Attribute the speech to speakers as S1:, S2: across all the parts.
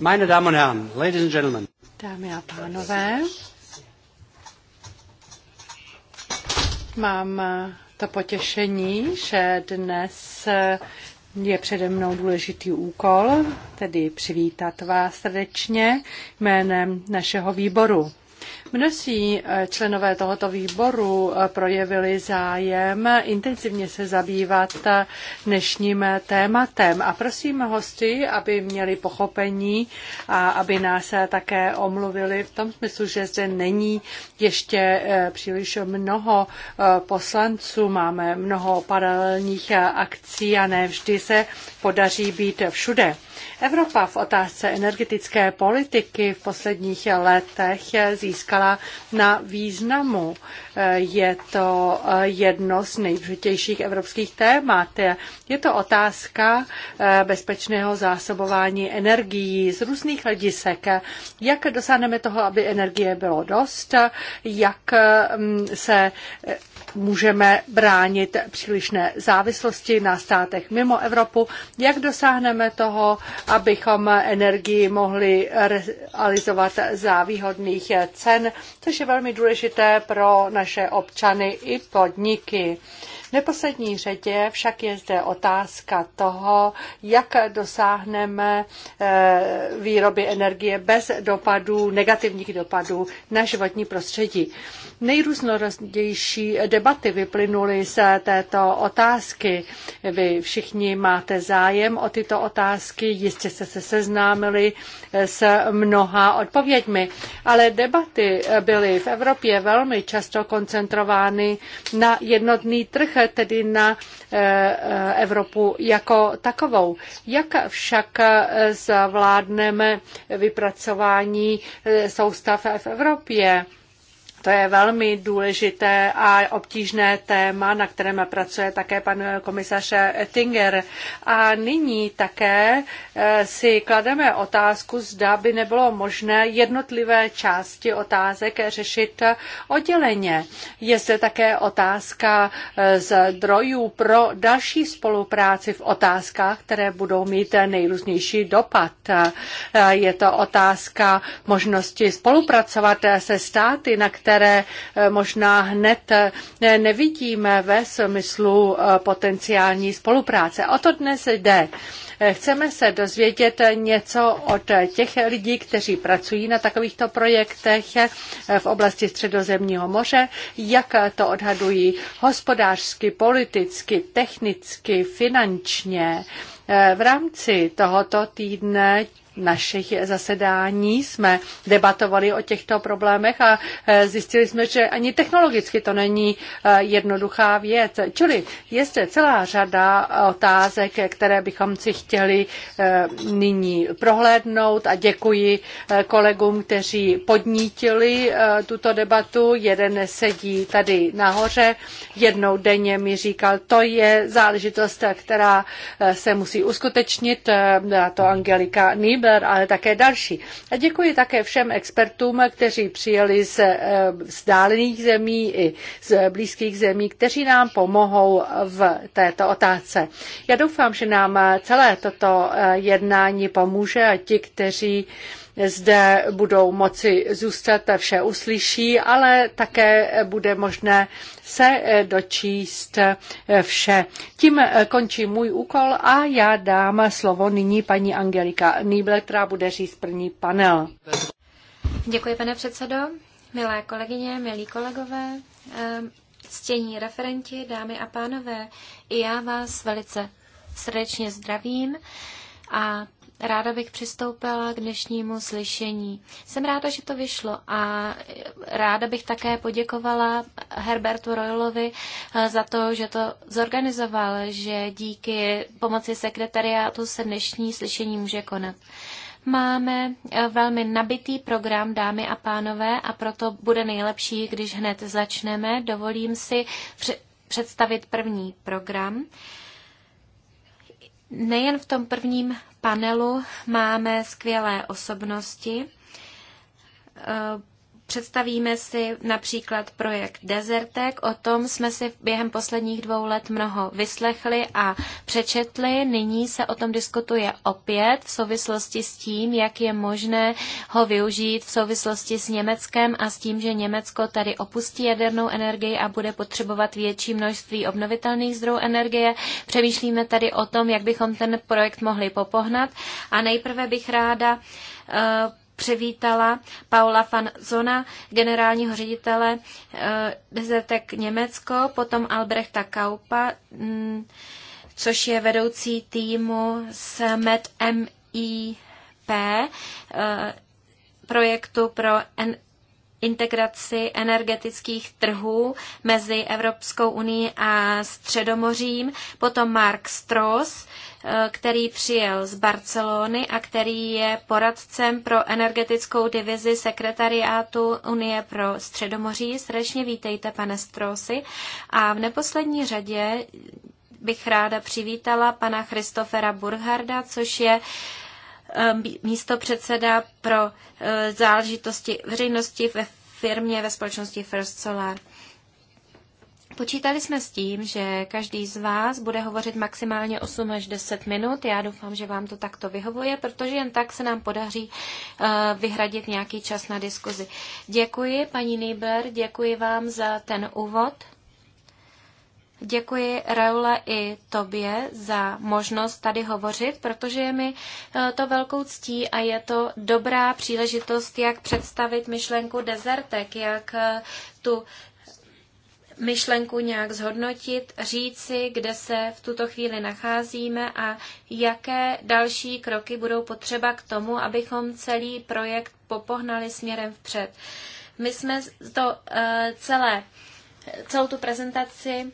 S1: Meine Damen und Herren, Ladies and Gentlemen. Dámy a pánové, mám eh, to potěšení, že dnes eh, je přede mnou důležitý úkol, tedy přivítat vás srdečně jménem našeho výboru. Mnozí eh, členové tohoto výboru eh, projevili zájem intenzivně se zabývat eh, dnešním tématem a prosím hosty, aby měli pochopení a aby nás také omluvili v tom smyslu, že zde není ještě příliš mnoho poslanců, máme mnoho paralelních akcí a ne vždy se podaří být všude. Evropa v otázce energetické politiky v posledních letech získala získala na významu. Eh, je to eh, jedno z nejdůležitějších evropských témat. Je to otázka eh, bezpečného zásobování energií z různých hledisek. Jak dosáhneme toho, aby energie bylo dost, jak mm, se můžeme bránit přílišné závislosti na státech mimo Evropu, jak dosáhneme toho, abychom energii mohli realizovat za výhodných cen, což je velmi důležité pro naše občany i podniky. V neposlední řadě však je zde otázka toho, jak dosáhneme eh, výroby energie bez dopadů, negativních dopadů na životní prostředí. Nejrůznorodější debaty vyplynuly z této otázky. Vy všichni máte zájem o tyto otázky, jistě jste se seznámili s mnoha odpověďmi, ale debaty byly v Evropě velmi často koncentrovány na jednotný trh, tedy na eh, eh, Evropu jako takovou. Jak však eh, zvládneme vypracování soustav v Evropě? To je velmi důležité a obtížné téma, na kterém pracuje také pan komisař Ettinger. A nyní také eh, si klademe otázku, zda by nebylo možné jednotlivé části otázek řešit odděleně. Je zde také otázka eh, zdrojů pro další spolupráci v otázkách, které budou mít nejrůznější dopad. Eh, je to otázka možnosti spolupracovat se státy, na které které eh, možná hned eh, nevidíme ve smyslu eh, potenciální spolupráce. O to dnes jde. Chceme se dozvědět něco od těch lidí, kteří pracují na takovýchto projektech v oblasti Středozemního moře, jak to odhadují hospodářsky, politicky, technicky, finančně. V rámci tohoto týdne našich zasedání jsme debatovali o těchto problémech a e, zjistili jsme, že ani technologicky to není e, jednoduchá věc. Čili je zde celá řada otázek, které bychom si chtěli e, nyní prohlédnout a děkuji kolegům, kteří podnítili tuto debatu. Jeden sedí tady nahoře, jednou denně mi říkal, to je záležitost, která se musí uskutečnit, a to Angelika Nýbl ale také další. A děkuji také všem expertům, kteří přijeli z vzdálených eh, zemí i z blízkých zemí, kteří nám pomohou v této otázce. Já doufám, že nám celé toto eh, jednání pomůže a ti, kteří zde budou moci zůstat, vše uslyší, ale také bude možné se eh, dočíst eh, vše. Tím eh, končí můj úkol a já dám slovo nyní paní Angelika Nýble, která bude říct první panel.
S2: Děkuji, pane předsedo. Milé kolegyně, milí kolegové, ctění referenti, dámy a pánové, i já vás velice srdečně zdravím a ráda bych přistoupila k dnešnímu slyšení. Jsem ráda, že to vyšlo a ráda bych také poděkovala Herbertu Royalovi eh, za to, že to zorganizoval, že díky pomoci sekretariátu se dnešní slyšení může konat. Máme eh, velmi nabitý program, dámy a pánové, a proto bude nejlepší, když hned začneme. Dovolím si představit první program. Nejen v tom prvním panelu máme skvělé osobnosti, Představíme si například projekt Desertek, o tom jsme si během posledních dvou let mnoho vyslechli a přečetli. Nyní se o tom diskutuje opět v souvislosti s tím, jak je možné ho využít v souvislosti s Německem a s tím, že Německo tady opustí jadernou energii a bude potřebovat větší množství obnovitelných zdrojů energie. Přemýšlíme tady o tom, jak bychom ten projekt mohli popohnat. A nejprve bych ráda uh, přivítala Paula van Zona, generálního ředitele Desertek eh, Německo, potom Albrechta Kaupa, mm, což je vedoucí týmu z Med MIP, eh, projektu pro integraci energetických trhů mezi Evropskou unii a Středomořím, potom Mark Stross, eh, který přijel z Barcelony a který je poradcem pro energetickou divizi sekretariátu Unie pro Středomoří. Srdečně vítejte, pane Strosy. A v neposlední řadě bych ráda přivítala pana Christofera Burgharda, což je Eh, místo předseda pro eh, záležitosti veřejnosti ve firmě ve společnosti First Solar. Počítali jsme s tím, že každý z vás bude hovořit maximálně 8 až 10 minut. Já doufám, že vám to takto vyhovuje, protože jen tak se nám podaří eh, vyhradit nějaký čas na diskuzi. Děkuji, paní Nýber, děkuji vám za ten úvod. Děkuji Raule i tobě za možnost tady hovořit, protože je mi e, to velkou ctí a je to dobrá příležitost, jak představit myšlenku dezertek, jak e, tu myšlenku nějak zhodnotit, říci, kde se v tuto chvíli nacházíme a jaké další kroky budou potřeba k tomu, abychom celý projekt popohnali směrem vpřed. My jsme to e, celé, celou tu prezentaci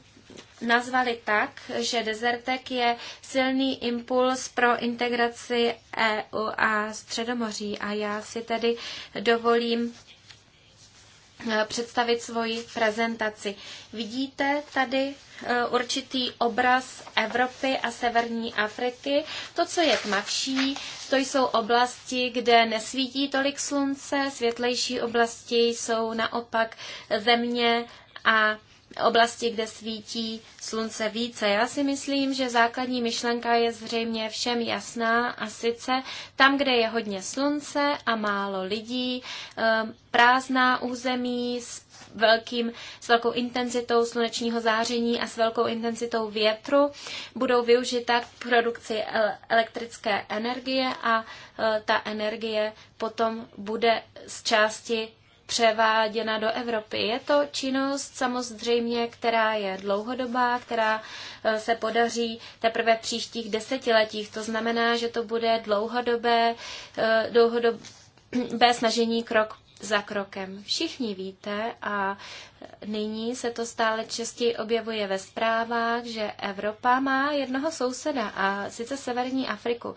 S2: nazvali tak, že Desertek je silný impuls pro integraci EU a Středomoří. A já si tedy dovolím eh, představit svoji prezentaci. Vidíte tady eh, určitý obraz Evropy a severní Afriky. To, co je tmavší, to jsou oblasti, kde nesvítí tolik slunce, světlejší oblasti jsou naopak země a oblasti, kde svítí slunce více. Já si myslím, že základní myšlenka je zřejmě všem jasná a sice tam, kde je hodně slunce a málo lidí, ehm, prázdná území s, velkým, s velkou intenzitou slunečního záření a s velkou intenzitou větru budou využita k produkci elektrické energie a e, ta energie potom bude z části převáděna do Evropy. Je to činnost samozřejmě, která je dlouhodobá, která eh, se podaří teprve v příštích desetiletích. To znamená, že to bude dlouhodobé, eh, dlouhodobé snažení krok za krokem. Všichni víte a nyní se to stále častěji objevuje ve zprávách, že Evropa má jednoho souseda a sice Severní Afriku.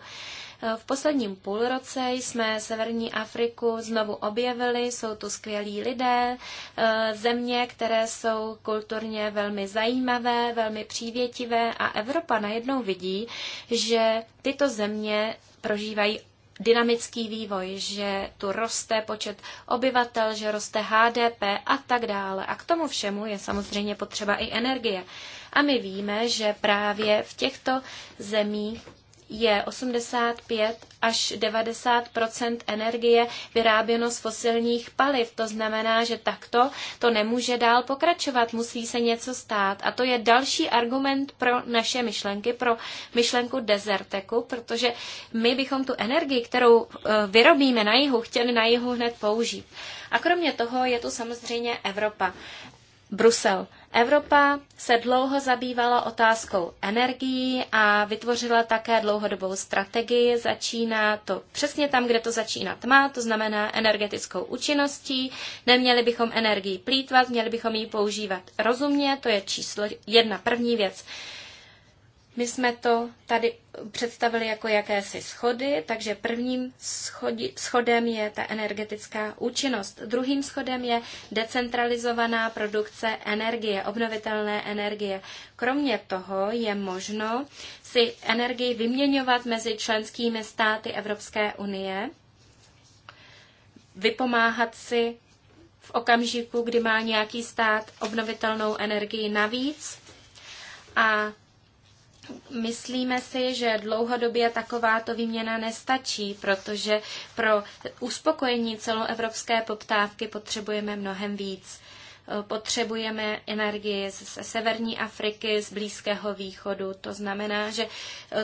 S2: V posledním půlroce jsme Severní Afriku znovu objevili, jsou tu skvělí lidé, eh, země, které jsou kulturně velmi zajímavé, velmi přívětivé a Evropa najednou vidí, že tyto země prožívají dynamický vývoj, že tu roste počet obyvatel, že roste HDP a tak dále. A k tomu všemu je samozřejmě potřeba i energie. A my víme, že právě v těchto zemích je 85 až 90 energie vyráběno z fosilních paliv. To znamená, že takto to nemůže dál pokračovat, musí se něco stát. A to je další argument pro naše myšlenky, pro myšlenku dezerteku, protože my bychom tu energii, kterou eh, vyrobíme na jihu, chtěli na jihu hned použít. A kromě toho je tu samozřejmě Evropa. Brusel. Evropa se dlouho zabývala otázkou energií a vytvořila také dlouhodobou strategii. Začíná to přesně tam, kde to začínat má, to znamená energetickou účinností. Neměli bychom energii plítvat, měli bychom ji používat rozumně, to je číslo jedna první věc. My jsme to tady představili jako jakési schody, takže prvním schodi, schodem je ta energetická účinnost. Druhým schodem je decentralizovaná produkce energie, obnovitelné energie. Kromě toho je možno si energii vyměňovat mezi členskými státy Evropské unie, vypomáhat si v okamžiku, kdy má nějaký stát obnovitelnou energii navíc a Myslíme si, že dlouhodobě takováto výměna nestačí, protože pro uspokojení celoevropské poptávky potřebujeme mnohem víc. Potřebujeme energii z severní Afriky, z Blízkého východu. To znamená, že e,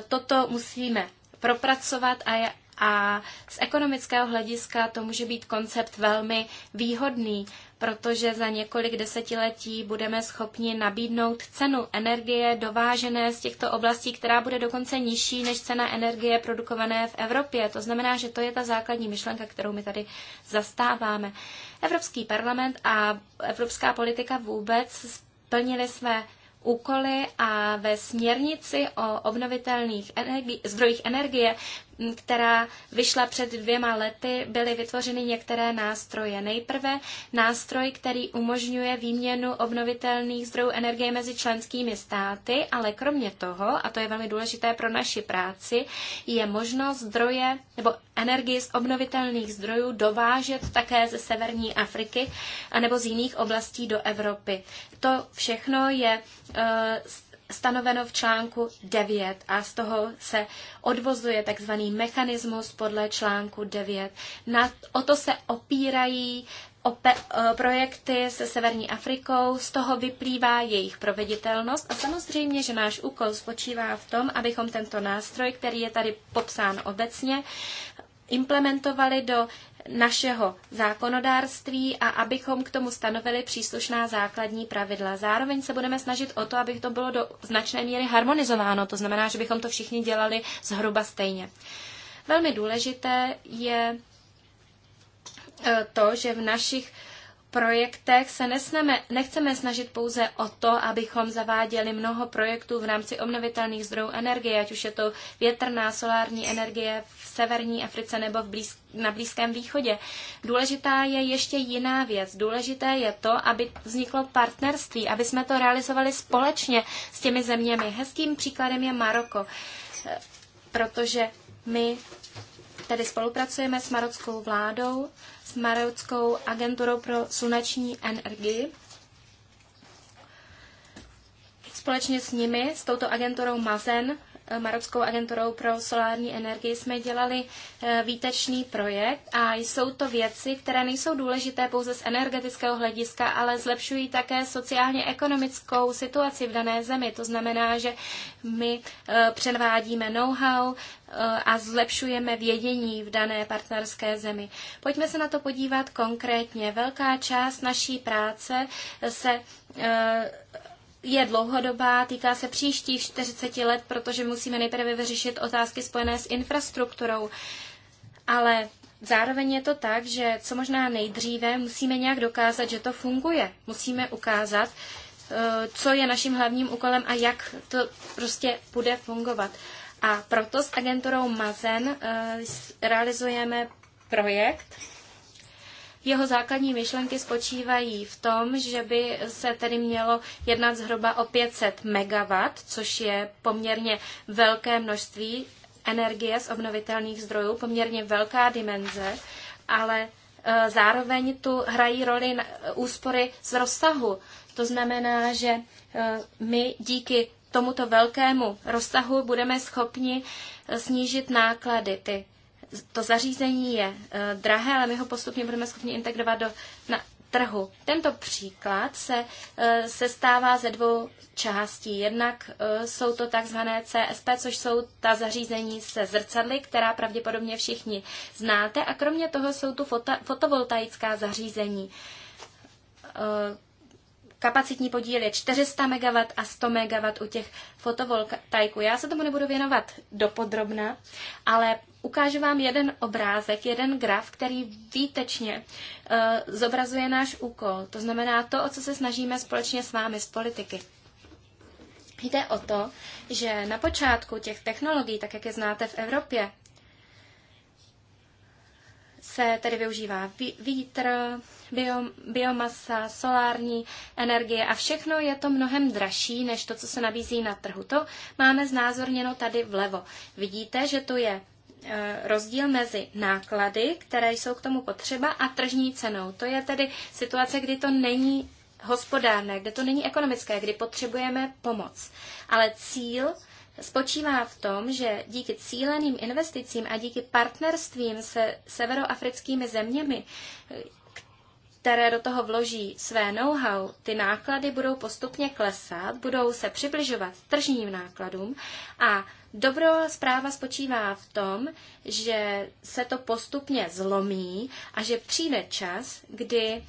S2: toto musíme propracovat a je a z ekonomického hlediska to může být koncept velmi výhodný protože za několik desetiletí budeme schopni nabídnout cenu energie dovážené z těchto oblastí, která bude dokonce nižší než cena energie produkované v Evropě. To znamená, že to je ta základní myšlenka, kterou my tady zastáváme. Evropský parlament a evropská politika vůbec splnili své úkoly a ve směrnici o obnovitelných energi- zdrojích energie která vyšla před dvěma lety, byly vytvořeny některé nástroje. Nejprve nástroj, který umožňuje výměnu obnovitelných zdrojů energie mezi členskými státy, ale kromě toho, a to je velmi důležité pro naši práci, je možnost zdroje nebo energii z obnovitelných zdrojů dovážet také ze severní Afriky anebo z jiných oblastí do Evropy. To všechno je uh, stanoveno v článku 9 a z toho se odvozuje takzvaný mechanismus podle článku 9. Na, o to se opírají ope, eh, projekty se Severní Afrikou, z toho vyplývá jejich proveditelnost a samozřejmě, že náš úkol spočívá v tom, abychom tento nástroj, který je tady popsán obecně, implementovali do našeho zákonodárství a abychom k tomu stanovili příslušná základní pravidla. Zároveň se budeme snažit o to, aby to bylo do značné míry harmonizováno, to znamená, že bychom to všichni dělali zhruba stejně. Velmi důležité je e, to, že v našich projektech se nesneme, nechceme snažit pouze o to, abychom zaváděli mnoho projektů v rámci obnovitelných zdrojů energie, ať už je to větrná, solární energie v severní Africe nebo v blíz, na Blízkém východě. Důležitá je ještě jiná věc. Důležité je to, aby vzniklo partnerství, aby jsme to realizovali společně s těmi zeměmi. Hezkým příkladem je Maroko, eh, protože my tedy spolupracujeme s marockou vládou, s Marockou agenturou pro sluneční energii. Společně s nimi, s touto agenturou Mazen, Eh, Marockou agenturou pro solární energii jsme dělali eh, výtečný projekt a jsou to věci, které nejsou důležité pouze z energetického hlediska, ale zlepšují také sociálně-ekonomickou situaci v dané zemi. To znamená, že my eh, předvádíme know-how a zlepšujeme vědění v dané partnerské zemi. Pojďme se na to podívat konkrétně. Velká část naší práce se je dlouhodobá, týká se příštích 40 let, protože musíme nejprve vyřešit otázky spojené s infrastrukturou. Ale zároveň je to tak, že co možná nejdříve musíme nějak dokázat, že to funguje. Musíme ukázat, eh, co je naším hlavním úkolem a jak to prostě bude fungovat. A proto s agenturou Mazen eh, realizujeme projekt, jeho základní myšlenky spočívají v tom, že by se tedy mělo jednat zhruba o 500 MW, což je poměrně velké množství energie z obnovitelných zdrojů, poměrně velká dimenze, ale e, zároveň tu hrají roli úspory z rozsahu. To znamená, že e, my díky tomuto velkému rozsahu budeme schopni snížit náklady. Ty to zařízení je eh, drahé, ale my ho postupně budeme schopni integrovat do na trhu. Tento příklad se, eh, se stává ze dvou částí. Jednak eh, jsou to takzvané CSP, což jsou ta zařízení se zrcadly, která pravděpodobně všichni znáte. A kromě toho jsou tu foto, fotovoltaická zařízení. Kapacitní podíl je 400 MW a 100 MW u těch fotovoltaiků. Já se tomu nebudu věnovat dopodrobna, ale ukážu vám jeden obrázek, jeden graf, který výtečně uh, zobrazuje náš úkol. To znamená to, o co se snažíme společně s vámi z politiky. Jde o to, že na počátku těch technologií, tak jak je znáte v Evropě, se tedy využívá vítr, bio, biomasa, solární energie a všechno je to mnohem dražší než to, co se nabízí na trhu. To máme znázorněno tady vlevo. Vidíte, že tu je Eh, rozdíl mezi náklady, které jsou k tomu potřeba, a tržní cenou. To je tedy situace, kdy to není hospodárné, kde to není ekonomické, kdy potřebujeme pomoc. Ale cíl spočívá v tom, že díky cíleným investicím a díky partnerstvím se severoafrickými zeměmi které do toho vloží své know-how, ty náklady budou postupně klesat, budou se přibližovat tržním nákladům a Dobrá zpráva spočívá v tom, že se to postupně zlomí a že přijde čas, kdy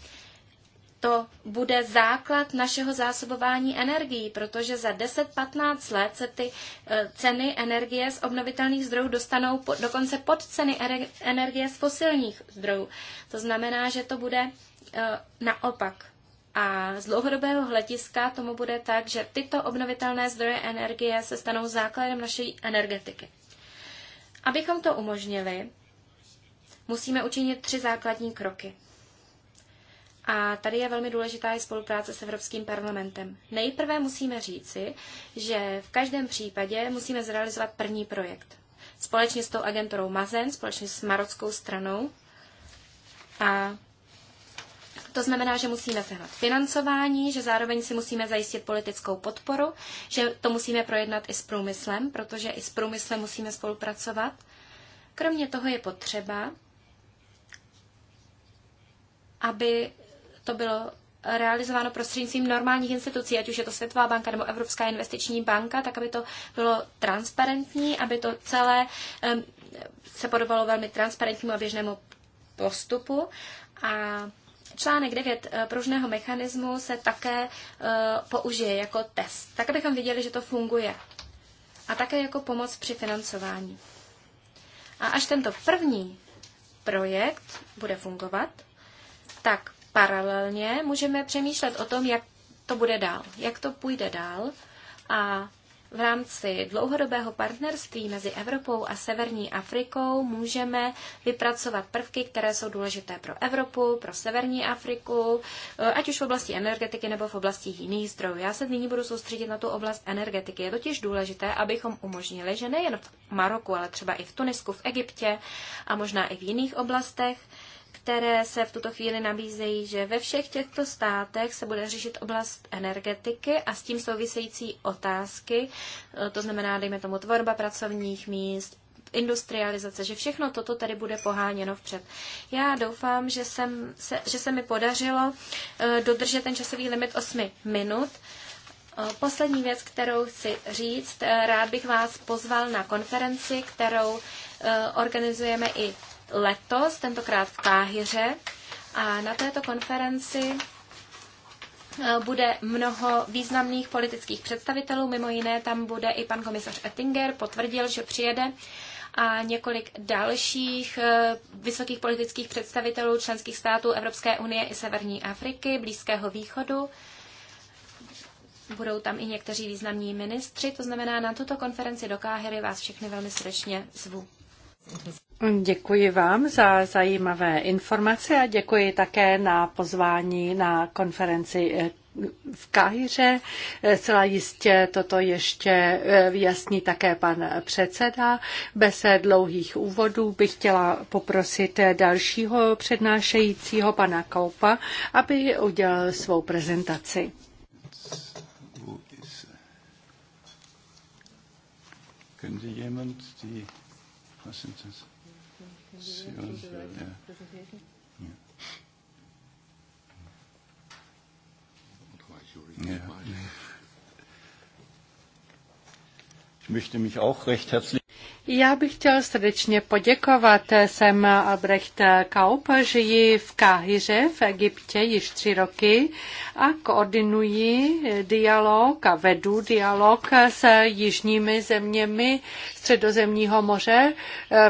S2: to bude základ našeho zásobování energií, protože za 10-15 let se ty eh, ceny energie z obnovitelných zdrojů dostanou dokonce pod ceny energie z fosilních zdrojů. To znamená, že to bude Eh, naopak. A z dlouhodobého hlediska tomu bude tak, že tyto obnovitelné zdroje energie se stanou základem naší energetiky. Abychom to umožnili, musíme učinit tři základní kroky. A tady je velmi důležitá i spolupráce s Evropským parlamentem. Nejprve musíme říci, že v každém případě musíme zrealizovat první projekt. Společně s tou agenturou Mazen, společně s marockou stranou. A to znamená, že musíme sehnat financování, že zároveň si musíme zajistit politickou podporu, že to musíme projednat i s průmyslem, protože i s průmyslem musíme spolupracovat. Kromě toho je potřeba, aby to bylo realizováno prostřednictvím normálních institucí, ať už je to Světová banka nebo Evropská investiční banka, tak aby to bylo transparentní, aby to celé se podobalo velmi transparentnímu a běžnému postupu. A Článek 9 eh, pružného mechanismu se také eh, použije jako test, tak abychom viděli, že to funguje. A také jako pomoc při financování. A až tento první projekt bude fungovat, tak paralelně můžeme přemýšlet o tom, jak to bude dál, jak to půjde dál a v rámci dlouhodobého partnerství mezi Evropou a Severní Afrikou můžeme vypracovat prvky, které jsou důležité pro Evropu, pro Severní Afriku, eh, ať už v oblasti energetiky nebo v oblasti jiných zdrojů. Já se nyní budu soustředit na tu oblast energetiky. Je totiž důležité, abychom umožnili, že nejen v Maroku, ale třeba i v Tunisku, v Egyptě a možná i v jiných oblastech, které se v tuto chvíli nabízejí, že ve všech těchto státech se bude řešit oblast energetiky a s tím související otázky, eh, to znamená, dejme tomu, tvorba pracovních míst, industrializace, že všechno toto tady bude poháněno vpřed. Já doufám, že, jsem se, že se mi podařilo eh, dodržet ten časový limit 8 minut. Eh, poslední věc, kterou chci říct, rád bych vás pozval na konferenci, kterou organizujeme i letos, tentokrát v Káhyře. A na této konferenci eh, bude mnoho významných politických představitelů, mimo jiné tam bude i pan komisař Ettinger, potvrdil, že přijede a několik dalších eh, vysokých politických představitelů členských států Evropské unie i Severní Afriky, Blízkého východu. Budou tam i někteří významní ministři, to znamená na tuto konferenci do Káhyry vás všechny velmi srdečně zvu.
S1: Děkuji vám za zajímavé informace a děkuji také na pozvání na konferenci eh, v Kahiře. Eh, celá jistě toto ještě eh, vyjasní také pan předseda. Bez dlouhých úvodů bych chtěla poprosit dalšího přednášejícího pana Koupa, aby udělal svou prezentaci.
S3: Könnte jemand die,
S1: See Ich möchte mich auch recht herzlich já bych chtěl srdečně poděkovat. Jsem Albrecht Kaup, žijí v Káhyře v Egyptě již tři roky a koordinuji dialog a vedu dialog s jižními zeměmi středozemního moře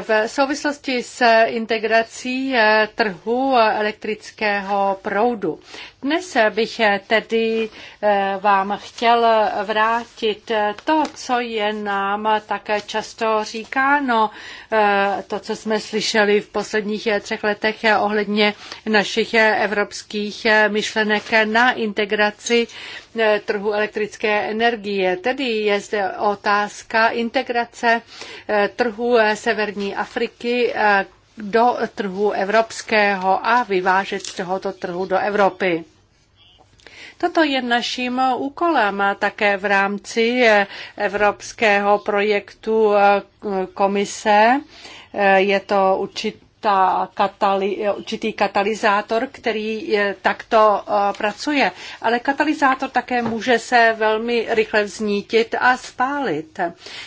S1: v souvislosti s integrací eh, trhu elektrického proudu. Dnes bych eh, tedy eh, vám chtěl vrátit to, co je nám také často říkáno, to, co jsme slyšeli v posledních třech letech ohledně našich evropských myšlenek na integraci Eh, trhu elektrické energie. Tedy je zde otázka integrace eh, trhu eh, Severní Afriky do trhu evropského a vyvážet z tohoto trhu do Evropy. Toto je naším úkolem také v rámci evropského projektu komise. Je to určitě určitá katali, určitý katalyzátor, který takto eh, pracuje. Ale katalyzátor také může se velmi rychle vznítit a spálit.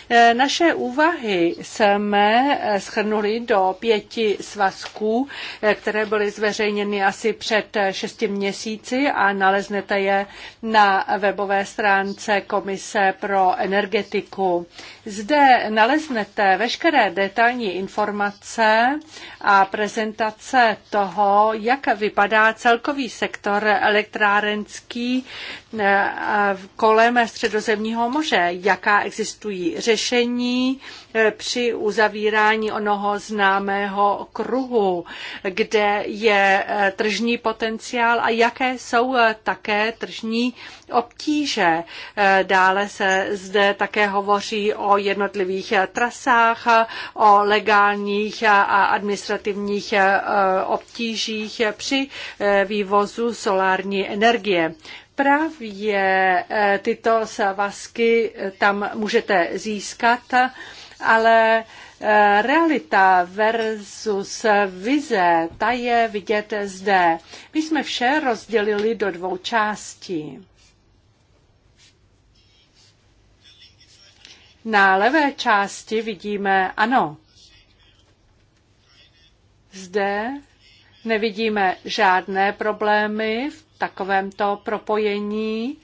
S1: Eh, naše úvahy jsme eh, schrnuli do pěti svazků, které byly zveřejněny asi před šesti měsíci a naleznete je na webové stránce Komise pro energetiku. Zde naleznete veškeré detailní informace a prezentace toho, jak vypadá celkový sektor elektrárenský eh, kolem Středozemního moře, jaká existují řešení, při uzavírání onoho známého kruhu, kde je eh, tržní potenciál a jaké jsou eh, také tržní obtíže. Eh, dále se zde také hovoří o jednotlivých trasách, o legálních a administrativních obtížích při vývozu solární energie právě tyto svazky tam můžete získat ale eh, realita versus vize, ta je vidět zde. My jsme vše rozdělili do dvou částí. Na levé části vidíme ano. Zde nevidíme žádné problémy v takovémto propojení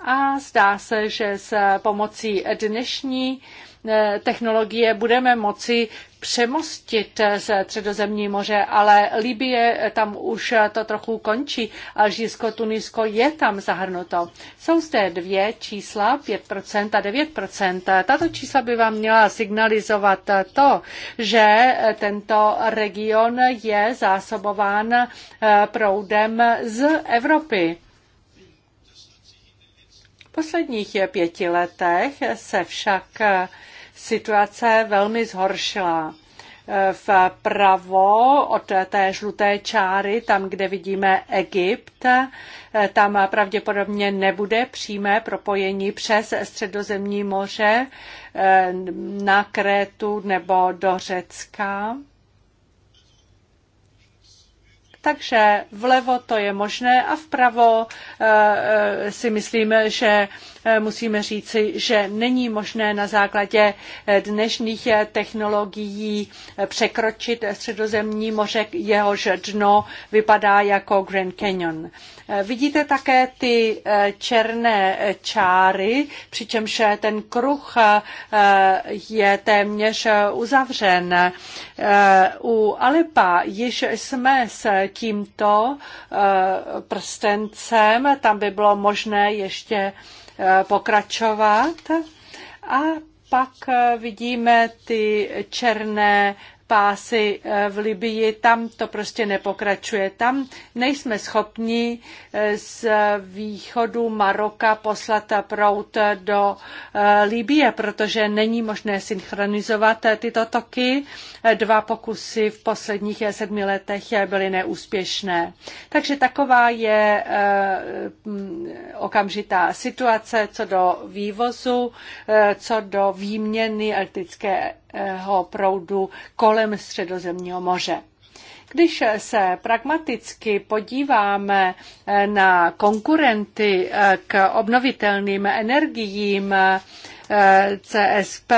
S1: a zdá se, že s pomocí dnešní Eh, technologie budeme moci přemostit z Středozemní moře, ale Libie tam už to trochu končí. Alžírsko, Tunisko je tam zahrnuto. Jsou zde dvě čísla, 5% a 9%. Tato čísla by vám měla signalizovat to, že tento region je zásobován eh, proudem z Evropy. V posledních pěti letech se však situace velmi zhoršila e, v pravo, od té žluté čáry, tam, kde vidíme Egypt. E, tam pravděpodobně nebude přímé propojení přes Středozemní moře e, na Krétu nebo do Řecka. Takže vlevo to je možné a vpravo si myslím, že Eh, musíme říci, že není možné na základě eh, dnešních eh, technologií překročit středozemní moře, jehož dno vypadá jako Grand Canyon. Vidíte také ty černé čáry, přičemž ten kruh je téměř uzavřen. U Alepa již jsme s tímto prstencem, tam by bylo možné ještě Eh, pokračovat. A pak eh, vidíme ty černé pásy eh, v Libii, tam to prostě nepokračuje. Tam nejsme schopni eh, z východu Maroka poslat prout do eh, Libie, protože není možné synchronizovat tyto toky. Dva pokusy v posledních sedmi letech byly neúspěšné. Takže taková je okamžitá situace co do vývozu, co do výměny elektrické Eh, proudu kolem Středozemního moře. Když se pragmaticky podíváme eh, na konkurenty eh, k obnovitelným energiím CSP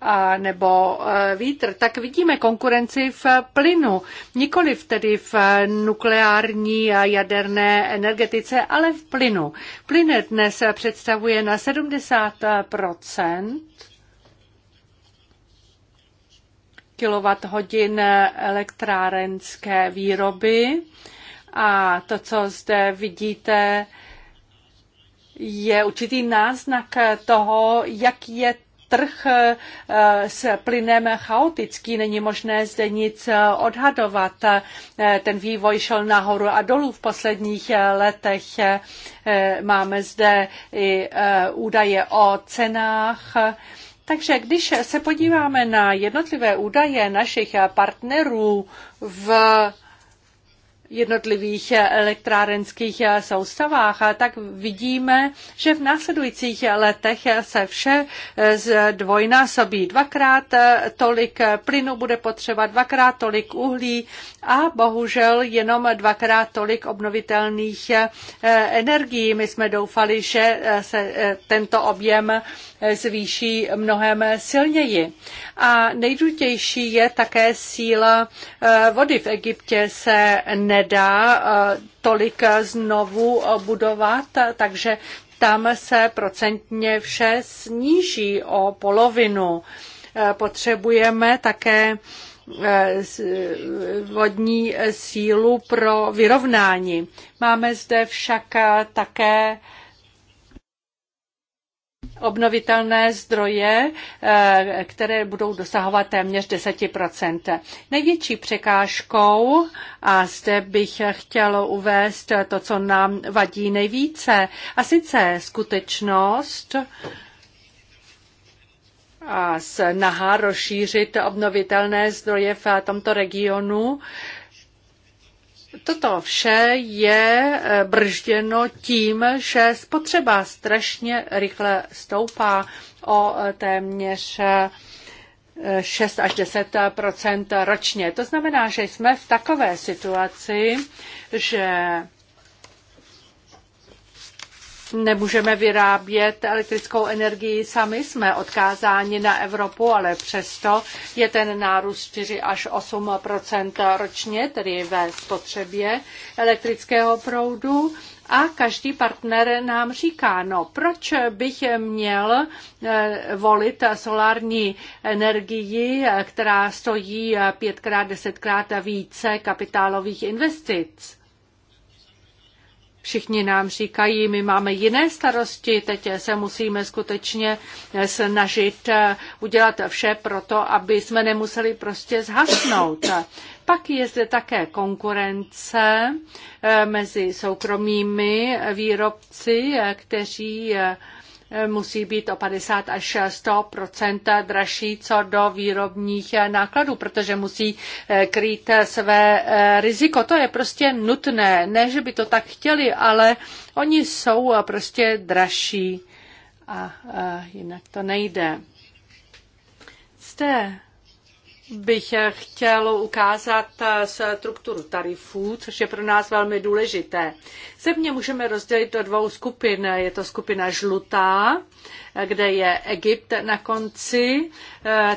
S1: a nebo vítr, tak vidíme konkurenci v plynu, nikoli tedy v nukleární a jaderné energetice, ale v plynu. Plyn dnes představuje na 70 kWh elektrárenské výroby. A to, co zde vidíte, je určitý náznak toho, jak je trh eh, s plynem chaotický, není možné zde nic eh, odhadovat. Eh, ten vývoj šel nahoru a dolů v posledních letech. Máme zde i údaje o cenách takže když se podíváme na jednotlivé údaje našich partnerů v jednotlivých eh, elektrárenských eh, soustavách, tak vidíme, že v následujících eh, letech se vše zdvojnásobí. Dvakrát tolik plynu bude potřeba, dvakrát tolik uhlí a bohužel jenom dvakrát tolik obnovitelných energií. My jsme doufali, že se tento objem zvýší mnohem silněji. A nejdůležitější je také síla eh, vody. V Egyptě se nedá eh, tolik znovu budovat, takže tam se procentně vše sníží o polovinu. Eh, potřebujeme také vodní sílu pro vyrovnání. Máme zde však také obnovitelné zdroje, eh, které budou dosahovat téměř 10 Největší překážkou, a zde bych chtěla uvést to, co nám vadí nejvíce, a sice skutečnost, a snaha rozšířit obnovitelné zdroje v tomto regionu Toto vše je eh, bržděno tím, že spotřeba strašně rychle stoupá o eh, téměř 6 eh, až 10 ročně. To znamená, že jsme v takové situaci, že nemůžeme vyrábět elektrickou energii sami, jsme odkázáni na Evropu, ale přesto je ten nárůst 4 až 8 ročně, tedy ve spotřebě elektrického proudu. A každý partner nám říká, no proč bych měl eh, volit solární energii, eh, která stojí pětkrát, desetkrát více kapitálových investic. Všichni nám říkají, my máme jiné starosti, teď se musíme skutečně snažit eh, udělat vše pro to, aby jsme nemuseli prostě zhasnout. Pak je zde také konkurence eh, mezi soukromými výrobci, eh, kteří musí být o 50 až 100 dražší co do výrobních nákladů, protože musí eh, krýt eh, své eh, riziko. To je prostě nutné. Ne, že by to tak chtěli, ale oni jsou prostě dražší a jinak to nejde. Jste bych chtěl ukázat strukturu tarifů, což je pro nás velmi důležité. Země můžeme rozdělit do dvou skupin. Je to skupina žlutá, kde je Egypt na konci.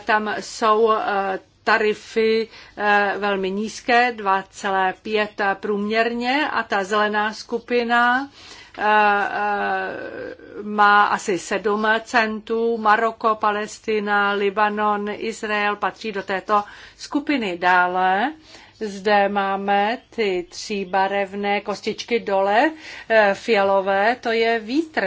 S1: Tam jsou eh, tarify eh, velmi nízké, 2,5 průměrně a ta zelená skupina Eh, eh, má asi sedm centů, Maroko, Palestina, Libanon, Izrael patří do této skupiny. Dále zde máme ty tříbarevné kostičky dole, eh, fialové, to je vítr,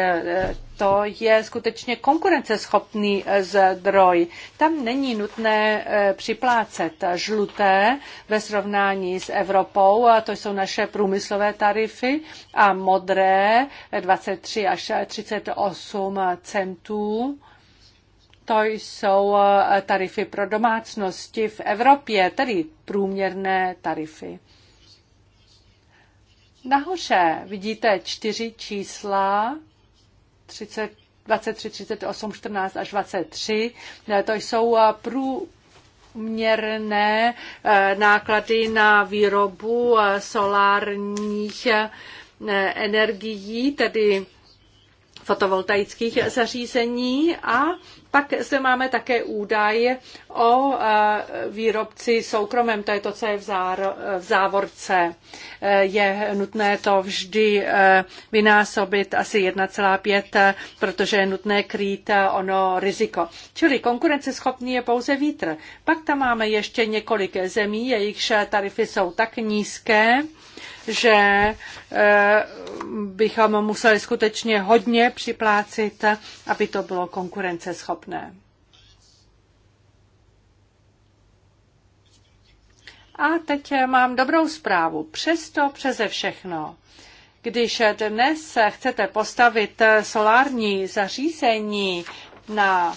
S1: to je skutečně konkurenceschopný eh, zdroj. Tam není nutné eh, připlácet žluté ve srovnání s Evropou, to jsou naše průmyslové tarify, a modré 23 eh, až 38 centů. To jsou tarify pro domácnosti v Evropě, tedy průměrné tarify. Nahoře vidíte čtyři čísla 30, 23, 38, 14 až 23. Eh, to jsou prů, eh, průměrné eh, náklady na výrobu solárních energií, tedy fotovoltaických zařízení a pak zde máme také údaj o e, výrobci soukromém, to je to, co je v, v závorce. E, je nutné to vždy e, vynásobit asi 1,5, protože je nutné krýt ono riziko. Čili konkurenceschopný je pouze vítr. Pak tam máme ještě několik zemí, jejichž tarify jsou tak nízké, že bychom museli skutečně hodně připlácit, aby to bylo konkurenceschopné. A teď mám dobrou zprávu. Přesto přeze všechno. Když dnes chcete postavit solární zařízení na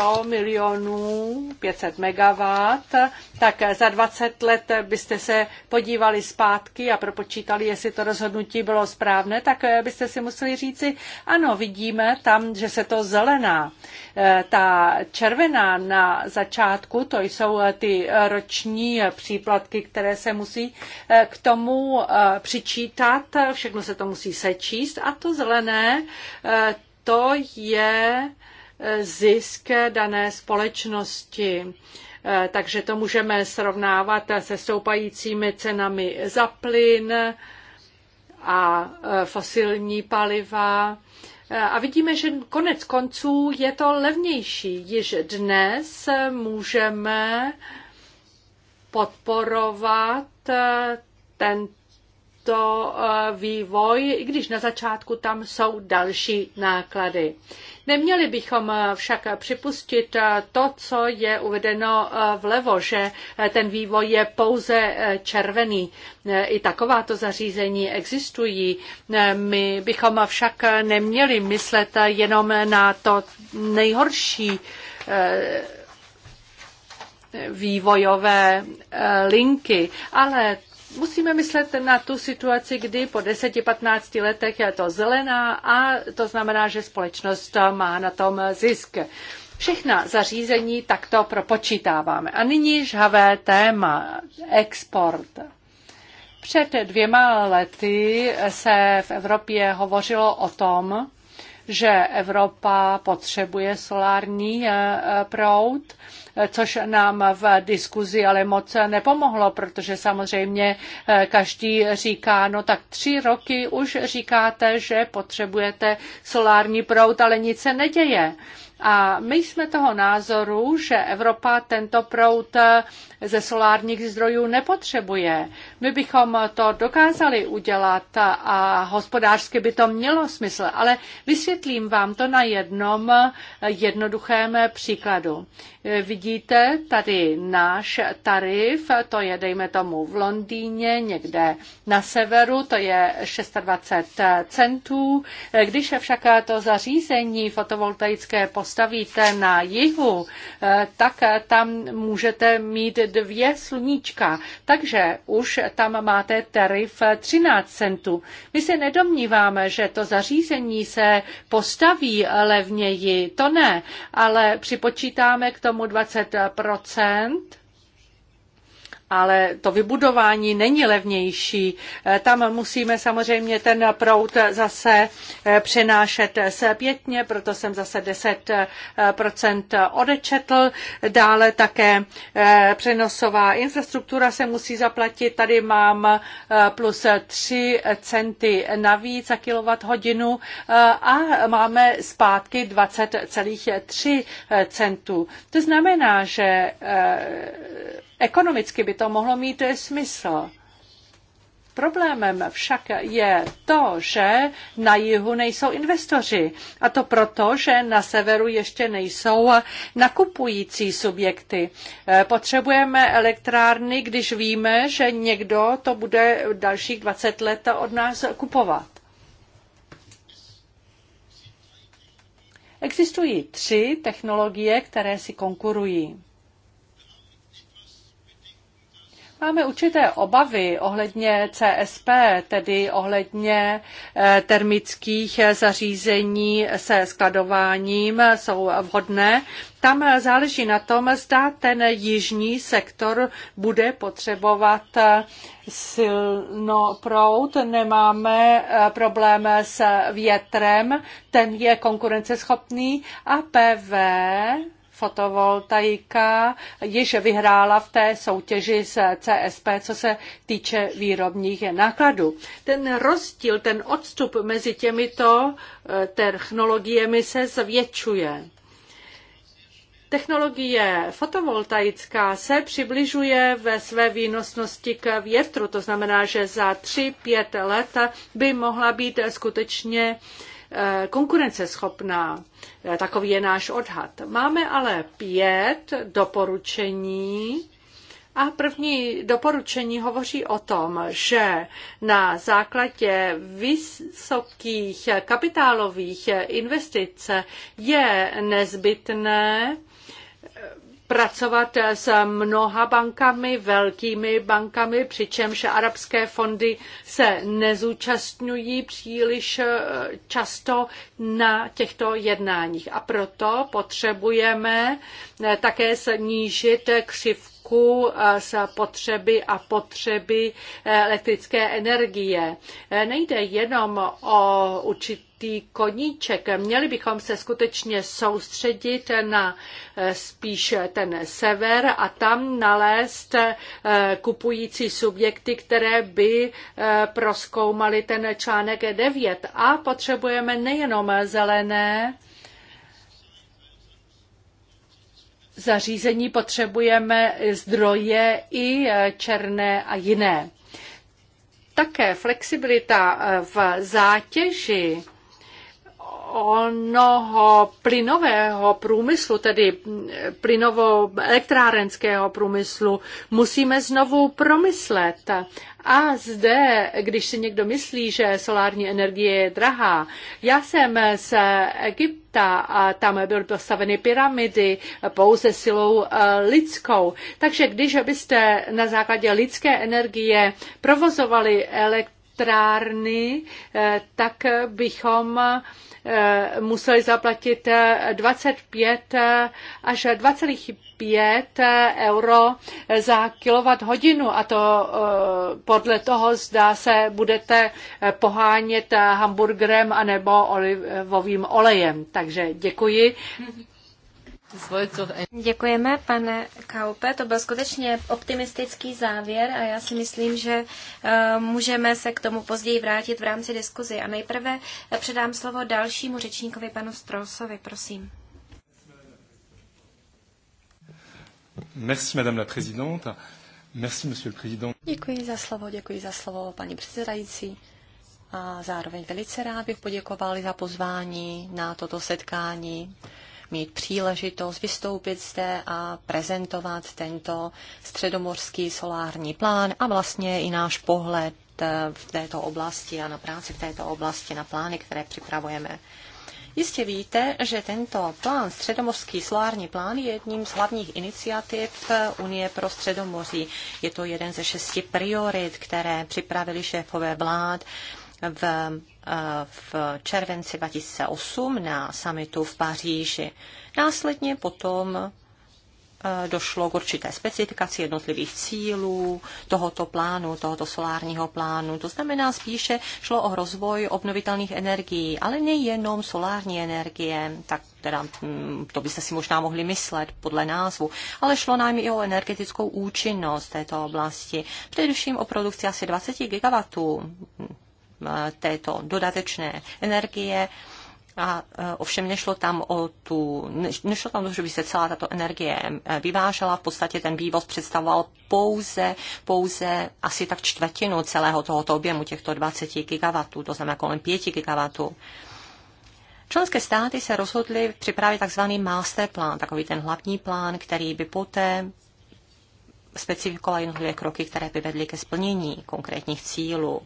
S1: 100 milionů 500 megawatt, tak za 20 let byste se podívali zpátky a propočítali, jestli to rozhodnutí bylo správné, tak byste si museli říci, ano, vidíme tam, že se to zelená. E, ta červená na začátku, to jsou ty roční příplatky, které se musí e, k tomu e, přičítat, všechno se to musí sečíst a to zelené, to je zisk dané společnosti. Eh, takže to můžeme srovnávat se stoupajícími cenami za plyn a eh, fosilní paliva. Eh, a vidíme, že konec konců je to levnější. Již dnes můžeme podporovat tento vývoj, i když na začátku tam jsou další náklady. Neměli bychom eh, však připustit eh, to, co je uvedeno eh, vlevo, že ten vývoj je pouze červený. I takováto zařízení existují. My bychom však neměli myslet jenom na to nejhorší vývojové linky, ale Musíme myslet na tu situaci, kdy po 10-15 letech je to zelená a to znamená, že společnost má na tom zisk. Všechna zařízení takto propočítáváme. A nyní žhavé téma, export. Před dvěma lety se v Evropě hovořilo o tom, že Evropa potřebuje solární eh, eh, proud, eh, což nám v diskuzi ale moc nepomohlo, protože samozřejmě každý říká, no tak tři roky už říkáte, že potřebujete solární proud, ale nic se neděje. A my jsme toho názoru, že Evropa tento proud eh, ze solárních zdrojů nepotřebuje. My bychom to dokázali udělat a hospodářsky by to mělo smysl, ale vysvětlím vám to na jednom eh, jednoduchém eh, příkladu. Vidíte tady náš tarif, to je dejme tomu v Londýně, někde na severu, to je 26 centů. Když však to zařízení fotovoltaické postavíte na jihu, tak tam můžete mít dvě sluníčka, takže už tam máte tarif 13 centů. My se nedomníváme, že to zařízení se postaví levněji, to ne, ale připočítáme k tomu, tomu 20 ale to vybudování není levnější. Eh, tam musíme samozřejmě ten proud zase eh, přenášet zpětně, proto jsem zase 10% eh, odečetl. Dále také přenosová infrastruktura se musí zaplatit. Tady mám plus 3 centy navíc za kilowatt hodinu a máme zpátky 20,3 centů. To znamená, že Ekonomicky by to mohlo mít eh, smysl. Problémem však je to, že na jihu nejsou investoři. A to proto, že na severu ještě nejsou nakupující subjekty. Eh, potřebujeme elektrárny, když víme, že někdo to bude dalších 20 let od nás kupovat. Existují tři technologie, které si konkurují. Máme určité obavy ohledně CSP, tedy ohledně eh, termických zařízení se skladováním jsou vhodné. Tam záleží na tom, zda ten jižní sektor bude potřebovat eh, silno prout. Nemáme eh, problém s větrem, ten je konkurenceschopný a PV fotovoltaika již vyhrála v té soutěži s CSP, co se týče výrobních nákladů. Ten rozdíl, ten odstup mezi těmito eh, technologiemi se zvětšuje. Technologie fotovoltaická se přibližuje ve své výnosnosti k větru, to znamená, že za 3-5 let by mohla být skutečně Eh, konkurenceschopná. Eh, takový je náš odhad. Máme ale pět doporučení a první doporučení hovoří o tom, že na základě vysokých kapitálových investic je nezbytné pracovat s mnoha bankami, velkými bankami, přičemž arabské fondy se nezúčastňují příliš eh, často na těchto jednáních. A proto potřebujeme eh, také snížit křivku z eh, potřeby a potřeby elektrické energie. Nejde jenom o určitě určitý koníček. Měli bychom se skutečně soustředit na eh, spíš ten sever a tam nalézt eh, kupující subjekty, které by eh, proskoumaly ten článek 9. A potřebujeme nejenom zelené, zařízení potřebujeme zdroje i černé a jiné. Také flexibilita v zátěži onoho plynového průmyslu, tedy eh, plynovo elektrárenského průmyslu, musíme znovu promyslet. A zde, když si někdo myslí, že solární energie je drahá, já jsem z Egypta a tam byly postaveny pyramidy pouze silou eh, lidskou. Takže když byste na základě lidské energie provozovali elektrárenské elektrárny, eh, tak bychom eh, museli zaplatit 25 eh, až 25 euro za kilowatt hodinu a to podle toho zdá se budete pohánět hamburgerem anebo olivovým olejem. Takže děkuji
S2: Děkujeme, pane Kaupe. To byl skutečně optimistický závěr a já si myslím, že eh, můžeme se k tomu později vrátit v rámci diskuzi. A nejprve eh, předám slovo dalšímu řečníkovi, panu Strosovi, prosím.
S3: Merci, madame la présidente. Merci, monsieur le président. Děkuji za slovo, děkuji za slovo, paní předsedající. A zároveň velice rád bych poděkovali za pozvání na toto setkání mít příležitost vystoupit zde a prezentovat tento středomorský solární plán a vlastně i náš pohled eh, v této oblasti a na práci v této oblasti, na plány, které připravujeme. Jistě víte, že tento plán, středomořský solární plán, je jedním z hlavních iniciativ eh, Unie pro středomoří. Je to jeden ze šesti priorit, které připravili šéfové vlád v v červenci 2008 na samitu v Paříži. Následně potom eh, došlo k určité specifikaci jednotlivých cílů tohoto plánu, tohoto solárního plánu. To znamená, spíše šlo o rozvoj obnovitelných energií, ale nejenom solární energie, tak teda mm, to byste si možná mohli myslet podle názvu, ale šlo nám i o energetickou účinnost této oblasti, především o produkci asi 20 gigawatů Eh, této dodatečné energie. A eh, ovšem nešlo tam o tu, nešlo tam to, že by se celá tato energie eh, vyvážela, v podstatě ten vývoz představoval pouze, pouze asi tak čtvrtinu celého tohoto objemu těchto 20 gigawatů, to znamená kolem 5 gigawatů. Členské státy se rozhodly připravit takzvaný master plán, takový ten hlavní plán, který by poté specifikoval jednotlivé kroky, které by vedly ke splnění konkrétních cílů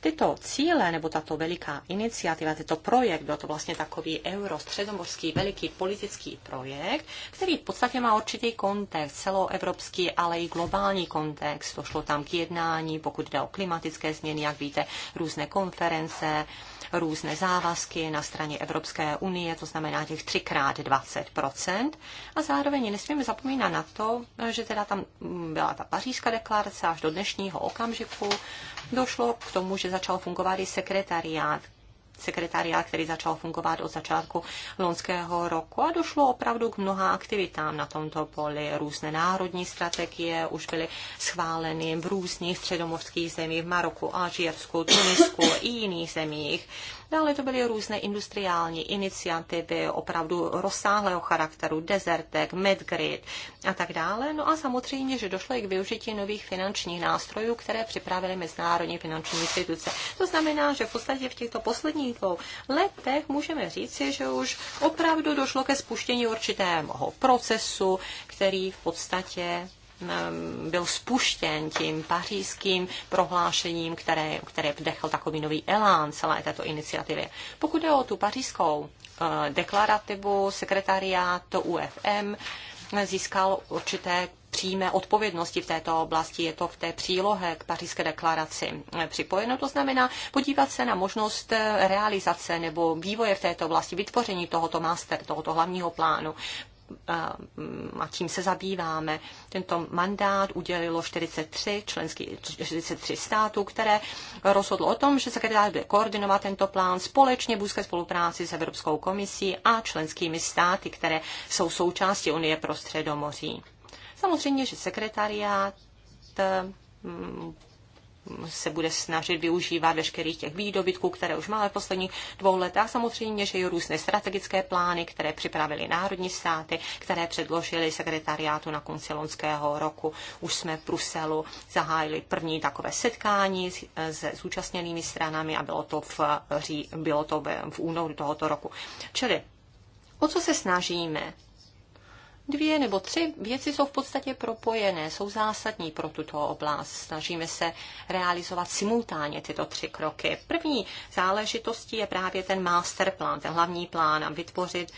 S3: tyto cíle nebo tato veliká iniciativa, tento projekt, byl to vlastně takový eurostředomorský veliký politický projekt, který v podstatě má určitý kontext, celoevropský, ale i globální kontext. Došlo tam k jednání, pokud jde o klimatické změny, jak víte, různé konference, různé závazky na straně Evropské unie, to znamená těch 3x20%. A zároveň nesmíme zapomínat na to, že teda tam byla ta pařížská deklarace až do dnešního okamžiku. Došlo k tomu, že začal fungovat i sekretariát, sekretariát, který začal fungovat od začátku loňského roku a došlo opravdu k mnoha aktivitám na tomto poli. Různé národní strategie už byly schváleny v různých středomořských zemích, v Maroku, Alžírsku, Tunisku i jiných zemích. Dále to byly různé industriální iniciativy opravdu rozsáhlého charakteru, desertek, Medgrid a tak dále. No a samozřejmě, že došlo i k využití nových finančních nástrojů, které připravily mezinárodní finanční instituce. To znamená, že v podstatě v těchto posledních dvou letech můžeme říci, že už opravdu došlo ke spuštění určitého procesu, který v podstatě byl spuštěn tím pařížským prohlášením, které, které vdechl takový nový elán celé této iniciativě. Pokud jde o tu pařížskou eh, deklarativu, sekretariát UFM získal určité přímé odpovědnosti v této oblasti. Je to v té přílohe k pařížské deklaraci připojeno. To znamená podívat se na možnost eh, realizace nebo vývoje v této oblasti, vytvoření tohoto master, tohoto hlavního plánu Mm, a čím se zabýváme. Tento mandát udělilo 43, členský, 43 států, které rozhodlo o tom, že sekretář bude koordinovat tento plán společně v úzké spolupráci s Evropskou komisí a členskými státy, které jsou součástí Unie pro středomoří. Samozřejmě, že sekretariát mm, se bude snažit využívat veškerých těch výdobytků, které už máme v posledních dvou letech. A samozřejmě, že i různé strategické plány, které připravili národní státy, které předložili sekretariátu na konci loňského roku. Už jsme v Bruselu zahájili první takové setkání se zúčastněnými stranami a bylo to v, bylo to v únoru tohoto roku. Čili o co se snažíme? dvě nebo tři věci jsou v podstatě propojené, jsou zásadní pro tuto oblast. Snažíme se realizovat simultánně tyto tři kroky. První záležitostí je právě ten masterplan, ten hlavní plán a vytvořit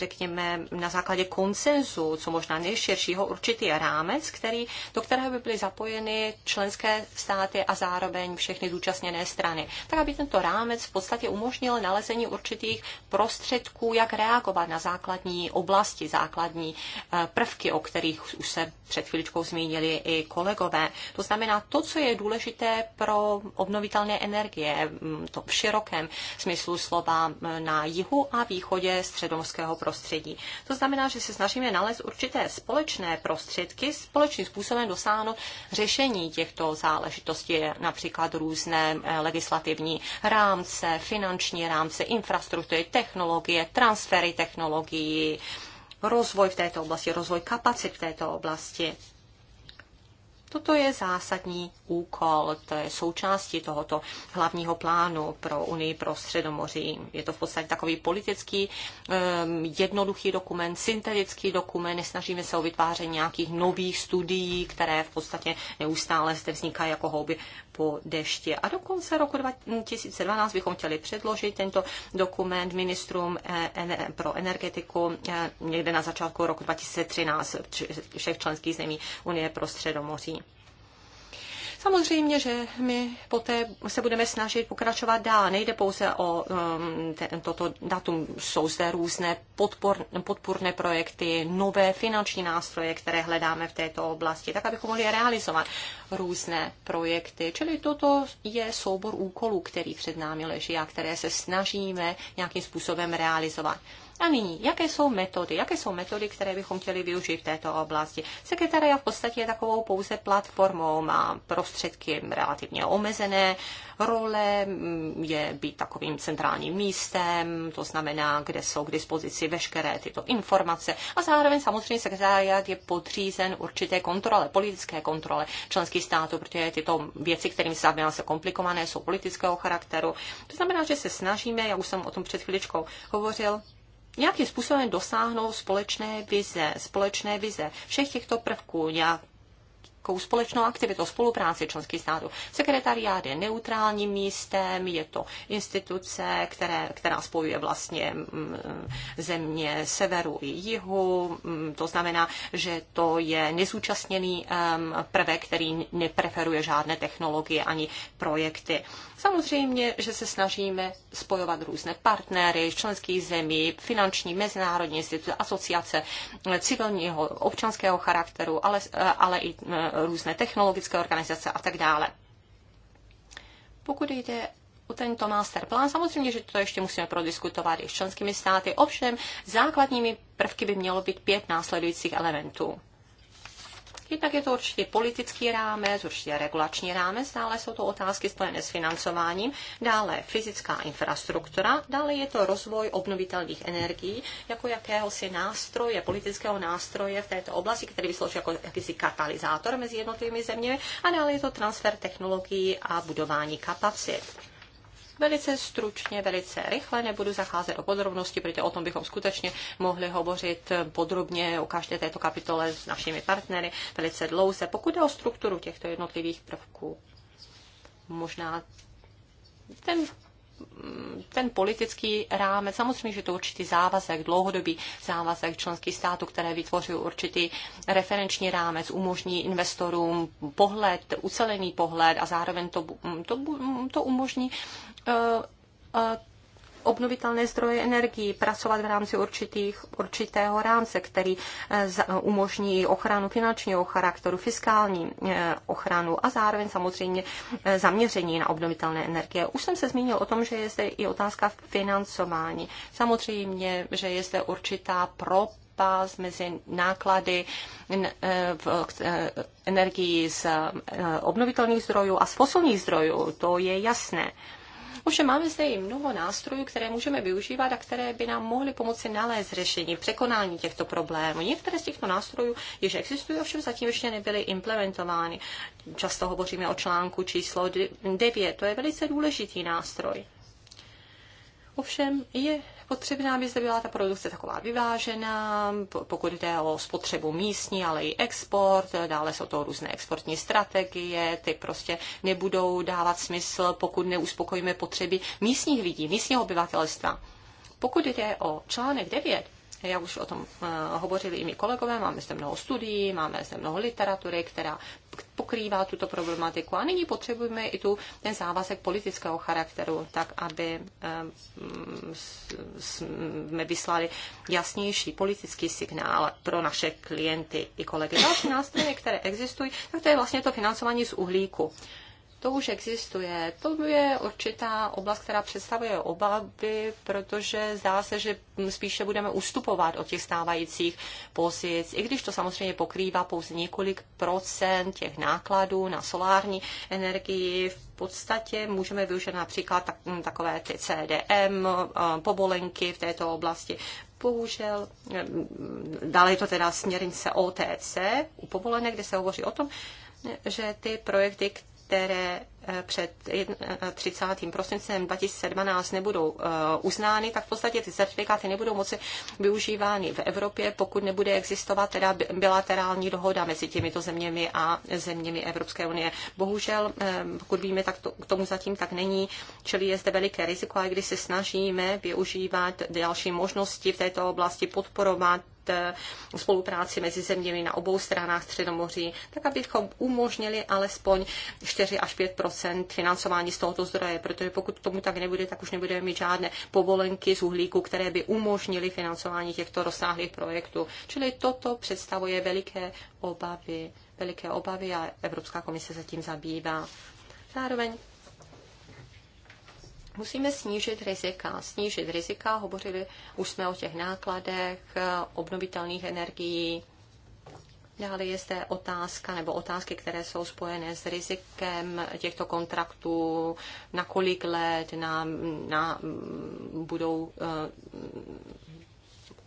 S3: řekněme, na základě konsenzu, co možná nejširšího, určitý rámec, který, do kterého by byly zapojeny členské státy a zároveň všechny zúčastněné strany. Tak, aby tento rámec v podstatě umožnil nalezení určitých prostředků, jak reagovat na základní oblasti, základní eh, prvky, o kterých už se před chvíličkou zmínili i kolegové. To znamená to, co je důležité pro obnovitelné energie, mm, to v širokém smyslu slova mm, na jihu a východě středomorského prostředí prostředí. To znamená, že se snažíme nalézt určité společné prostředky, společným způsobem dosáhnout řešení těchto záležitostí, například různé eh, legislativní rámce, finanční rámce, infrastruktury, technologie, transfery technologií, rozvoj v této oblasti, rozvoj kapacit v této oblasti. Toto je zásadní úkol, to je součástí tohoto hlavního plánu pro Unii pro Středomoří. Je to v podstatě takový politický, ehm, jednoduchý dokument, syntetický dokument, nesnažíme se o vytváření nějakých nových studií, které v podstatě neustále zde vznikají jako houby po dešti. A do konce roku 2012 bychom chtěli předložit tento dokument ministrům eh, pro energetiku eh, někde na začátku roku 2013 všech členských zemí Unie pro Středomoří. Samozřejmě, že my poté se budeme snažit pokračovat dál. Nejde pouze o um, te, toto datum, jsou zde různé podpor, podpůrné projekty, nové finanční nástroje, které hledáme v této oblasti, tak abychom mohli realizovat různé projekty. Čili toto je soubor úkolů, který před námi leží a které se snažíme nějakým způsobem realizovat. A nyní, jaké jsou metody, jaké jsou metody, které bychom chtěli využít v této oblasti? Sekretaria v podstatě je takovou pouze platformou, má prostředky relativně omezené, role mm, je být takovým centrálním místem, to znamená, kde jsou k dispozici veškeré tyto informace a zároveň samozřejmě sekretariat je podřízen určité kontrole, politické kontrole členských států, protože tyto věci, kterým se zabývá, jsou komplikované, jsou politického charakteru. To znamená, že se snažíme, jak už jsem o tom před chvíličkou hovořil, nějakým způsobem dosáhnout společné vize, společné vize všech těchto prvků, nějak nějakou společnou aktivitu, spolupráci členských států. Sekretariát je neutrálním místem, je to instituce, které, která spojuje vlastně mm, země severu i jihu, mm, to znamená, že to je nezúčastněný prvek, který nepreferuje žádné technologie ani projekty. Samozřejmě, že se snažíme spojovat různé partnery z členských zemí, finanční, mezinárodní instituce, asociace civilního, občanského charakteru, ale, ale i různé technologické organizace a tak dále. Pokud jde o tento masterplán, samozřejmě, že to ještě musíme prodiskutovat i s členskými státy, ovšem základními prvky by mělo být pět následujících elementů. Jednak je to určitě politický rámec, určitě regulační rámec, dále jsou to otázky spojené s financováním, dále fyzická infrastruktura, dále je to rozvoj obnovitelných energií jako jakéhosi nástroje, politického nástroje v této oblasti, který by sloužil jako jakýsi katalyzátor mezi jednotlivými zeměmi a dále je to transfer technologií a budování kapacit. Velice stručně, velice rychle, nebudu zacházet do podrobnosti, protože o tom bychom skutečně mohli hovořit podrobně o každé této kapitole s našimi partnery velice dlouze. Pokud jde o strukturu těchto jednotlivých prvků, možná ten ten politický rámec, samozřejmě, že to určitý závazek, dlouhodobý závazek členských států, které vytvoří určitý referenční rámec, umožní investorům pohled, ucelený pohled a zároveň to, to, to umožní uh, uh, obnovitelné zdroje energii, pracovat v rámci určitých, určitého rámce, který eh, umožní ochranu finančního charakteru, fiskální eh, ochranu a zároveň samozřejmě eh, zaměření na obnovitelné energie. Už jsem se zmínil o tom, že je zde i otázka financování. Samozřejmě, že je zde určitá pro mezi náklady v energii z obnovitelných zdrojů a z fosilních zdrojů. To je jasné. Ovšem máme zde i mnoho nástrojů, které můžeme využívat a které by nám mohly pomoci nalézt řešení, překonání těchto problémů. Některé z těchto nástrojů již existují, ovšem zatím ještě nebyly implementovány. Často hovoříme o článku číslo 9, to je velice důležitý nástroj. Ovšem je potřebná by zde byla ta produkce taková vyvážená, pokud jde o spotřebu místní, ale i export, dále jsou to různé exportní strategie, ty prostě nebudou dávat smysl, pokud neuspokojíme potřeby místních lidí, místního obyvatelstva. Pokud jde o článek 9, já už o tom eh, hovořili i mý kolegové, máme zde mnoho studií, máme zde mnoho literatury, která pokrývá tuto problematiku a nyní potřebujeme i tu ten závazek politického charakteru, tak aby eh, mm, jsme vyslali jasnější politický signál pro naše klienty i kolegy. Další nástroje, které existují, tak to je vlastně to financování z uhlíku. To už existuje. To je určitá oblast, která představuje obavy, protože zdá se, že spíše budeme ustupovat od těch stávajících pozic, i když to samozřejmě pokrývá pouze několik procent těch nákladů na solární energii. V podstatě můžeme využít například mm, takové ty CDM, eh, povolenky v této oblasti. Bohužel, mm, dále je to teda směrnice OTC u povolenek, kde se hovoří o tom, že ty projekty, které Eh, před 30. Eh, prosincem 2017 nebudou eh, uznány, tak v podstatě ty certifikáty nebudou moci využívány v Evropě, pokud nebude existovat teda bilaterální dohoda mezi těmito zeměmi a zeměmi Evropské unie. Bohužel, pokud víme, tak to, k tomu zatím tak není, čili je zde veliké riziko, a když se snažíme využívat další možnosti v této oblasti, podporovat spolupráci mezi zeměmi na obou stranách Středomoří, tak abychom umožnili alespoň 4 až 5 financování z tohoto zdroje, protože pokud tomu tak nebude, tak už nebudeme mít žádné povolenky z uhlíku, které by umožnily financování těchto rozsáhlých projektů. Čili toto představuje veliké obavy, veliké obavy a Evropská komise se tím zabývá. Zároveň musíme snížit rizika. Snížit rizika, hovořili už jsme o těch nákladech obnovitelných energií, Dále je zde otázka nebo otázky, které jsou spojené s rizikem těchto kontraktů, na kolik let na, na, mm, budou eh,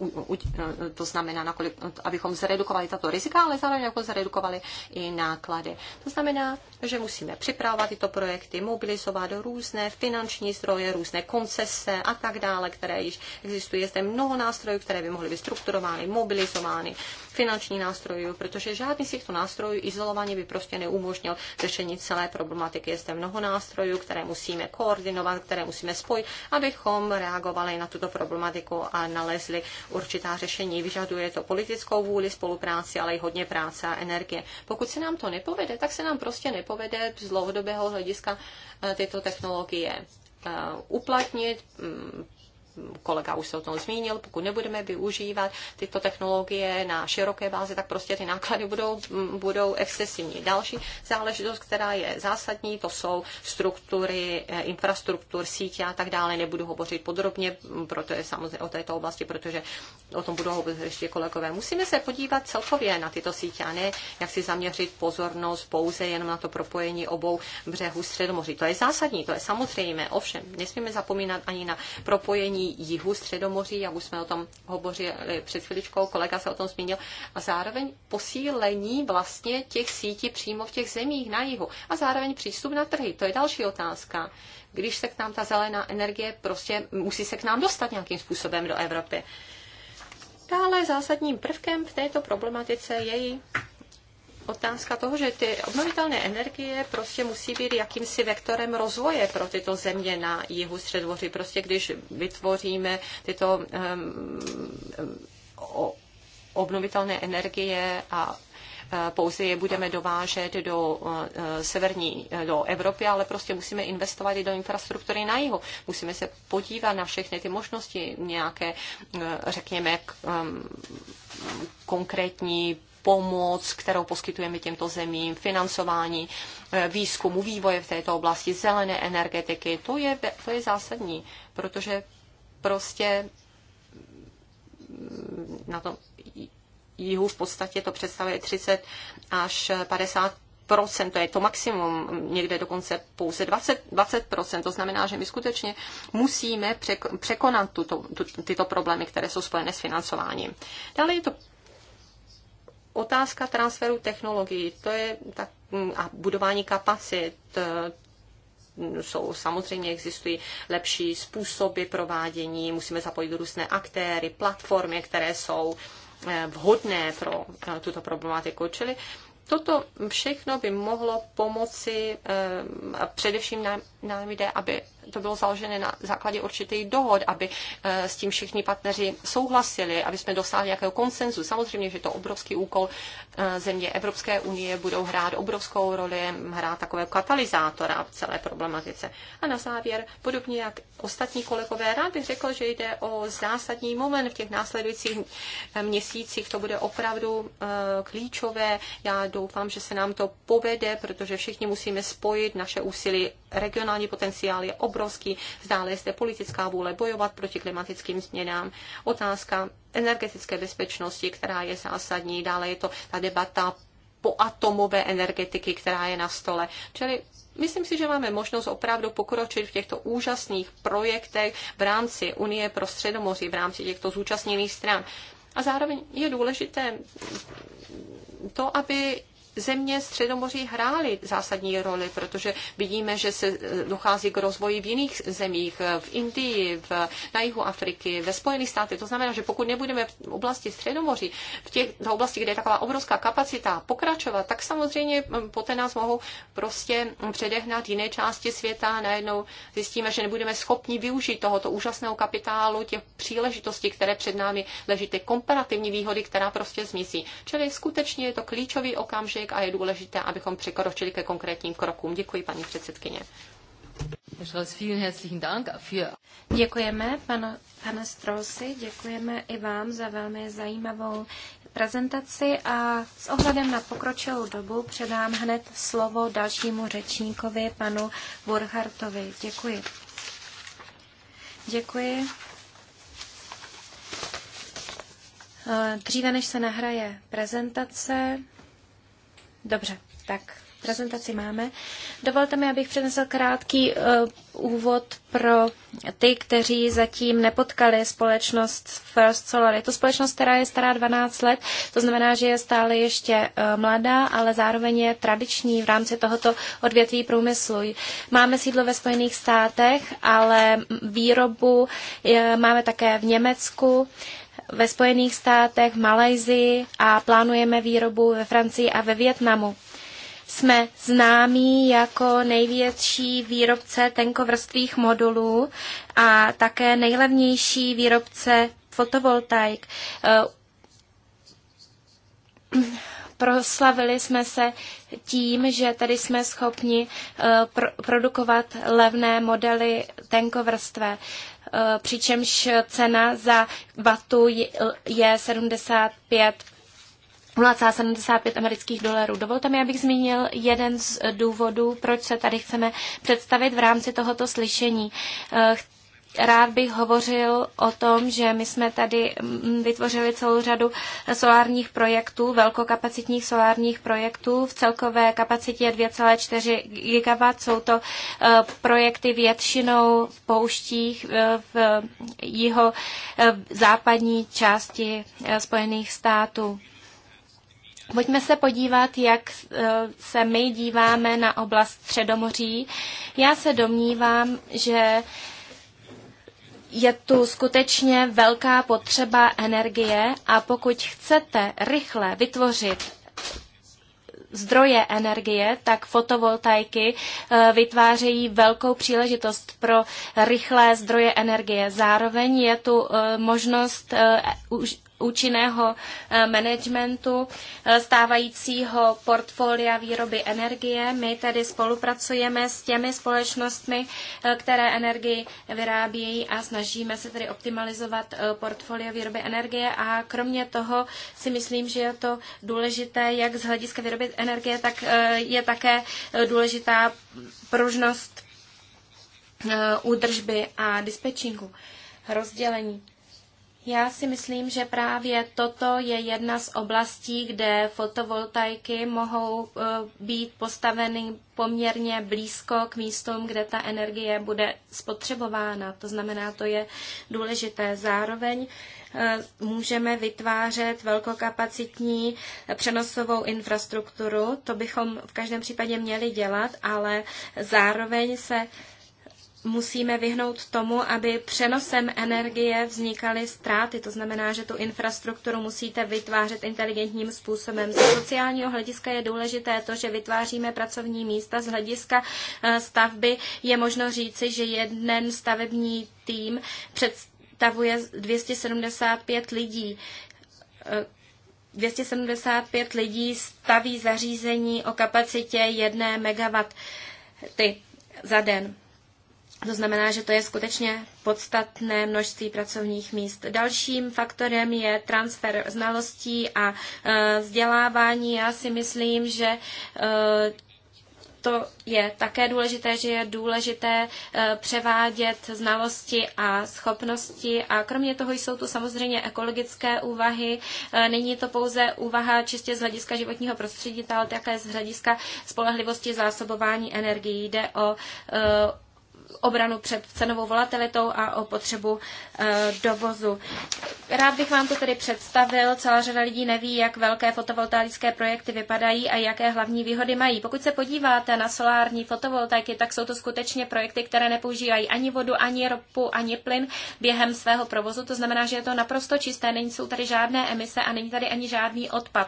S3: eh, to znamená, nakolik, abychom zredukovali tato rizika, ale zároveň jako zredukovali i náklady. To znamená, že musíme připravovat tyto projekty, mobilizovat různé finanční zdroje, různé koncese a tak dále, které již existují. Je zde mnoho nástrojů, které by mohly být strukturovány, mobilizovány finanční nástrojů, protože žádný z těchto nástrojů izolovaně by prostě neumožnil řešení celé problematiky. Je zde mnoho nástrojů, které musíme koordinovat, které musíme spojit, abychom reagovali na tuto problematiku a nalezli určitá řešení. Vyžaduje to politickou vůli, spolupráci, ale i hodně práce a energie. Pokud se nám to nepovede, tak se nám prostě nepovede z dlouhodobého hlediska eh, tyto technologie eh, uplatnit, mm, kolega už se o tom zmínil, pokud nebudeme využívat tyto technologie na široké bázi, tak prostě ty náklady budou, budou excesivní. Další záležitost, která je zásadní, to jsou struktury, eh, infrastruktur, sítě a tak dále. Nebudu hovořit podrobně mm, proto je samozřejmě o této oblasti, protože o tom budou hovořit ještě kolegové. Musíme se podívat celkově na tyto sítě a ne jak si zaměřit pozornost pouze jenom na to propojení obou břehů Středomoří. To je zásadní, to je samozřejmé. Ovšem, nesmíme zapomínat ani na propojení jihu Středomoří, jak už jsme o tom hovořili před chviličkou, kolega se o tom zmínil, a zároveň posílení vlastně těch sítí přímo v těch zemích na jihu a zároveň přístup na trhy. To je další otázka. Když se k nám ta zelená energie prostě musí se k nám dostat nějakým způsobem do Evropy. Dále zásadním prvkem v této problematice je otázka toho, že ty obnovitelné energie prostě musí být jakýmsi vektorem rozvoje pro tyto země na jihu Středvoří. Prostě když vytvoříme tyto um, obnovitelné energie a e, pouze je budeme dovážet do e, severní, e, do Evropy, ale prostě musíme investovat i do infrastruktury na jihu. Musíme se podívat na všechny ty možnosti, nějaké, řekněme, konkrétní pomoc, kterou poskytujeme těmto zemím, financování eh, výzkumu, vývoje v této oblasti, zelené energetiky. To je, to je zásadní, protože prostě mm, na tom jihu v podstatě to představuje 30 až 50 to je to maximum, někde dokonce pouze 20, 20%. To znamená, že my skutečně musíme překonat tuto, tu, tyto problémy, které jsou spojené s financováním. Dále je to Otázka transferu technologií, to je tak, mm, a budování kapacit, eh, jsou, samozřejmě existují lepší způsoby provádění, musíme zapojit různé aktéry, platformy, které jsou eh, vhodné pro eh, tuto problematiku. Čili toto všechno by mohlo pomoci, především nám, nám jde, aby to bylo založené na základě určitých dohod, aby eh, s tím všichni partneři souhlasili, aby jsme dosáhli nějakého konsenzu. Samozřejmě, že to obrovský úkol eh, země Evropské unie budou hrát obrovskou roli, hrát takového katalyzátora v celé problematice. A na závěr, podobně jak ostatní kolegové, rád bych řekl, že jde o zásadní moment v těch následujících eh, měsících. To bude opravdu klíčové. Já doufám, že se nám to povede, protože všichni musíme spojit naše úsilí regionální potenciál je obrovský, zdále zde politická vůle bojovat proti klimatickým změnám. Otázka energetické bezpečnosti, která je zásadní, dále je to ta debata po atomové energetiky, která je na stole. Čili myslím si, že máme možnost opravdu pokročit v těchto úžasných projektech v rámci Unie pro Středomoří, v rámci těchto zúčastněných stran. A zároveň je důležité to, aby země Středomoří hrály zásadní roli, protože vidíme, že se eh, dochází k rozvoji v jiných zemích, eh, v Indii, v, na jihu Afriky, ve Spojených státech. To znamená, že pokud nebudeme v oblasti Středomoří, v těchto oblasti, kde je taková obrovská kapacita, pokračovat, tak samozřejmě hm, poté nás mohou prostě předehnat jiné části světa. Najednou zjistíme, že nebudeme schopni využít tohoto úžasného kapitálu, těch příležitostí, které před námi leží, ty komparativní výhody, která prostě zmizí. Čili skutečně je to klíčový okamžik, politik a je důležité, abychom přikročili ke konkrétním krokům. Děkuji, paní předsedkyně.
S2: Děkujeme, pane, pane Strosi, děkujeme i vám za velmi zajímavou prezentaci a s ohledem na pokročilou dobu předám hned slovo dalšímu řečníkovi, panu Burhartovi. Děkuji. Děkuji. Eh, dříve než se nahraje prezentace, Dobře, tak prezentaci máme. Dovolte mi, abych přednesl krátký uh, úvod pro ty, kteří zatím nepotkali společnost First Solar. Je to společnost, která je stará 12 let, to znamená, že je stále ještě uh, mladá, ale zároveň je tradiční v rámci tohoto odvětví průmyslu. Máme sídlo ve Spojených státech, ale výrobu je, eh, máme také v Německu. Uh, ve Spojených státech, v Malajzii a plánujeme výrobu ve Francii a ve Větnamu. Jsme známí jako největší výrobce tenkovrstvých modulů a také nejlevnější výrobce fotovoltaik. Eh, proslavili jsme se tím, že tady jsme schopni eh, produkovat levné modely tenkovrstve. Eh, přičemž cena za vatu je 75 0,75 amerických dolarů. Dovolte mi, abych zmínil jeden z důvodů, proč se tady chceme představit v rámci tohoto slyšení. Eh, rád bych hovořil o tom, že my jsme tady mm, mm, vytvořili celou řadu solárních projektů, velkokapacitních solárních projektů v celkové kapacitě 2,4 GW. Jsou to eh, projekty většinou v pouštích eh, v jeho eh, západní části Spojených států. Pojďme se podívat, jak se my díváme na oblast Středomoří. Já se domnívám, že je tu skutečně velká potřeba energie a pokud chcete rychle vytvořit zdroje energie, tak fotovoltaiky eh, vytvářejí velkou příležitost pro rychlé zdroje energie. Zároveň je tu eh, možnost eh, účinného eh, managementu eh, stávajícího portfolia výroby energie. My tedy spolupracujeme s těmi společnostmi, eh, které energii vyrábějí a snažíme se tedy optimalizovat portfolio výroby energie a kromě toho si myslím, že je to důležité jak z hlediska výroby energie, tak je také důležitá pružnost údržby a dispečinku rozdělení. Já si myslím, že právě toto je jedna z oblastí, kde fotovoltaiky mohou eh, být postaveny poměrně blízko k místům, kde ta energie bude spotřebována. To znamená, to je důležité. Zároveň eh, můžeme vytvářet velkokapacitní přenosovou infrastrukturu. To bychom v každém případě měli dělat, ale zároveň se musíme vyhnout tomu, aby přenosem energie vznikaly ztráty. To znamená, že tu infrastrukturu musíte vytvářet inteligentním způsobem. Z sociálního hlediska je důležité to, že vytváříme pracovní místa. Z hlediska eh, stavby je možno říci, že jeden stavební tým představuje 275 lidí. 275 eh, lidí staví zařízení o kapacitě 1 megawatt za den. To znamená, že to je skutečně podstatné množství pracovních míst. Dalším faktorem je transfer znalostí a e, vzdělávání. Já si myslím, že e, to je také důležité, že je důležité e, převádět znalosti a schopnosti. A kromě toho jsou tu samozřejmě ekologické úvahy. Není to pouze úvaha čistě z hlediska životního prostředí, ale také z hlediska spolehlivosti zásobování energií. Jde o obranu před cenovou volatilitou a o potřebu e, dovozu. Rád bych vám to tedy představil. Celá řada lidí neví, jak velké fotovoltaické projekty vypadají a jaké hlavní výhody mají. Pokud se podíváte na solární fotovoltaiky, tak jsou to skutečně projekty, které nepoužívají ani vodu, ani ropu, ani plyn během svého provozu. To znamená, že je to naprosto čisté, nejsou tady žádné emise a není tady ani žádný odpad.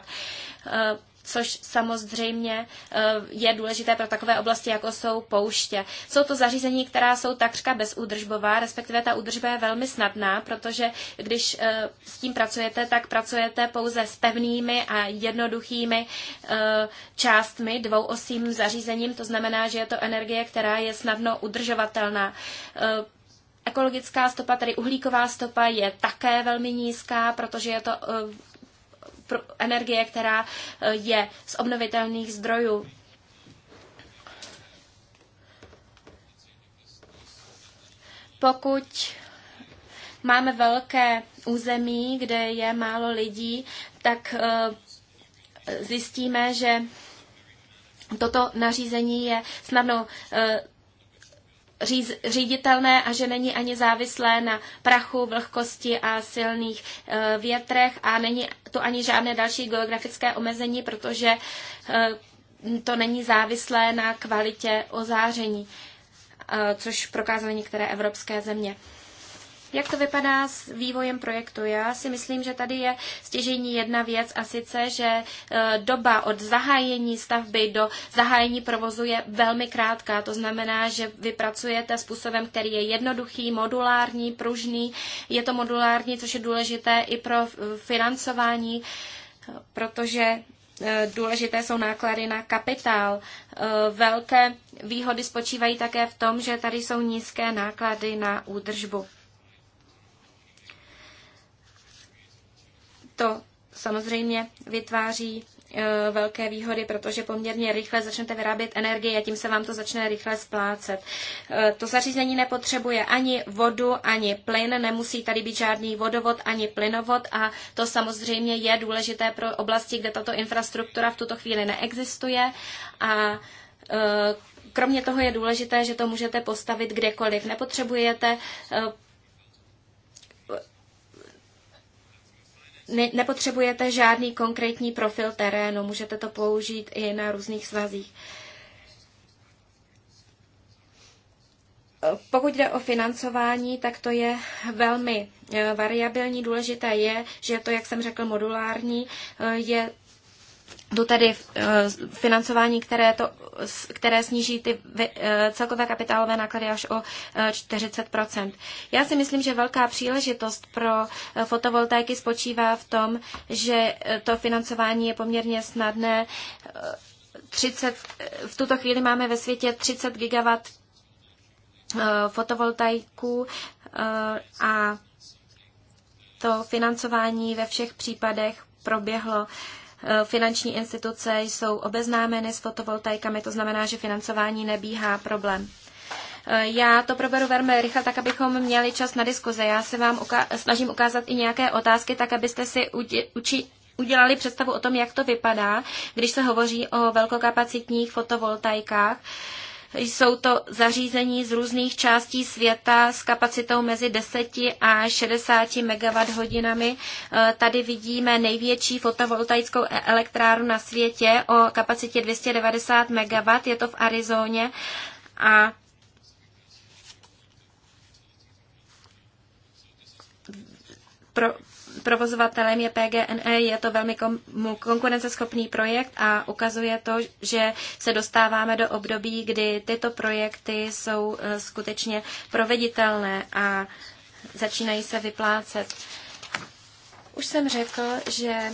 S2: E, což samozřejmě eh, je důležité pro takové oblasti, jako jsou pouště. Jsou to zařízení, která jsou takřka bezúdržbová, respektive ta údržba je velmi snadná, protože když eh, s tím pracujete, tak pracujete pouze s pevnými a jednoduchými eh, částmi, dvouosým zařízením, to znamená, že je to energie, která je snadno udržovatelná. Ekologická stopa, tedy uhlíková stopa, je také velmi nízká, protože je to energie, která eh, je z obnovitelných zdrojů. Pokud máme velké území, kde je málo lidí, tak eh, zjistíme, že toto nařízení je snadno eh, říz, říditelné a že není ani závislé na prachu, vlhkosti a silných e, větrech a není tu ani žádné další geografické omezení, protože e, to není závislé na kvalitě ozáření, e, což prokázaly některé evropské země. Jak to vypadá s vývojem projektu? Já si myslím, že tady je stěžení jedna věc a sice, že e, doba od zahájení stavby do zahájení provozu je velmi krátká. To znamená, že vypracujete způsobem, který je jednoduchý, modulární, pružný. Je to modulární, což je důležité i pro e, financování, protože e, Důležité jsou náklady na kapitál. Velké výhody spočívají také v tom, že tady jsou nízké náklady na údržbu. To samozřejmě vytváří e, velké výhody, protože poměrně rychle začnete vyrábět energii a tím se vám to začne rychle splácet. E, to zařízení nepotřebuje ani vodu, ani plyn, nemusí tady být žádný vodovod, ani plynovod a to samozřejmě je důležité pro oblasti, kde tato infrastruktura v tuto chvíli neexistuje a e, Kromě toho je důležité, že to můžete postavit kdekoliv. Nepotřebujete ne, nepotřebujete žádný konkrétní profil terénu, můžete to použít i na různých svazích. Pokud jde o financování, tak to je velmi eh, variabilní. Důležité je, že to, jak jsem řekl, modulární, eh, je tu tedy eh, financování, které, to, které sníží ty eh, celkové kapitálové náklady až o 40 eh, Já si myslím, že velká příležitost pro fotovoltaiky spočívá v tom, že to financování je poměrně snadné. 30, v tuto chvíli máme ve světě 30 gigawatt fotovoltaiků a to financování ve všech případech proběhlo uh, Eh, finanční instituce jsou obeznámeny s fotovoltaikami, to znamená, že financování nebíhá problém. Eh, já to proberu velmi rychle, tak abychom měli čas na diskuze. Já se vám snažím ukázat i nějaké otázky, tak abyste si uči- udělali představu o tom, jak to vypadá, když se hovoří o velkokapacitních fotovoltaikách. Uh, jsou to zařízení z různých částí světa s kapacitou mezi 10 a 60 MWh. Eh, tady vidíme největší fotovoltaickou e- elektrárnu na světě o kapacitě 290 MW. Je to v Arizóně a pro, provozovatelem je PGNE, je to velmi konkurenceschopný projekt a ukazuje to, že se dostáváme do období, kdy tyto projekty jsou e, skutečně proveditelné a začínají se vyplácet. Už jsem řekl, že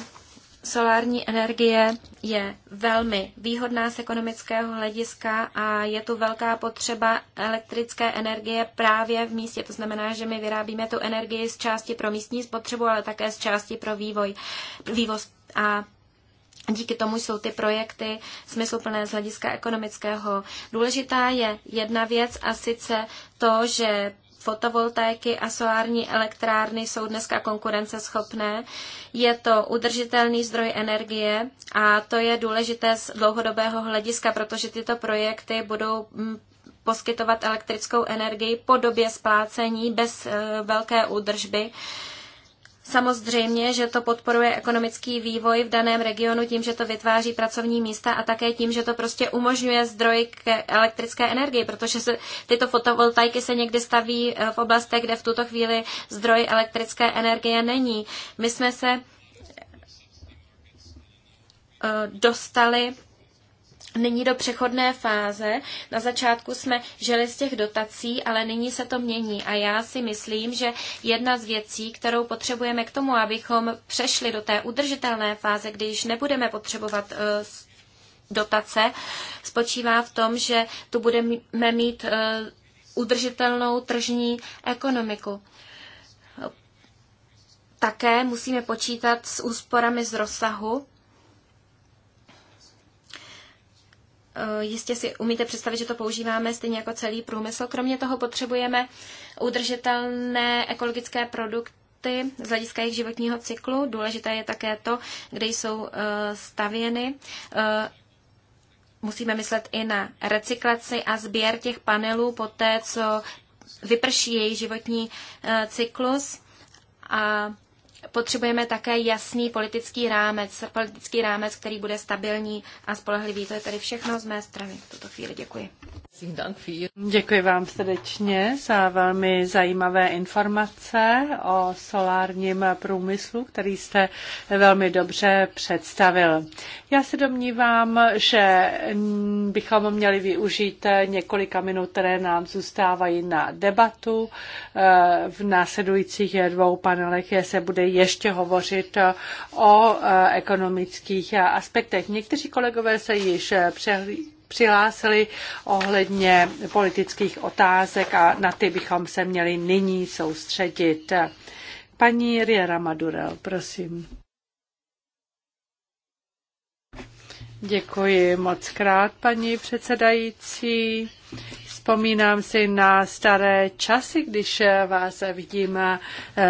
S2: solární energie je velmi výhodná z ekonomického hlediska a je tu velká potřeba elektrické energie právě v místě. To znamená, že my vyrábíme tu energii z části pro místní spotřebu, ale také z části pro vývoj, vývoz a Díky tomu jsou ty projekty smysluplné z hlediska ekonomického. Důležitá je jedna věc a sice to, že fotovoltaiky a solární elektrárny jsou dneska konkurenceschopné. Je to udržitelný zdroj energie a to je důležité z dlouhodobého hlediska, protože tyto projekty budou mm, poskytovat elektrickou energii po době splácení bez eh, velké údržby. Samozřejmě, že to podporuje ekonomický vývoj v daném regionu tím, že to vytváří pracovní místa a také tím, že to prostě umožňuje zdroj k elektrické energii, protože se, tyto fotovoltaiky se někdy staví eh, v oblastech, kde v tuto chvíli zdroj elektrické energie není. My jsme se eh, dostali Nyní do přechodné fáze. Na začátku jsme žili z těch dotací, ale nyní se to mění a já si myslím, že jedna z věcí, kterou potřebujeme k tomu, abychom přešli do té udržitelné fáze, když nebudeme potřebovat eh, dotace, spočívá v tom, že tu budeme mít eh, udržitelnou tržní ekonomiku. Také musíme počítat s úsporami z rozsahu Eh, jistě si umíte představit, že to používáme stejně jako celý průmysl. Kromě toho potřebujeme udržitelné ekologické produkty z hlediska jejich životního cyklu. Důležité je také to, kde jsou eh, stavěny. Eh, musíme myslet i na recyklaci a sběr těch panelů po té, co vyprší jejich životní cyklus. A Potřebujeme také jasný politický rámec, politický rámec, který bude stabilní a spolehlivý. To je tedy všechno z mé strany. V tuto chvíli
S1: děkuji. Děkuji vám srdečně za velmi zajímavé informace o solárním průmyslu, který jste velmi dobře představil. Já se domnívám, že bychom měli využít několika minut, které nám zůstávají na debatu. V následujících dvou panelech se bude ještě hovořit o ekonomických aspektech. Někteří kolegové se již přehlídli přihlásili ohledně politických otázek a na ty bychom se měli nyní soustředit. Paní Riera Madurel, prosím. Děkuji moc krát, paní předsedající. Vzpomínám si na staré časy, když vás vidím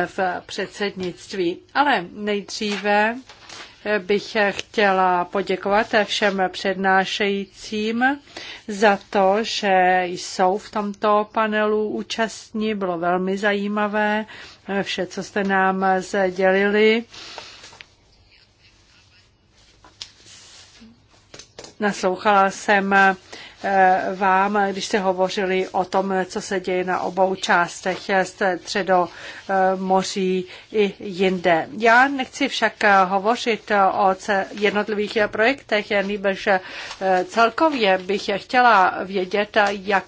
S1: v předsednictví. Ale nejdříve bych chtěla poděkovat všem přednášejícím za to, že jsou v tomto panelu účastní. Bylo velmi zajímavé vše, co jste nám sdělili. Naslouchala jsem Eh, vám, když jste hovořili o tom, co se děje na obou částech středo eh, moří i jinde. Já nechci však eh, hovořit o jednotlivých projektech, nejbrž celkově bych chtěla vědět, jak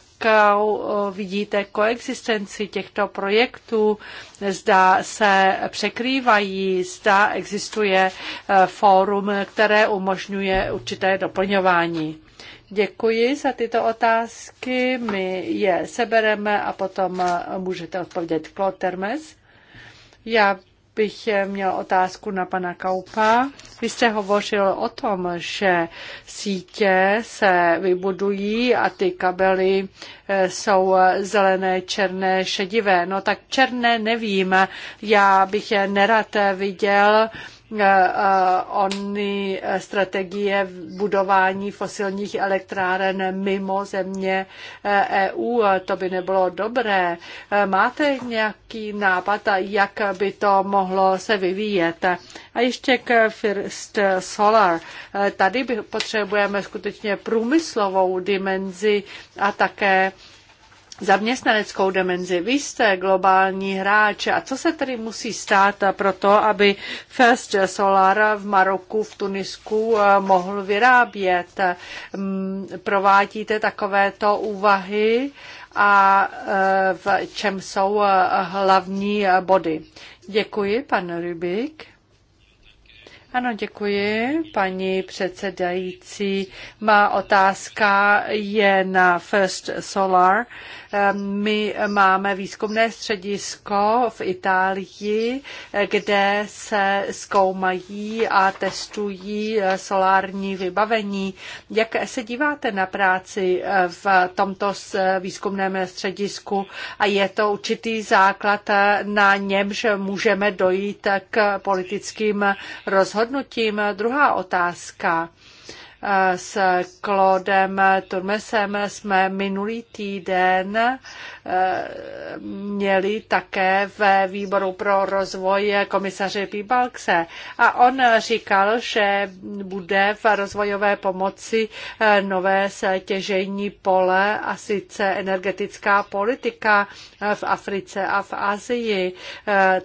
S1: vidíte koexistenci těchto projektů, zda se překrývají, zda existuje fórum, které umožňuje určité doplňování. Děkuji za tyto otázky, my je sebereme a potom můžete odpovědět Klotermes. Já bych měl otázku na pana Kaupa. Vy jste hovořil o tom, že sítě se vybudují a ty kabely eh, jsou zelené, černé, šedivé. No tak černé nevím. Já bych je nerad viděl Eh, eh, ony strategie budování fosilních elektráren mimo země EU. Eh, e to by nebylo dobré. Máte nějaký nápad, jak by to mohlo se vyvíjet? A ještě k First Solar. Tady potřebujeme skutečně průmyslovou dimenzi a také zaměstnaneckou dimenzi. Vy jste globální hráč a co se tedy musí stát pro to, aby First Solar v Maroku, v Tunisku eh, mohl vyrábět? Mm, provádíte takovéto úvahy a eh, v čem jsou eh, hlavní body? Děkuji, pan Rybík. Ano, děkuji. Paní předsedající, má otázka je na First Solar. Ehm, my máme výzkumné středisko v Itálii, kde se zkoumají a testují eh, solární vybavení. Jak se díváte na práci eh, v tomto eh, výzkumném středisku a je to určitý základ, na němž můžeme dojít k politickým rozhodnutím? rozhodnutím. Druhá otázka. S Claudem Turmesem jsme minulý týden eh, měli také ve výboru pro rozvoj komisaře Pibalkse A on říkal, že bude v rozvojové pomoci eh, nové těžení pole a sice energetická politika eh, v Africe a v Azii.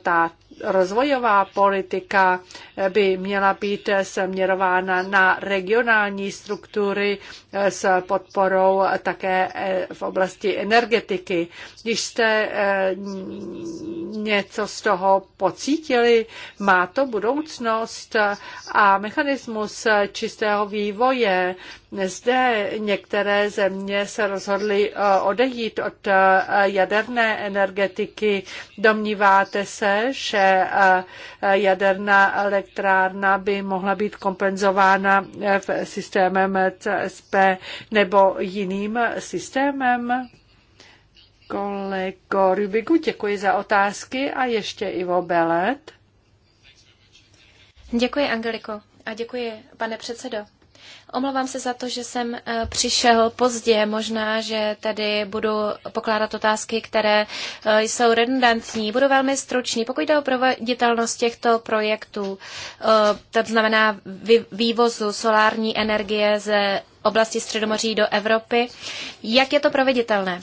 S1: Ta rozvojová politika by měla být směrována na regionální struktury s podporou také eh, v oblasti energetiky. Když jste eh, něco z toho pocítili, má to budoucnost a mechanismus čistého vývoje. Zde některé země se rozhodly eh, odejít od jaderné energetiky. Domníváte se, že jaderná elektrárna by mohla být kompenzována v systémem CSP nebo jiným systémem? Kolego Rubiku, děkuji za otázky a ještě Ivo Belet.
S2: Děkuji, Angeliko. A děkuji, pane předsedo. Omlouvám se za to, že jsem eh, přišel pozdě. Možná, že tady budu pokládat otázky, které eh, jsou redundantní. Budu velmi stručný. Pokud jde o proveditelnost těchto projektů, eh, to znamená vývozu solární energie ze oblasti Středomoří do Evropy. Jak je to proveditelné?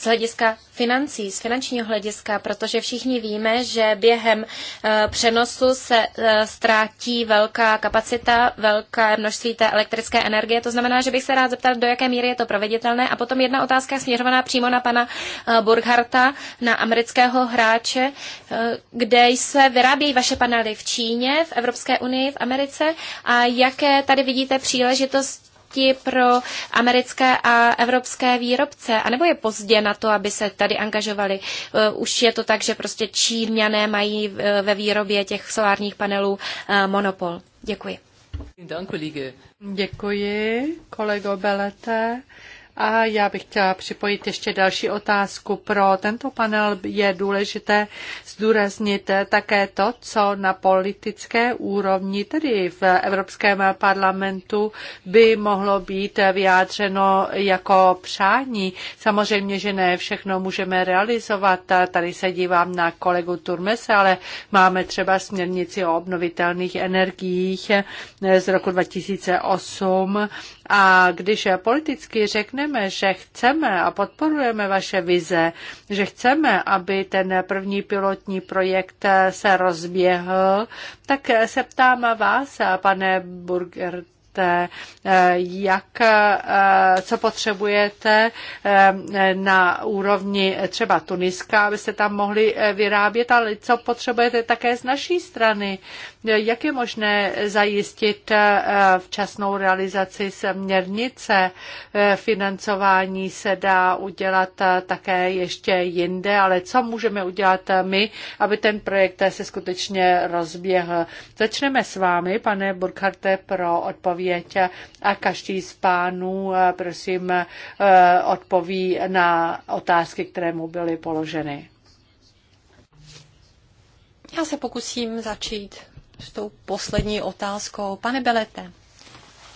S2: z hlediska financí, z finančního hlediska, protože všichni víme, že během eh, přenosu se eh, ztrátí velká kapacita, velké množství té elektrické energie. To znamená, že bych se rád zeptal, do jaké míry je to proveditelné. A potom jedna otázka směřovaná přímo na pana eh, Burgharta, na amerického hráče, kde se vyrábějí vaše panely v Číně, v Evropské unii, v Americe a jaké tady vidíte příležitost možnosti pro americké a evropské výrobce, a nebo je pozdě na to, aby se tady angažovali. Eh, už je to tak, že prostě Číňané mají eh, ve výrobě těch solárních panelů eh, monopol. Děkuji. Děkuji, kolego
S1: Belete. A já bych chtěla připojit ještě další otázku. Pro tento panel je důležité zdůraznit také to, co na politické úrovni, tedy v Evropském parlamentu, by mohlo být vyjádřeno jako přání. Samozřejmě, že ne všechno můžeme realizovat. Tady se dívám na kolegu Turmese, ale máme třeba směrnici o obnovitelných energiích z roku 2008 a když politicky řekneme, že chceme a podporujeme vaše vize, že chceme, aby ten první pilotní projekt se rozběhl, tak se ptám vás, pane Burger, jak, co potřebujete eh, na úrovni třeba Tuniska, abyste tam mohli vyrábět, ale co potřebujete také z naší strany. Jak je možné zajistit eh, včasnou realizaci směrnice? Eh, financování se dá udělat eh, také ještě jinde, ale co můžeme udělat my, aby ten projekt se skutečně rozběhl? Začneme s vámi, pane Burkharte, pro odpověď a každý z pánů, prosím, odpoví na otázky, které mu byly položeny.
S3: Já se pokusím začít s tou poslední otázkou. Pane Belete,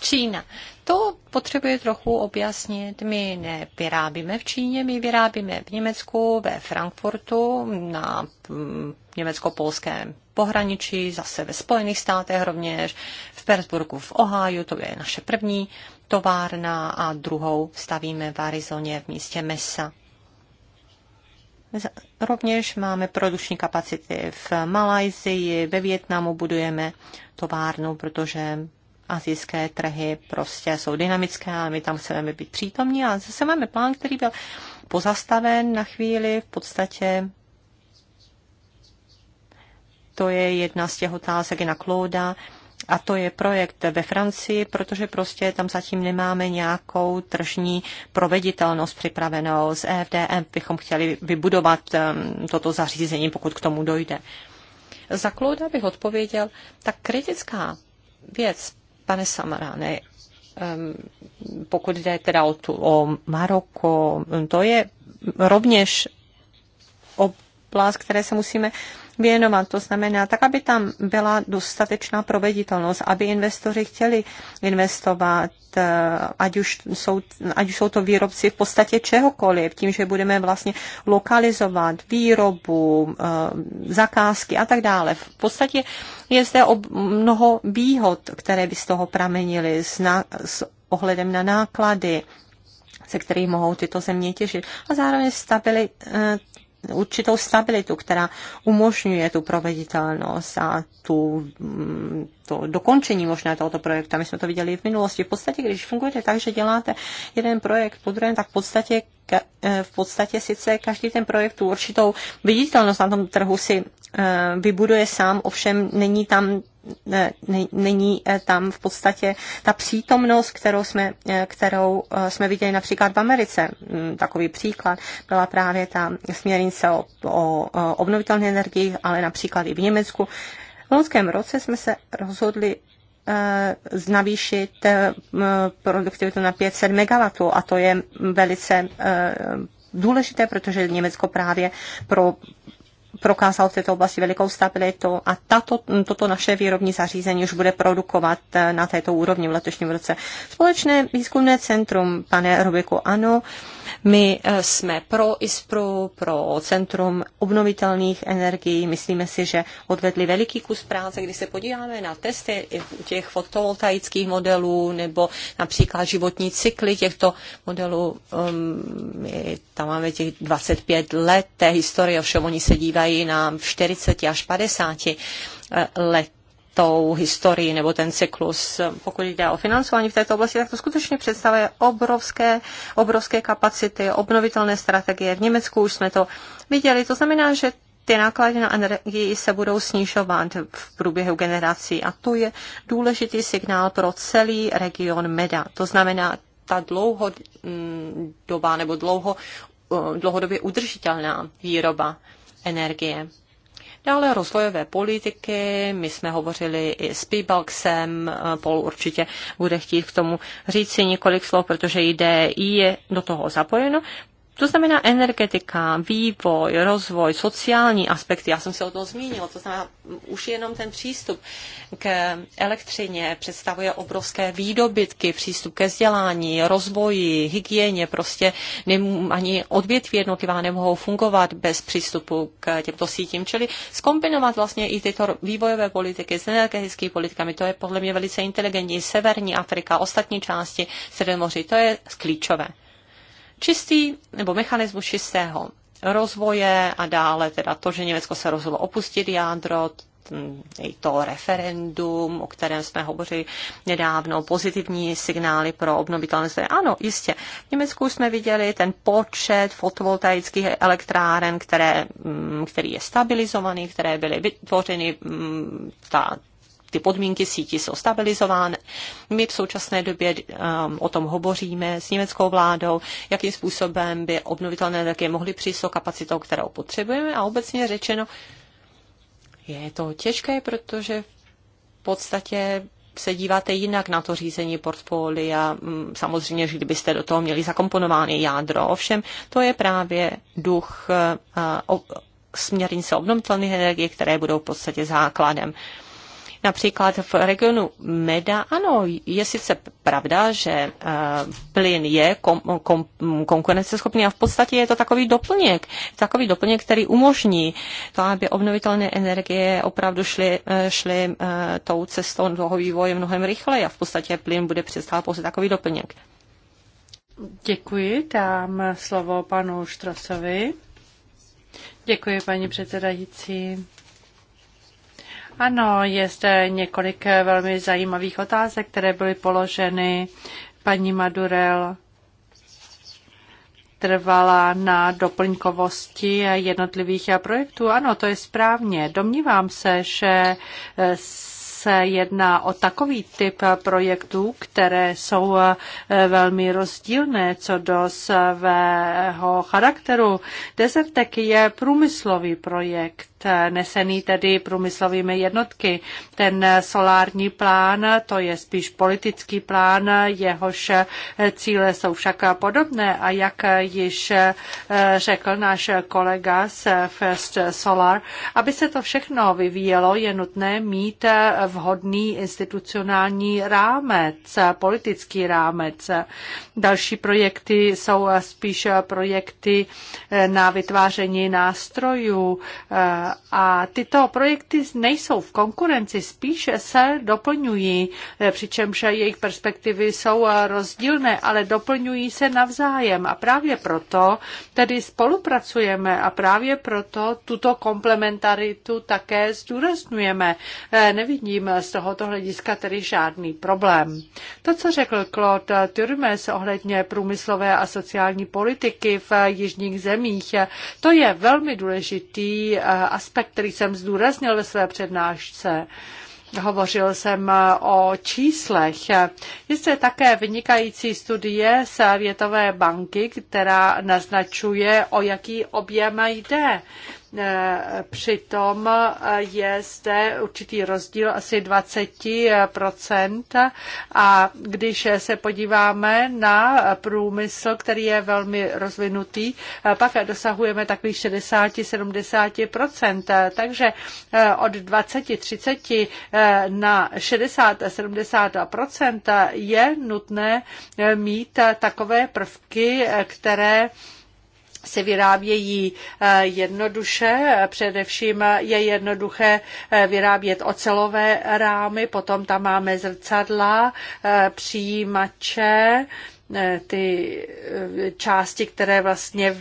S3: Čína. To potřebuje trochu objasnit. My nevyrábíme v Číně, my vyrábíme v Německu, ve Frankfurtu, na mm, německo-polském pohraničí, zase ve Spojených státech rovněž, v Pittsburghu, v Ohio, to je naše první továrna a druhou stavíme v Arizoně v místě Mesa. Rovněž máme produkční kapacity v Malajzii, ve Větnamu budujeme továrnu, protože azijské trhy prostě jsou dynamické a my tam chceme být přítomní. A zase máme plán, který byl pozastaven na chvíli, v podstatě to je jedna z těch otázek na Klóda, a to je projekt ve Francii, protože prostě tam zatím nemáme nějakou tržní proveditelnost připravenou. Z EFDM bychom chtěli vybudovat toto zařízení, pokud k tomu dojde. Za Klouda bych odpověděl, tak kritická věc, pane Samaráne, pokud jde teda o, tu, o Maroko, to je rovněž oblast, které se musíme věnovat. To znamená, tak, aby tam byla dostatečná proveditelnost, aby investoři chtěli investovat, eh, ať už jsou, ať už jsou to výrobci v podstatě čehokoliv, tím, že budeme vlastně lokalizovat výrobu, eh, zakázky a tak dále. V podstatě je zde mnoho výhod, které by z toho pramenily s, na, s ohledem na náklady, se kterých mohou tyto země těžit. A zároveň stabilita eh, určitou stabilitu, která umožňuje tu proveditelnost a tu mm, to dokončení možná tohoto projektu. My jsme to viděli v minulosti. V podstatě, když fungujete tak, že děláte jeden projekt po druhém, tak v podstatě, eh, v podstatě sice každý ten projekt tu určitou viditelnost na tom trhu si eh, vybuduje sám, ovšem není tam ne, není eh, tam v podstatě ta přítomnost, kterou jsme, kterou jsme viděli například v Americe. Mm, takový příklad byla právě ta směrnice o, o obnovitelné energii, ale například i v Německu loňském roce jsme se rozhodli eh, znavýšit eh, produktivitu na 500 MW a to je velice eh, důležité, protože Německo právě pro prokázal v této oblasti velikou stabilitu a tato, toto naše výrobní zařízení už bude produkovat na této úrovni v letošním roce. Společné výzkumné centrum, pane Rubiku, ano, uh, my eh, jsme pro ISPRU, pro Centrum obnovitelných energií. Myslíme si, že odvedli veliký kus práce. Když se podíváme na testy těch fotovoltaických modelů nebo například životní cykly těchto modelů, ehm, my tam máme těch 25 let té historie, ovšem oni se dívají na 40 až 50 eh, let tou historii nebo ten cyklus. Pokud jde o financování v této oblasti, tak to skutečně představuje obrovské, obrovské kapacity, obnovitelné strategie. V Německu už jsme to viděli. To znamená, že ty náklady na energii se budou snižovat v průběhu generací a to je důležitý signál pro celý region MEDA. To znamená, ta dlouhodobá nebo dlouho, dlouhodobě udržitelná výroba energie. Dále rozvojové politiky, my jsme hovořili i s Pibalksem, Paul určitě bude chtít k tomu říct si několik slov, protože jde i je do toho zapojeno. To znamená energetika, vývoj, rozvoj, sociální aspekty, já jsem se o tom zmínila, to znamená už jenom ten přístup k elektřině představuje obrovské výdobytky, přístup ke vzdělání, rozvoji, hygieně, prostě ani odvětví jednotlivá nemohou fungovat bez přístupu k těmto sítím, čili skombinovat vlastně i tyto vývojové politiky s energetickými politikami, to je podle mě velice inteligentní, severní Afrika, ostatní části Středomoří, to je klíčové. Čistý nebo mechanismus čistého rozvoje a dále teda to, že Německo se rozhodlo opustit jádro, i to referendum, o kterém jsme hovořili nedávno, pozitivní signály pro obnovitelné zdroje. Ano, jistě. V Německu jsme viděli ten počet fotovoltaických elektráren, které, mm, který je stabilizovaný, které byly vytvořeny, mm, ta, ty podmínky sítí jsou stabilizovány. My v současné době um, o tom hovoříme s německou vládou, jakým způsobem by obnovitelné energie mohly přijít s kapacitou, kterou potřebujeme a obecně řečeno, je to těžké, protože v podstatě se díváte jinak na to řízení portfolia, mm, samozřejmě, že kdybyste do toho měli zakomponovány jádro. Ovšem, to je právě duch eh, směrnice obnovitelných energie, které budou v podstatě základem Například v regionu Meda, ano, je sice pravda, že eh, plyn je kom, kom, konkurenceschopný a v podstatě je to takový doplněk, takový doplněk, který umožní to, aby obnovitelné energie opravdu šly, eh, šly eh, tou cestou toho vývoje mnohem rychleji a v podstatě plyn bude představovat pouze takový doplněk.
S1: Děkuji, dám slovo panu Štrosovi. Děkuji, paní předsedající. Ano, je zde několik eh, velmi zajímavých otázek, které byly položeny paní Madurel trvala na doplňkovosti jednotlivých eh, projektů. Ano, to je správně. Domnívám se, že eh, se jedná o takový typ projektů, které jsou eh, velmi rozdílné co do svého charakteru. Desertek je průmyslový projekt eh, nesený tedy průmyslovými jednotky. Ten solární plán, to je spíš politický plán, jehož eh, cíle jsou však podobné a jak již řekl náš kolega z First Solar, aby se to všechno vyvíjelo, je nutné mít vhodný institucionální rámec, politický rámec. Další projekty jsou spíš projekty eh, na vytváření nástrojů eh, a tyto projekty nejsou v konkurenci, spíš se doplňují, eh, přičemž jejich perspektivy jsou rozdílné, ale doplňují se navzájem a právě proto tedy spolupracujeme a právě proto tuto komplementaritu také zdůrazňujeme. Nevidím nevidím z tohoto hlediska tedy žádný problém. To, co řekl Claude Turmes ohledně průmyslové a sociální politiky v jižních zemích, to je velmi důležitý eh, aspekt, který jsem zdůraznil ve své přednášce. Hovořil jsem o číslech. Jste také vynikající studie Světové banky, která naznačuje, o jaký objem jde. E, přitom je zde určitý rozdíl asi 20% a když se podíváme na průmysl, který je velmi rozvinutý, e, pak dosahujeme takových 60-70%. Takže e, od 20-30 na 60-70% je nutné mít takové prvky, které se vyrábějí eh, jednoduše. Především je jednoduché eh, vyrábět ocelové rámy, potom tam máme zrcadla, eh, přijímače, ty části, které vlastně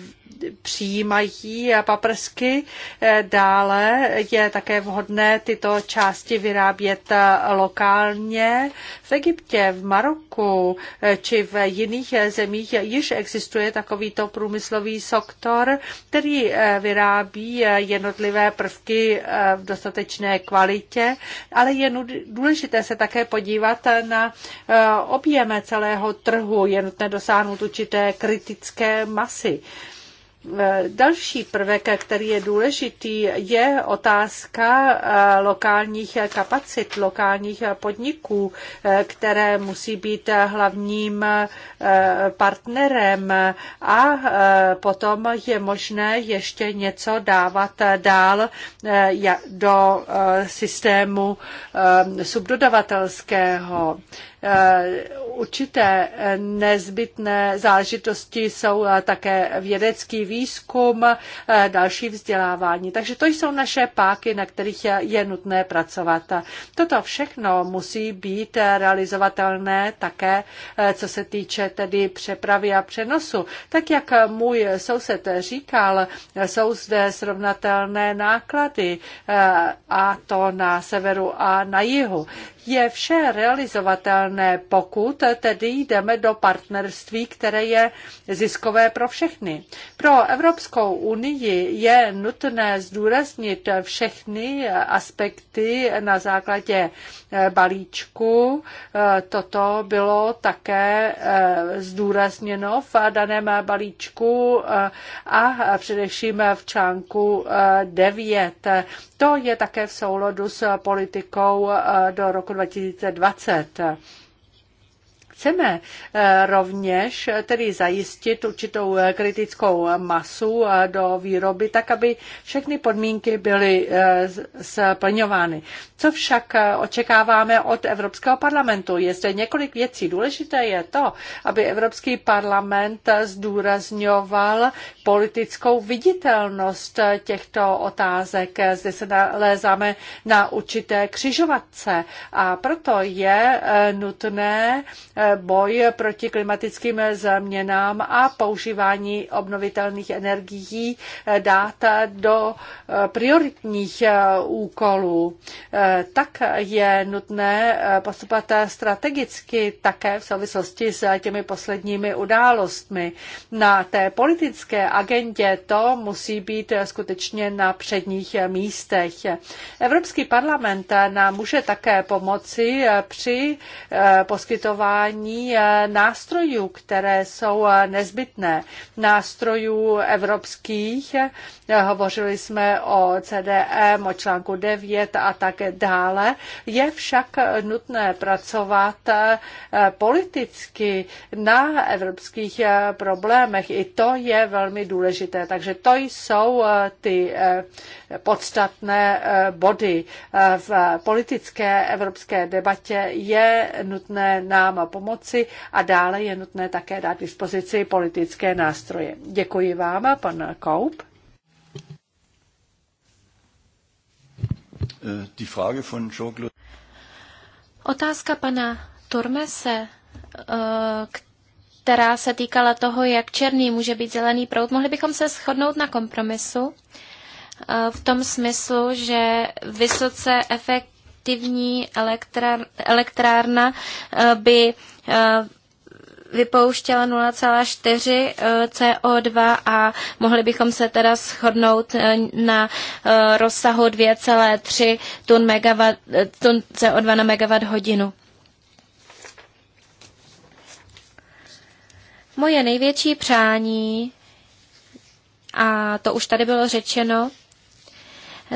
S1: přijímají paprsky. Eh, dále je také vhodné tyto části vyrábět eh, lokálně. V Egyptě, v Maroku eh, či v jiných zemích již existuje takovýto průmyslový sektor, který vyrábí jednotlivé prvky v dostatečné kvalitě, ale je důležité se také podívat na objem celého trhu. Je nutné dosáhnout určité kritické masy. E, další prvek, který je důležitý, je otázka e, lokálních kapacit, lokálních podniků, e, které musí být hlavním partnerem a potom je možné ještě něco dávat dál do systému subdodavatelského. Eh, určité eh, nezbytné záležitosti jsou eh, také vědecký výzkum, další vzdělávání. Takže to jsou naše páky, na kterých je nutné pracovat. Toto všechno musí být realizovatelné také, co se týče tedy přepravy a přenosu. Tak jak můj soused říkal, jsou zde srovnatelné náklady a to na severu a na jihu je vše realizovatelné, pokud tedy jdeme do partnerství, které je ziskové pro všechny. Pro Evropskou unii je nutné zdůraznit všechny aspekty na základě eh, balíčku. Eh, toto bylo také eh, zdůrazněno v daném balíčku a především v článku 9. To je také v souladu s politikou eh, do roku 2020 chceme eh, rovněž eh, tedy zajistit určitou eh, kritickou masu do výroby, tak aby všechny podmínky byly splňovány. Co však očekáváme od Evropského parlamentu? Je zde několik věcí. Důležité je to, aby Evropský parlament zdůrazňoval politickou viditelnost těchto otázek. Zde se nalézáme na určité křižovatce a proto je nutné boj proti klimatickým změnám a používání obnovitelných energií dát do eh, prioritních eh, úkolů. Eh, tak je nutné postupovat strategicky také v souvislosti s těmi posledními událostmi. Na té politické agendě to musí být skutečně na předních místech. Evropský parlament nám může také pomoci při poskytování využívání eh, nástrojů, které jsou eh, nezbytné, nástrojů evropských. Eh, hovořili jsme o CDM, e, o článku 9 a tak dále. Je však nutné pracovat politicky na evropských problémech. I to je velmi důležité. Takže to jsou ty podstatné eh, body. Eh, v politické evropské debatě je nutné nám pomoci a dále je nutné také dát dispozici politické nástroje. Děkuji vám, pan Koup.
S2: Eh, die Frage von Otázka pana Turmese, která se týkala toho, jak černý může být zelený proud. Mohli bychom se shodnout na kompromisu, E, v tom smyslu, že vysoce efektivní elektrárna e, by e, vypouštěla 0,4 CO2 a mohli bychom se teda shodnout na rozsahu 2,3 tun, tun CO2 na megawatt hodinu. Moje největší přání, a to už tady bylo řečeno,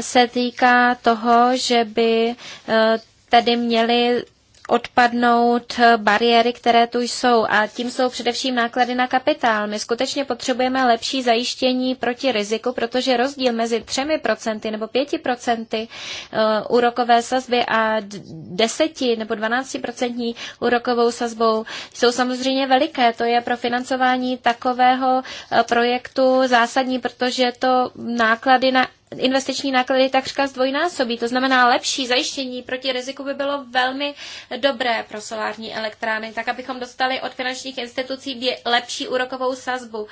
S2: se týká toho, že by eh, tady měly odpadnout eh, bariéry, které tu jsou. A tím jsou především náklady na kapitál. My skutečně potřebujeme lepší zajištění proti riziku, protože rozdíl mezi 3% nebo 5% eh, úrokové sazby a 10 nebo 12% úrokovou sazbou jsou samozřejmě veliké. To je pro financování takového projektu zásadní, protože to náklady na investiční náklady takřka zdvojnásobí. To znamená, lepší zajištění proti riziku by bylo velmi dobré pro solární elektrárny, tak abychom dostali od finančních institucí lepší úrokovou sazbu.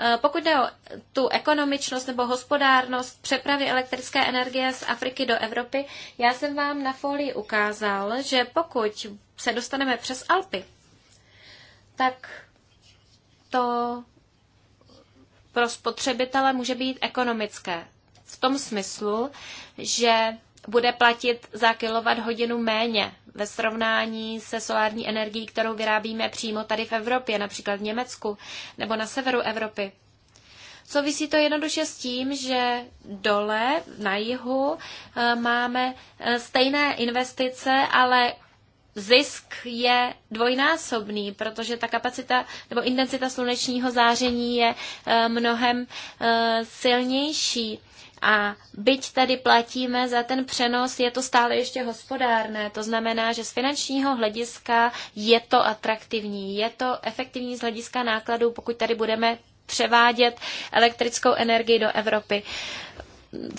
S2: E, pokud jde o tu ekonomičnost nebo hospodárnost přepravy elektrické energie z Afriky do Evropy, já jsem vám na folii ukázal, že pokud se dostaneme přes Alpy, tak to pro spotřebitele může být ekonomické v tom smyslu, že bude platit za kilovat hodinu méně ve srovnání se solární energií, kterou vyrábíme přímo tady v Evropě, například v Německu nebo na severu Evropy. Souvisí to jednoduše s tím, že dole na jihu eh, máme eh, stejné investice, ale zisk je dvojnásobný, protože ta kapacita nebo intenzita slunečního záření je eh, mnohem silnější. A byť tady platíme za ten přenos, je to stále ještě hospodárné. To znamená, že z finančního hlediska je to atraktivní, je to efektivní z hlediska nákladů, pokud tady budeme převádět elektrickou energii do Evropy.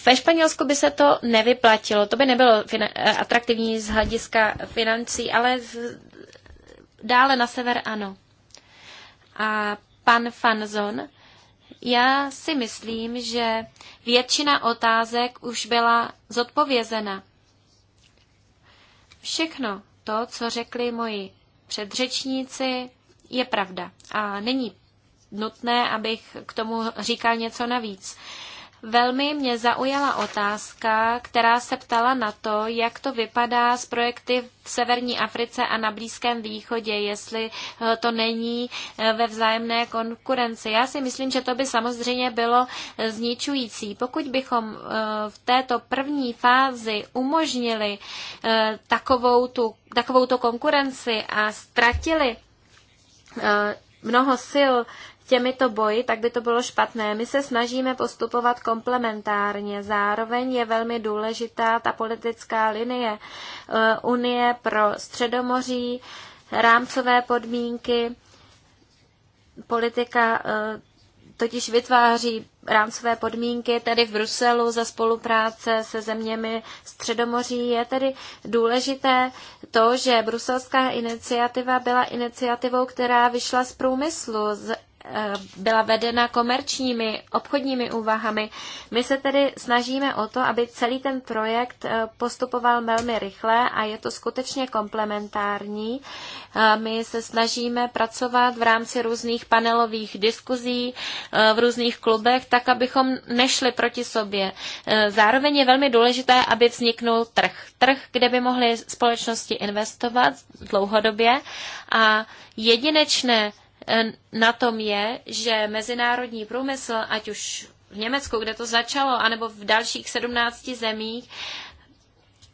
S2: Ve Španělsku by se to nevyplatilo, to by nebylo eh, atraktivní z hlediska financí, ale dále na sever ano. A pan Fanzon já si myslím, že většina otázek už byla zodpovězena. Všechno to, co řekli moji předřečníci, je pravda a není nutné, abych k tomu říkal něco navíc. Velmi mě zaujala otázka, která se ptala na to, jak to vypadá s projekty v severní Africe a na Blízkém východě, jestli eh, to není eh, ve vzájemné konkurenci. Já si myslím, že to by samozřejmě bylo eh, zničující. Pokud bychom v této první fázi umožnili takovou tu, takovou tu konkurenci a ztratili mnoho sil těmito boji, tak by to bylo špatné. My se snažíme postupovat komplementárně. Zároveň je velmi důležitá ta politická linie eh, Unie pro středomoří, rámcové podmínky, politika eh, totiž vytváří rámcové podmínky tedy v Bruselu za spolupráce se zeměmi Středomoří. Je tedy důležité to, že bruselská iniciativa byla iniciativou, která vyšla z průmyslu, z Eh, byla vedena komerčními obchodními úvahami. My se tedy snažíme o to, aby celý ten projekt eh, postupoval velmi rychle a je to skutečně komplementární. Eh, my se snažíme pracovat v rámci různých panelových diskuzí v různých klubech, tak abychom nešli proti sobě. Zároveň je velmi důležité, aby vzniknul trh. Trh, kde by mohly společnosti investovat dlouhodobě a jedinečné Eh, na tom je, že mezinárodní průmysl, ať už v Německu, kde to začalo, anebo v dalších 17 zemích,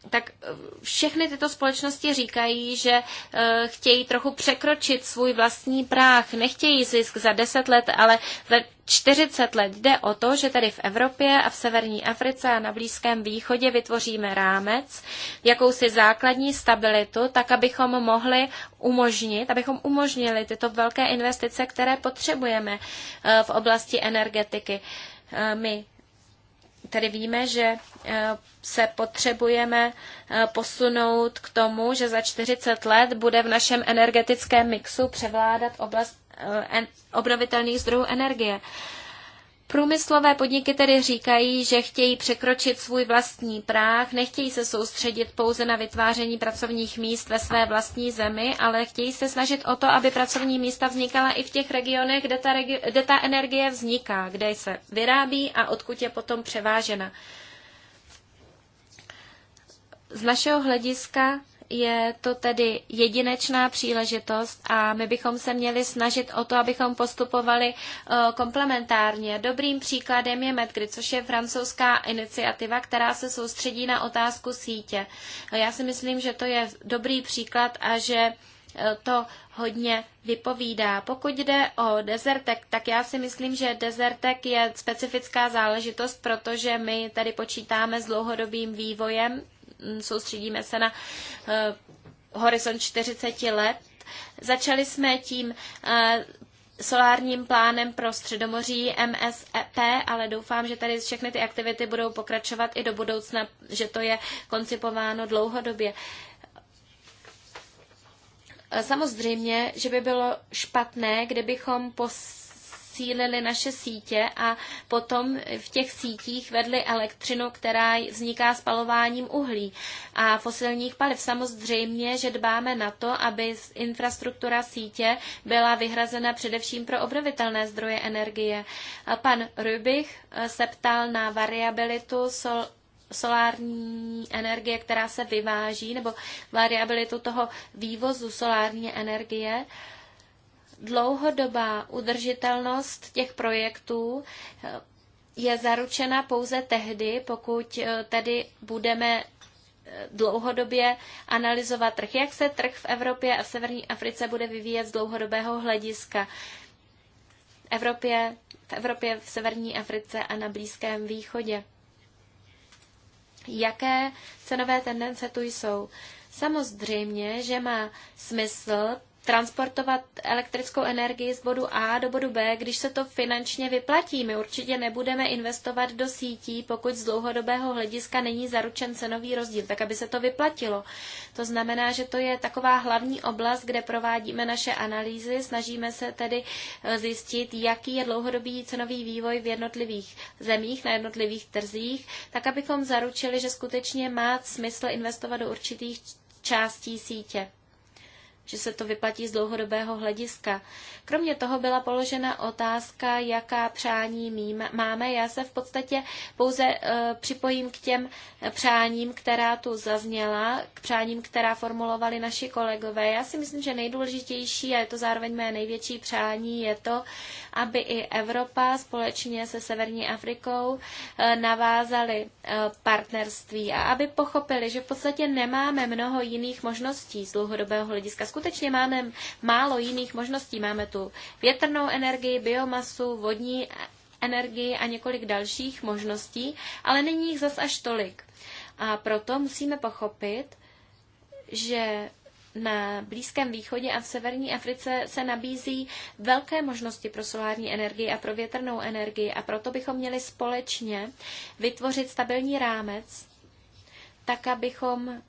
S2: tak eh, všechny tyto společnosti říkají, že eh, chtějí trochu překročit svůj vlastní práh. Nechtějí zisk za 10 let, ale za 40 let. Jde o to, že tady v Evropě a v severní Africe a na Blízkém východě vytvoříme rámec, jakousi základní stabilitu, tak abychom mohli umožnit, abychom umožnili tyto velké investice, které potřebujeme eh, v oblasti energetiky. My Tady víme, že eh, se potřebujeme eh, posunout k tomu, že za 40 let bude v našem energetickém mixu převládat oblast eh, obnovitelných zdrojů energie. Průmyslové podniky tedy říkají, že chtějí překročit svůj vlastní práh, nechtějí se soustředit pouze na vytváření pracovních míst ve své vlastní zemi, ale chtějí se snažit o to, aby pracovní místa vznikala i v těch regionech, kde ta, regi- kde ta energie vzniká, kde se vyrábí a odkud je potom převážena. Z našeho hlediska je to tedy jedinečná příležitost a my bychom se měli snažit o to, abychom postupovali eh, komplementárně. Dobrým příkladem je Medgry, což je francouzská iniciativa, která se soustředí na otázku sítě. Já si myslím, že to je dobrý příklad a že eh, to hodně vypovídá. Pokud jde o Desertek, tak já si myslím, že Desertek je specifická záležitost, protože my tady počítáme s dlouhodobým vývojem soustředíme se na eh, horizont 40 let. Začali jsme tím eh, solárním plánem pro Středomoří MSEP, ale doufám, že tady všechny ty aktivity budou pokračovat i do budoucna, že to je koncipováno dlouhodobě. Eh, samozřejmě, že by bylo špatné, kdybychom pos posílili naše sítě a potom v těch sítích vedli elektřinu, která vzniká spalováním uhlí a fosilních paliv. Samozřejmě, že dbáme na to, aby infrastruktura sítě byla vyhrazena především pro obnovitelné zdroje energie. Pan Rybich eh, se ptal na variabilitu sol solární energie, která se vyváží, nebo variabilitu toho vývozu solární energie. Uh, dlouhodobá udržitelnost těch projektů eh, je zaručena pouze tehdy, pokud eh, tedy budeme eh, dlouhodobě analyzovat trh, jak se trh v Evropě a v severní Africe bude vyvíjet z dlouhodobého hlediska. Evropě, v Evropě, v severní Africe a na Blízkém východě. Jaké cenové tendence tu jsou? Samozřejmě, že má smysl transportovat elektrickou energii z bodu A do bodu B, když se to finančně vyplatí. My určitě nebudeme investovat do sítí, pokud z dlouhodobého hlediska není zaručen cenový rozdíl, tak aby se to vyplatilo. To znamená, že to je taková hlavní oblast, kde provádíme naše analýzy, snažíme se tedy eh, zjistit, jaký je dlouhodobý cenový vývoj v jednotlivých zemích, na jednotlivých trzích, tak abychom zaručili, že skutečně má smysl investovat do určitých částí sítě že se to vyplatí z dlouhodobého hlediska. Kromě toho byla položena otázka, jaká přání máme. Já se v podstatě pouze eh, připojím k těm přáním, která tu zazněla, k přáním, která formulovali naši kolegové. Já si myslím, že nejdůležitější, a je to zároveň mé největší přání, je to, aby i Evropa společně se Severní Afrikou eh, navázali eh, partnerství a aby pochopili, že v podstatě nemáme mnoho jiných možností z dlouhodobého hlediska skutečně máme málo jiných možností. Máme tu větrnou energii, biomasu, vodní energii a několik dalších možností, ale není jich zas až tolik. A proto musíme pochopit, že na Blízkém východě a v severní Africe se nabízí velké možnosti pro solární energii a pro větrnou energii a proto bychom měli společně vytvořit stabilní rámec, tak abychom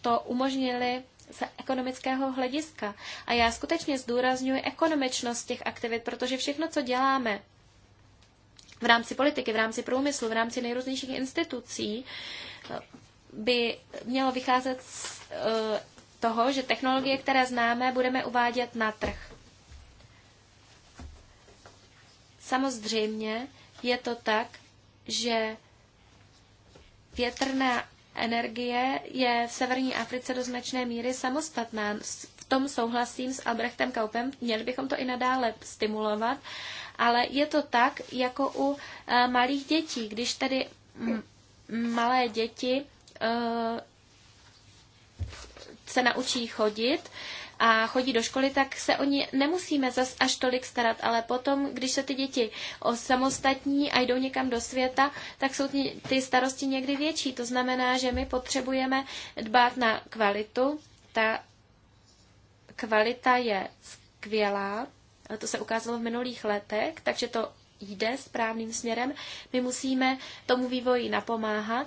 S2: to umožnili z ekonomického hlediska. A já skutečně zdůrazňuji ekonomičnost těch aktivit, protože všechno, co děláme v rámci politiky, v rámci průmyslu, v rámci nejrůznějších institucí, by mělo vycházet z eh, toho, že technologie, které známe, budeme uvádět na trh. Samozřejmě je to tak, že větrná energie je v severní Africe do značné míry samostatná. V tom souhlasím s Albrechtem Kaupem, měli bychom to i nadále stimulovat, ale je to tak, jako u eh, malých dětí. Když tedy malé děti eh, se naučí chodit, a chodí do školy, tak se o ně nemusíme zas až tolik starat, ale potom, když se ty děti osamostatní a jdou někam do světa, tak jsou ty starosti někdy větší. To znamená, že my potřebujeme dbát na kvalitu. Ta kvalita je skvělá, to se ukázalo v minulých letech, takže to jde správným směrem. My musíme tomu vývoji napomáhat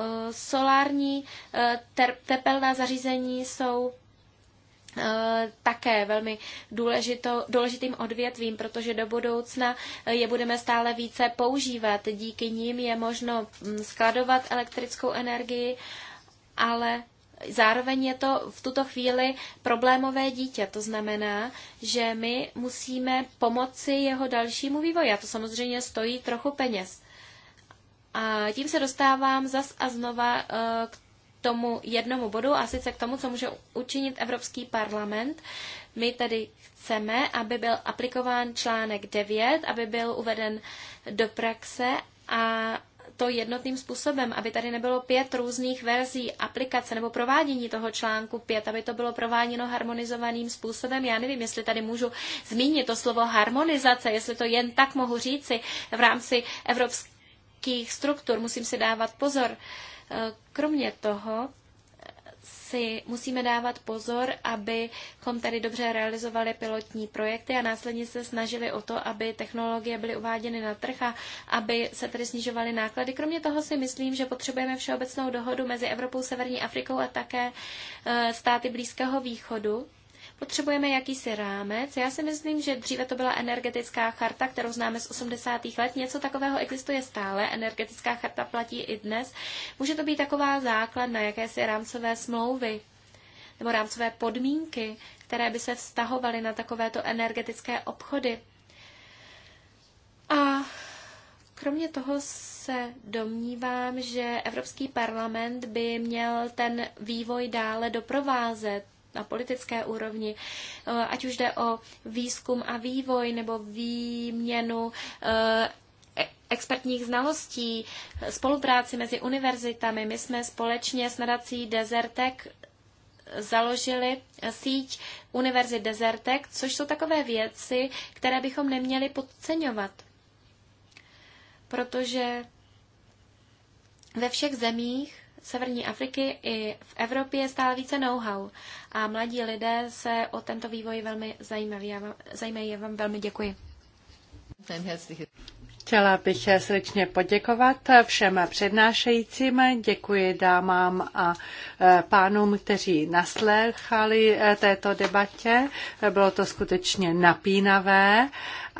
S2: Eh, solární eh, tepelná zařízení jsou eh, také velmi důležito, důležitým odvětvím, protože do budoucna je budeme stále více používat. Díky ním je možno hm, skladovat elektrickou energii, ale zároveň je to v tuto chvíli problémové dítě. To znamená, že my musíme pomoci jeho dalšímu vývoji. A to samozřejmě stojí trochu peněz. A tím se dostávám zas a znova eh, k tomu jednomu bodu, a sice k tomu, co může učinit Evropský parlament. My tedy chceme, aby byl aplikován článek 9, aby byl uveden do praxe a to jednotným způsobem, aby tady nebylo pět různých verzí aplikace nebo provádění toho článku pět, aby to bylo prováděno harmonizovaným způsobem. Já nevím, jestli tady můžu zmínit to slovo harmonizace, jestli to jen tak mohu říci v rámci Evropské měkkých struktur. Musím se dávat pozor. Eh, kromě toho si musíme dávat pozor, abychom tady dobře realizovali pilotní projekty a následně se snažili o to, aby technologie byly uváděny na trh a aby se tady snižovaly náklady. Kromě toho si myslím, že potřebujeme všeobecnou dohodu mezi Evropou, Severní Afrikou a také eh, státy Blízkého východu, Potřebujeme jakýsi rámec. Já si myslím, že dříve to byla energetická charta, kterou známe z 80. let. Něco takového existuje stále. Energetická charta platí i dnes. Může to být taková základna jakési rámcové smlouvy nebo rámcové podmínky, které by se vztahovaly na takovéto energetické obchody. A kromě toho se domnívám, že Evropský parlament by měl ten vývoj dále doprovázet na politické úrovni, eh, ať už jde o výzkum a vývoj nebo výměnu eh, expertních znalostí, spolupráci mezi univerzitami. My jsme společně s nadací Desertec založili síť univerzit Desertec, což jsou takové věci, které bychom neměli podceňovat. Protože ve všech zemích severní Afriky i v Evropě je stále více know-how a mladí lidé se o tento vývoj velmi zajímaví. Já vám, zajímají. Já vám velmi děkuji.
S1: Chtěla bych srdečně poděkovat všem přednášejícím, děkuji dámám a e, pánům, kteří naslouchali e, této debatě. Bylo to skutečně napínavé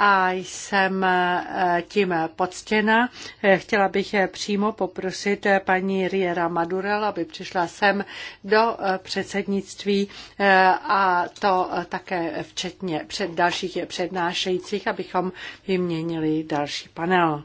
S1: a jsem eh, tím poctěna. Chtěla bych přímo poprosit paní Riera Madurel, aby přišla sem do eh, předsednictví eh, a to také včetně před dalších přednášejících, abychom vyměnili další panel.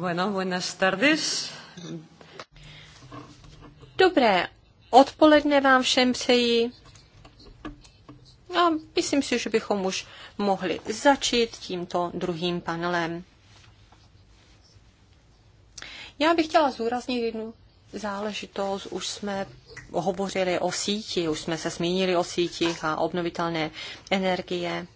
S3: Bueno, buenas tardes. Dobré odpoledne vám všem přeji. A no, myslím si, že bychom už mohli začít tímto druhým panelem. Já bych chtěla zúraznit jednu záležitost. Už jsme hovořili o síti, už jsme se zmínili o sítích a obnovitelné energie.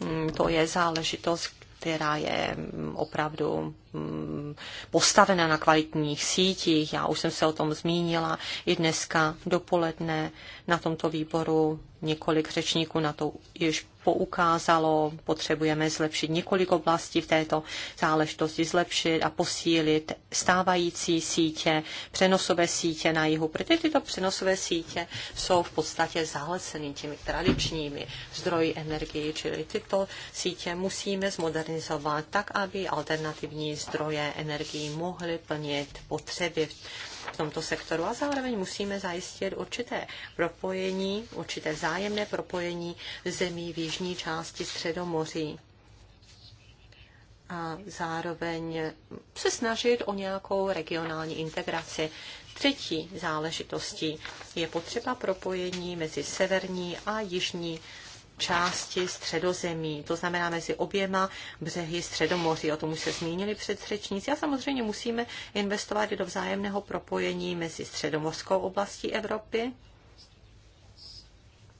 S3: Hmm, to je záležitost, která je opravdu mm, postavena na kvalitních sítích. Já už jsem se o tom zmínila i dneska dopoledne na tomto výboru. Několik řečníků na to již poukázalo, potřebujeme zlepšit několik oblastí v této záležitosti, zlepšit a posílit stávající sítě, přenosové sítě na jihu, protože tyto přenosové sítě jsou v podstatě zahleceny těmi tradičními zdroji energie, čili tyto sítě musíme zmodernizovat tak, aby alternativní zdroje energie mohly plnit potřeby tomto sektoru a zároveň musíme zajistit určité propojení, určité vzájemné propojení zemí v jižní části Středomoří a zároveň se snažit o nějakou regionální integraci. Třetí záležitostí je potřeba propojení mezi severní a jižní části středozemí, to znamená mezi oběma břehy středomoří. O tom už se zmínili předřečníci. A samozřejmě musíme investovat i do vzájemného propojení mezi středomorskou oblastí Evropy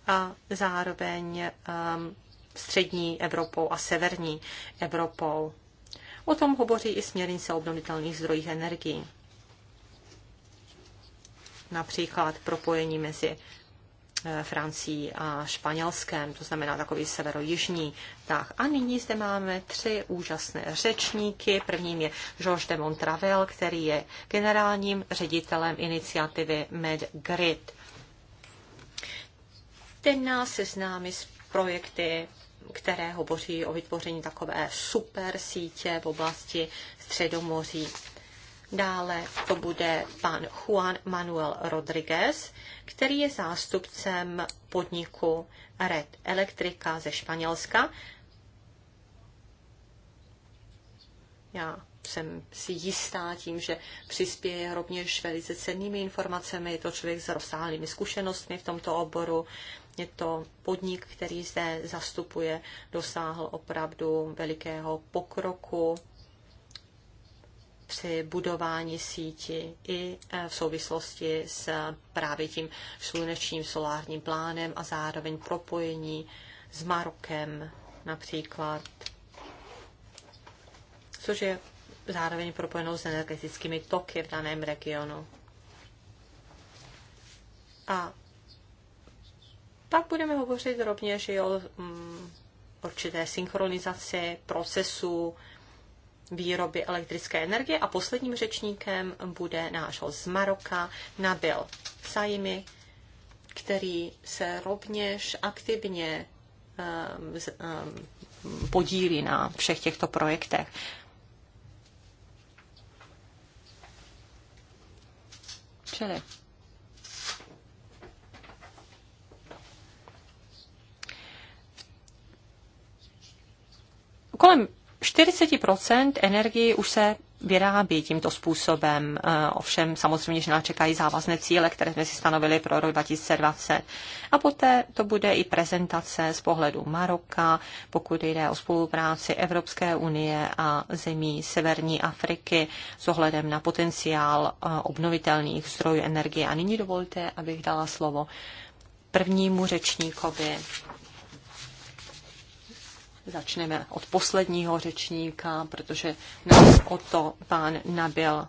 S3: a zároveň um, střední Evropou a severní Evropou. O tom hovoří i směrnice o obnovitelných zdrojích energií. Například propojení mezi Eh, Francií a španělském, to znamená takový severo-jižní tah. A nyní zde máme tři úžasné řečníky. Prvním je Georges de Montravel, který je generálním ředitelem iniciativy MedGrid. Ten nás seznámí s projekty, které hovoří o vytvoření takové super sítě v oblasti Středomoří Dále to bude pan Juan Manuel Rodriguez, který je zástupcem podniku Red Elektrika ze Španělska. Já jsem si jistá tím, že přispěje rovněž velice cennými informacemi. Je to člověk s rozsáhlými zkušenostmi v tomto oboru. Je to podnik, který zde zastupuje, dosáhl opravdu velikého pokroku při budování síti i e, v souvislosti s e, právě tím slunečním solárním plánem a zároveň propojení s Marokem například, což je zároveň propojenou s energetickými toky v daném regionu. A pak budeme hovořit rovněž i o mm, určité synchronizaci procesů výroby elektrické energie a posledním řečníkem bude náš host z Maroka, Nabil Saimi, který se rovněž aktivně um, um, podílí na všech těchto projektech. Čili kolem 40 energii už se vyrábí tímto způsobem. Eh, ovšem samozřejmě, že nás čekají závazné cíle, které jsme si stanovili pro rok 2020. A poté to bude i prezentace z pohledu Maroka, pokud jde o spolupráci Evropské unie a zemí Severní Afriky s ohledem na potenciál eh, obnovitelných zdrojů energie. A nyní dovolte, abych dala slovo prvnímu řečníkovi Začneme od posledního řečníka, protože nás o to pán Nabil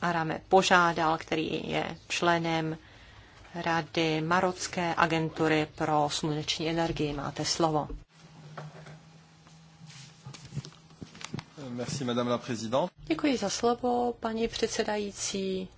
S3: Arame požádal, který je členem Rady Marocké agentury pro sluneční energii. Máte slovo.
S1: Merci, madame la
S3: Děkuji za slovo, paní předsedající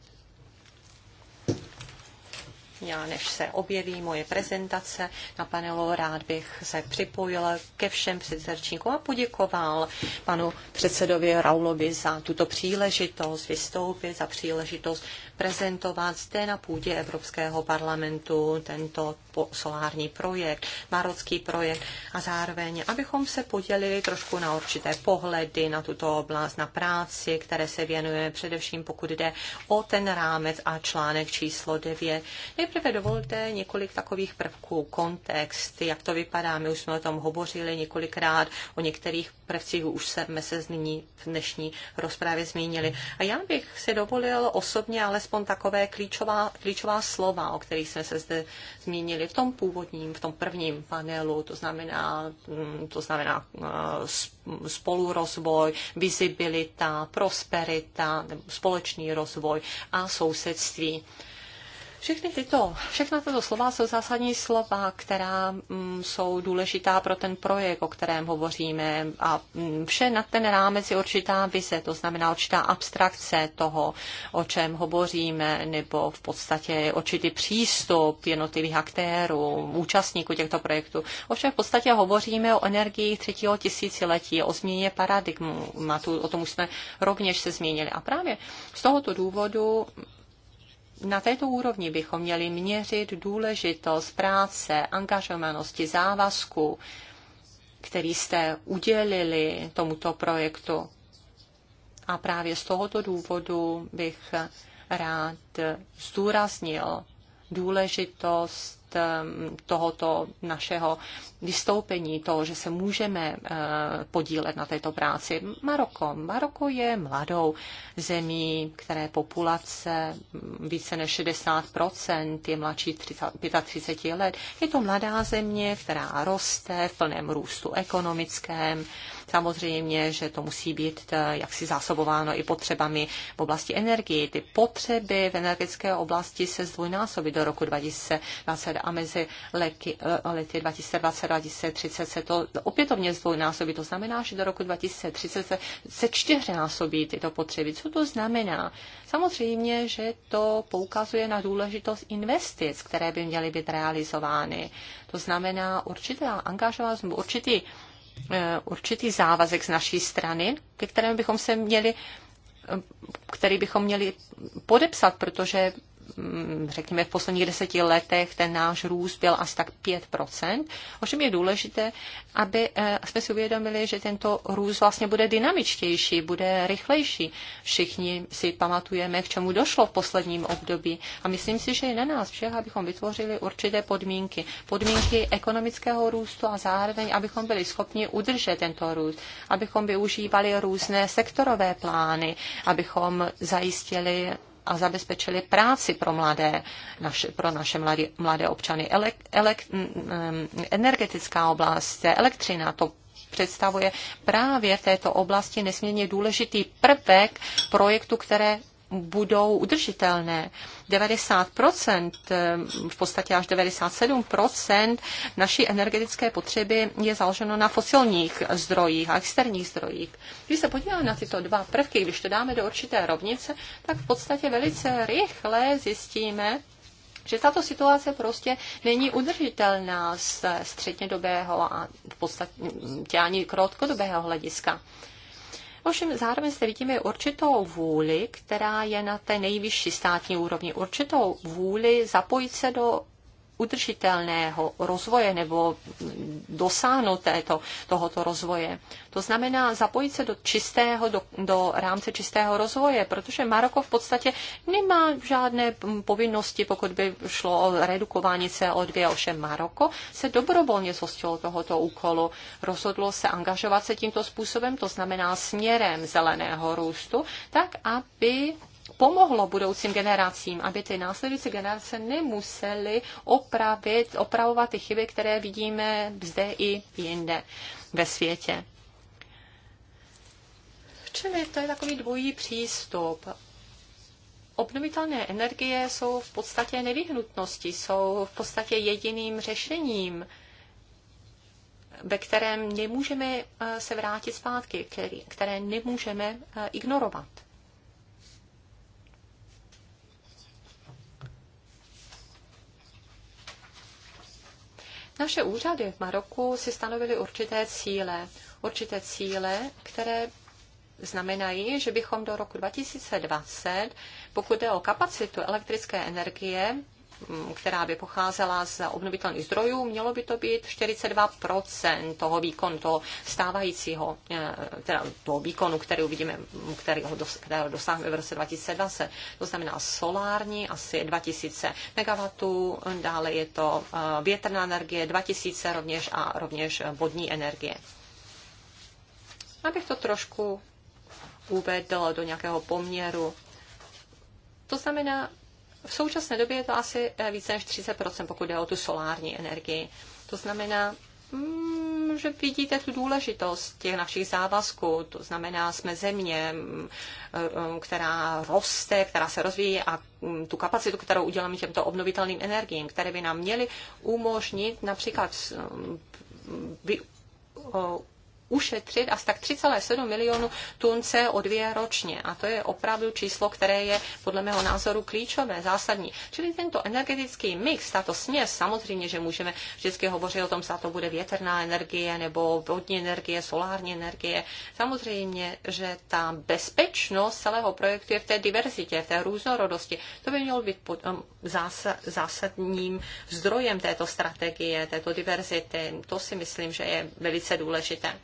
S3: já než se objeví moje prezentace na panelu, rád bych se připojil ke všem předsedčníkům a poděkoval panu předsedovi Raulovi za tuto příležitost vystoupit, za příležitost prezentovat zde na půdě Evropského parlamentu tento solární projekt, marocký projekt a zároveň, abychom se podělili trošku na určité pohledy na tuto oblast, na práci, které se věnuje především pokud jde o ten rámec a článek číslo 9. Nejprve dovolte několik takových prvků, kontext, jak to vypadá. My už jsme o tom hovořili několikrát, o některých prvcích už jsme se zmíní v dnešní rozprávě zmínili. A já bych si dovolil osobně ale alespoň takové klíčová, klíčová slova, o kterých jsme se zde zmínili v tom původním, v tom prvním panelu, to znamená, mm, to znamená eh, spolurozvoj, vizibilita, prosperita, společný rozvoj a sousedství. Všechny tyto, všechna tato slova jsou zásadní slova, která mm, jsou důležitá pro ten projekt, o kterém hovoříme. A mm, vše na ten rámec je určitá vize, to znamená určitá abstrakce toho, o čem hovoříme, nebo v podstatě určitý přístup jednotlivých aktérů, účastníků těchto projektů. Ovšem v podstatě hovoříme o energii třetího tisíciletí, o změně paradigmu, o tom už jsme rovněž se změnili. A právě z tohoto důvodu na této úrovni bychom měli měřit důležitost práce, angažovanosti, závazku, který jste udělili tomuto projektu. A právě z tohoto důvodu bych rád zdůraznil důležitost Ehm, tohoto našeho vystoupení, to, že se můžeme eh, podílet na této práci. Maroko. Maroko je mladou zemí, které populace mm, více než 60% je mladší 30, 35 let. Je to mladá země, která roste v plném růstu ekonomickém, Samozřejmě, že to musí být eh, jaksi zásobováno i potřebami v oblasti energie. Ty potřeby v energetické oblasti se zdvojnásobí do roku 2020 a mezi eh, lety, lety 2020 a 2030 se to opětovně zdvojnásobí. To znamená, že do roku 2030 se, se čtyřnásobí tyto potřeby. Co to znamená? Samozřejmě, že to poukazuje na důležitost investic, které by měly být realizovány. To znamená určitá angažovanost, určitý Eh, určitý závazek z naší strany, ke kterému bychom se měli eh, který bychom měli podepsat, protože Mm, řekněme, v posledních deseti letech ten náš růst byl asi tak 5%. Ovšem je důležité, aby eh, jsme si uvědomili, že tento růst vlastně bude dynamičtější, bude rychlejší. Všichni si pamatujeme, k čemu došlo v posledním období. A myslím si, že je na nás všech, abychom vytvořili určité podmínky. Podmínky ekonomického růstu a zároveň, abychom byli schopni udržet tento růst, abychom využívali různé sektorové plány, abychom zajistili a zabezpečili práci pro mladé, naš, pro naše mladé, mladé občany. Elek, elek, energetická oblast, elektřina, to představuje právě v této oblasti nesmírně důležitý prvek projektu, které budou udržitelné. 90%, v podstatě až 97% naší energetické potřeby je založeno na fosilních zdrojích a externích zdrojích. Když se podíváme na tyto dva prvky, když to dáme do určité rovnice, tak v podstatě velice rychle zjistíme, že tato situace prostě není udržitelná z střednědobého a v podstatě ani krátkodobého hlediska. Ovšem zároveň zde vidíme určitou vůli, která je na té nejvyšší státní úrovni, určitou vůli zapojit se do udržitelného rozvoje nebo dosáhnout této, tohoto rozvoje. To znamená zapojit se do čistého, do, do rámce čistého rozvoje, protože Maroko v podstatě nemá žádné povinnosti, pokud by šlo o redukování CO2, ovšem Maroko se dobrovolně zhostilo tohoto úkolu, rozhodlo se angažovat se tímto způsobem, to znamená směrem zeleného růstu, tak aby pomohlo budoucím generacím, aby ty následující generace nemusely opravit, opravovat ty chyby, které vidíme zde i jinde ve světě. Čili to je takový dvojí přístup. Obnovitelné energie jsou v podstatě nevyhnutnosti, jsou v podstatě jediným řešením, ve kterém nemůžeme eh, se vrátit zpátky, které nemůžeme eh, ignorovat. Naše úřady v Maroku si stanovily určité cíle. Určité cíle, které znamenají, že bychom do roku 2020, pokud jde o kapacitu elektrické energie, Mm, která by pocházela z obnovitelných zdrojů, mělo by to být 42% toho výkonu, toho stávajícího, eh, teda toho výkonu, který uvidíme, kterého, dos, kterého dosáhneme v roce 2020. To znamená solární asi 2000 MW, dále je to eh, větrná energie 2000 rovněž a rovněž vodní energie. Abych to trošku uvedl do nějakého poměru. To znamená, v současné době je to asi eh, více než 30%, pokud jde o tu solární energii. To znamená, mm, že vidíte tu důležitost těch našich závazků. To znamená, jsme země, mm, eh, eh, která roste, která se rozvíjí a mm, tu kapacitu, kterou uděláme těmto obnovitelným energiím, které by nám měly umožnit například ušetřit asi tak 3,7 milionů tun CO2 ročně. A to je opravdu číslo, které je podle mého názoru klíčové, zásadní. Čili tento energetický mix, tato směs, samozřejmě, že můžeme vždycky hovořit o tom, zda to bude větrná energie nebo vodní energie, solární energie. Samozřejmě, že ta bezpečnost celého projektu je v té diverzitě, v té různorodosti. To by mělo být pod, um, zásadním zdrojem této strategie, této diverzity. To si myslím, že je velice důležité.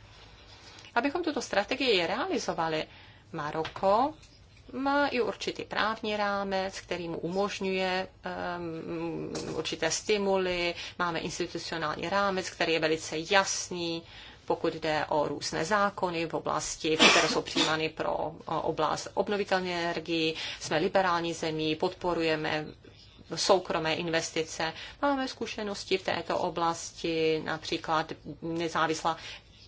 S3: Abychom tuto strategii realizovali, Maroko má i určitý právní rámec, který mu umožňuje um, určité stimuly. Máme institucionální rámec, který je velice jasný, pokud jde o různé zákony v oblasti, které jsou přijímány pro oblast obnovitelné energii. Jsme liberální zemí, podporujeme soukromé investice. Máme zkušenosti v této oblasti, například nezávislá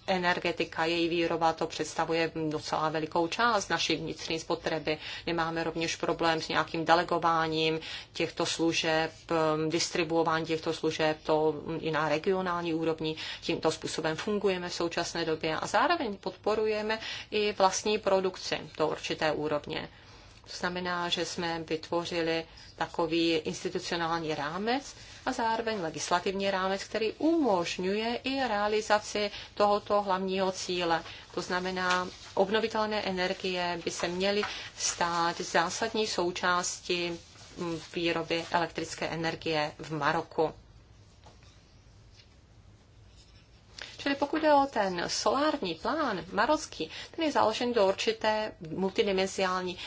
S3: energetika, její výroba, to představuje docela velikou část naší vnitřní spotřeby. Nemáme rovněž problém s nějakým delegováním těchto služeb, um, distribuování těchto služeb, to i na regionální úrovni. Tímto způsobem fungujeme v současné době a zároveň podporujeme i vlastní produkci do určité úrovně. To znamená, že jsme vytvořili takový institucionální rámec, a zároveň legislativní rámec, který umožňuje i realizaci tohoto hlavního cíle. To znamená, obnovitelné energie by se měly stát zásadní součástí mm, výroby elektrické energie v Maroku. Čili pokud je o ten solární plán marocký, ten je založen do určité multidimenziální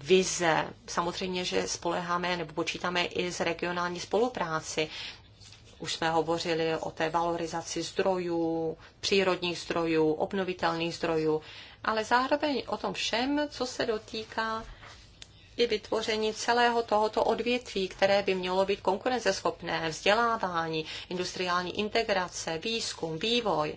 S3: vize. Samozřejmě, že spoleháme nebo počítáme i z regionální spolupráci. Už jsme hovořili o té valorizaci zdrojů, přírodních zdrojů, obnovitelných zdrojů, ale zároveň o tom všem, co se dotýká i vytvoření celého tohoto odvětví, které by mělo být konkurenceschopné, vzdělávání, industriální integrace, výzkum, vývoj.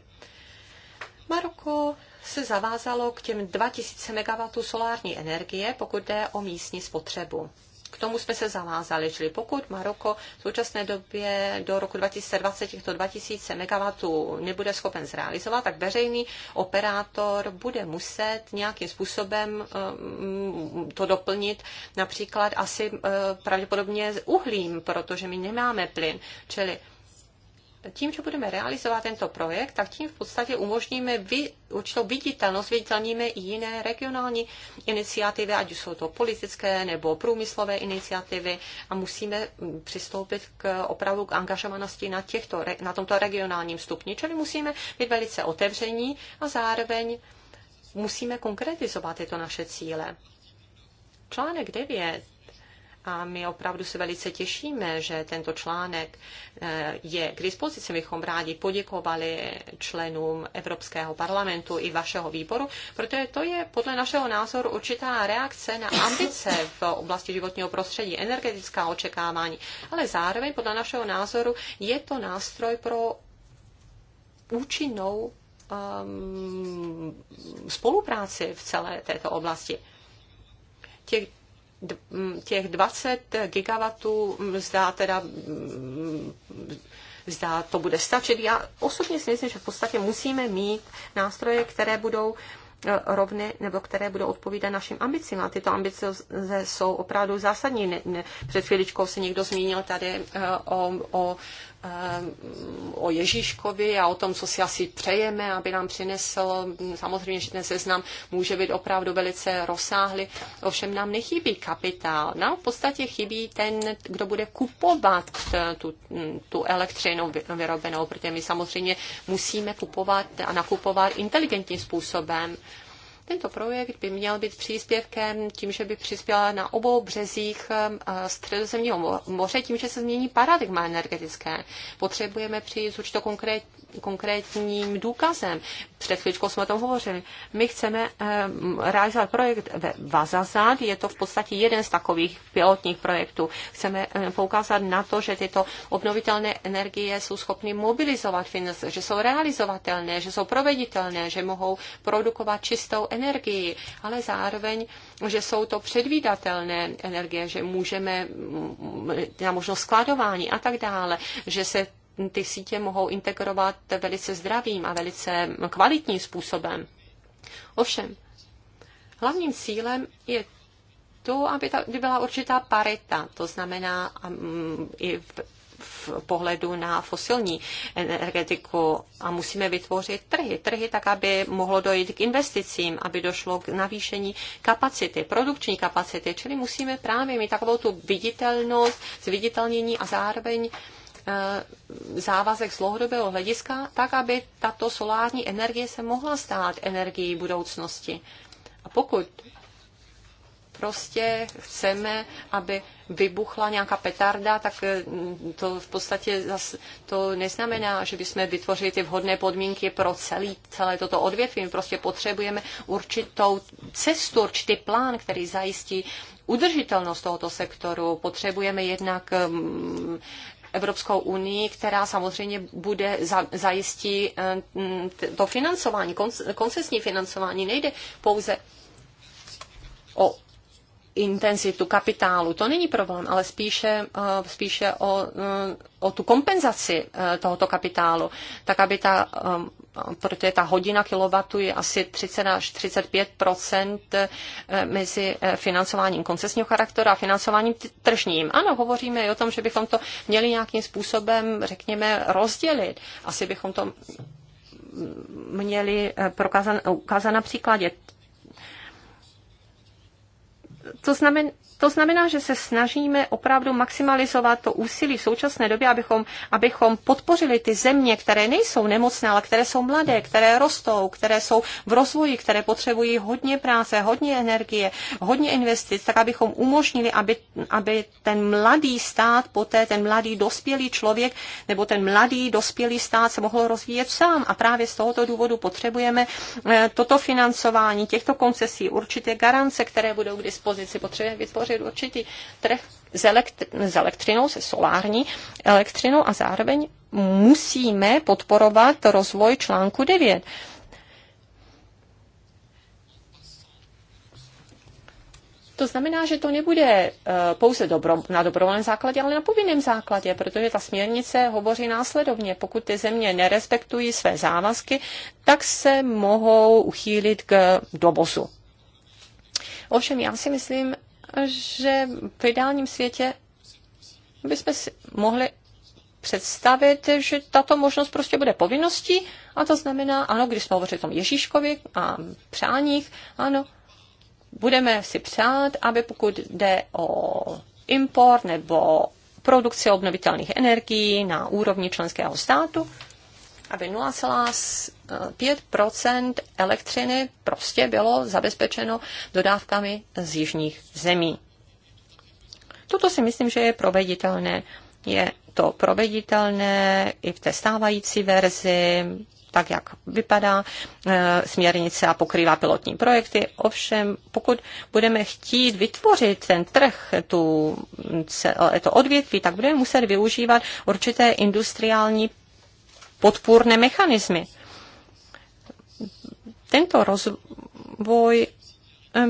S3: Maroko se zavázalo k těm 2000 MW solární energie, pokud jde o místní spotřebu. K tomu jsme se zavázali, čili pokud Maroko v současné době do roku 2020 těchto 2000 MW nebude schopen zrealizovat, tak veřejný operátor bude muset nějakým způsobem um, to doplnit například asi uh, pravděpodobně uhlím, protože my nemáme plyn. Čili tím, že budeme realizovat tento projekt, tak tím v podstatě umožníme vy, určitou viditelnost, viditelníme i jiné regionální iniciativy, ať už jsou to politické nebo průmyslové iniciativy a musíme přistoupit k opravdu k angažovanosti na, těchto, na tomto regionálním stupni, čili musíme být velice otevření a zároveň musíme konkretizovat tyto naše cíle. Článek 9 a my opravdu se velice těšíme, že tento článek eh, je k dispozici. Bychom rádi poděkovali členům Evropského parlamentu i vašeho výboru, protože to je podle našeho názoru určitá reakce na ambice v oblasti životního prostředí, energetická očekávání, ale zároveň podle našeho názoru je to nástroj pro účinnou um, spolupráci v celé této oblasti. Těch těch 20 gigawatů zdá teda zdá to bude stačit. Já osobně si myslím, že v podstatě musíme mít nástroje, které budou e, rovny nebo které budou odpovídat našim ambicím. A tyto ambice jsou opravdu zásadní. Ne, před chvíličkou se někdo zmínil tady e, o, o Eh, o Ježíškovi a o tom, co si asi přejeme, aby nám přinesl. Samozřejmě, že ten seznam může být opravdu velice rozsáhlý. Ovšem nám nechybí kapitál. Nám v podstatě chybí ten, kdo bude kupovat tu, tu elektřinu vyrobenou, protože my samozřejmě musíme kupovat a nakupovat inteligentním způsobem. Tento projekt by měl být příspěvkem tím, že by přispěla na obou březích ehm, středozemního moře, tím, že se změní paradigma energetické. Potřebujeme přijít s určitou konkrétní konkrétním důkazem. Před chvíličkou jsme o tom hovořili. My chceme um, realizovat projekt ve Vazazad, je to v podstatě jeden z takových pilotních projektů. Chceme um, poukázat na to, že tyto obnovitelné energie jsou schopny mobilizovat finance, že jsou realizovatelné, že jsou proveditelné, že mohou produkovat čistou energii, ale zároveň, že jsou to předvídatelné energie, že můžeme mm, mm, na možnost skladování a tak dále, že se ty sítě mohou integrovat velice zdravým a velice kvalitním způsobem. Ovšem, hlavním cílem je to, aby ta, byla určitá parita, to znamená um, i v, v pohledu na fosilní energetiku a musíme vytvořit trhy. Trhy tak, aby mohlo dojít k investicím, aby došlo k navýšení kapacity, produkční kapacity, čili musíme právě mít takovou tu viditelnost, zviditelnění a zároveň uh, Eh, závazek z dlouhodobého hlediska, tak aby tato solární energie se mohla stát energií budoucnosti. A pokud prostě chceme, aby vybuchla nějaká petarda, tak eh, to v podstatě zas, to neznamená, že bychom vytvořili ty vhodné podmínky pro celý, celé toto odvětví. My prostě potřebujeme určitou cestu, určitý plán, který zajistí udržitelnost tohoto sektoru. Potřebujeme jednak Evropskou unii, která samozřejmě bude za, zajistí eh, to financování, koncesní financování. Nejde pouze o intenzitu kapitálu. To není problém, ale spíše, eh, spíše o, eh, o tu kompenzaci tohoto kapitálu, tak aby ta protože ta hodina kilowattu je asi 30 až 35 eh, mezi eh, financováním koncesního charakteru a financováním tržním. Ano, hovoříme i o tom, že bychom to měli nějakým způsobem, řekněme, rozdělit. Asi bychom to měli eh, prokázat, ukázat na příkladě. To znamená, to znamená, že se snažíme opravdu maximalizovat to úsilí v současné době, abychom, abychom podpořili ty země, které nejsou nemocné, ale které jsou mladé, které rostou, které jsou v rozvoji, které potřebují hodně práce, hodně energie, hodně investic, tak abychom umožnili, aby, aby ten mladý stát poté, ten mladý dospělý člověk nebo ten mladý dospělý stát se mohl rozvíjet sám. A právě z tohoto důvodu potřebujeme eh, toto financování těchto koncesí, určité garance, které budou k dispozici, potřebujeme vytvořit vytvořit určitý trh s, elektr- s elektřinou, se solární elektřinou a zároveň musíme podporovat rozvoj článku 9. To znamená, že to nebude eh, pouze dobro, na dobrovolném základě, ale na povinném základě, protože ta směrnice hovoří následovně. Pokud ty země nerespektují své závazky, tak se mohou uchýlit k dobozu. Ovšem, já si myslím, že v ideálním světě bychom si mohli představit, že tato možnost prostě bude povinností a to znamená, ano, když jsme hovořili o tom Ježíškovi a přáních, ano, budeme si přát, aby pokud jde o import nebo produkci obnovitelných energií na úrovni členského státu, aby 0,5 elektřiny prostě bylo zabezpečeno dodávkami z jižních zemí. Toto si myslím, že je proveditelné. Je to proveditelné i v té stávající verzi, tak jak vypadá eh, směrnice a pokrývá pilotní projekty. Ovšem, pokud budeme chtít vytvořit ten trh, tu, eh, to odvětví, tak budeme muset využívat určité industriální podpůrné mechanismy. Tento rozvoj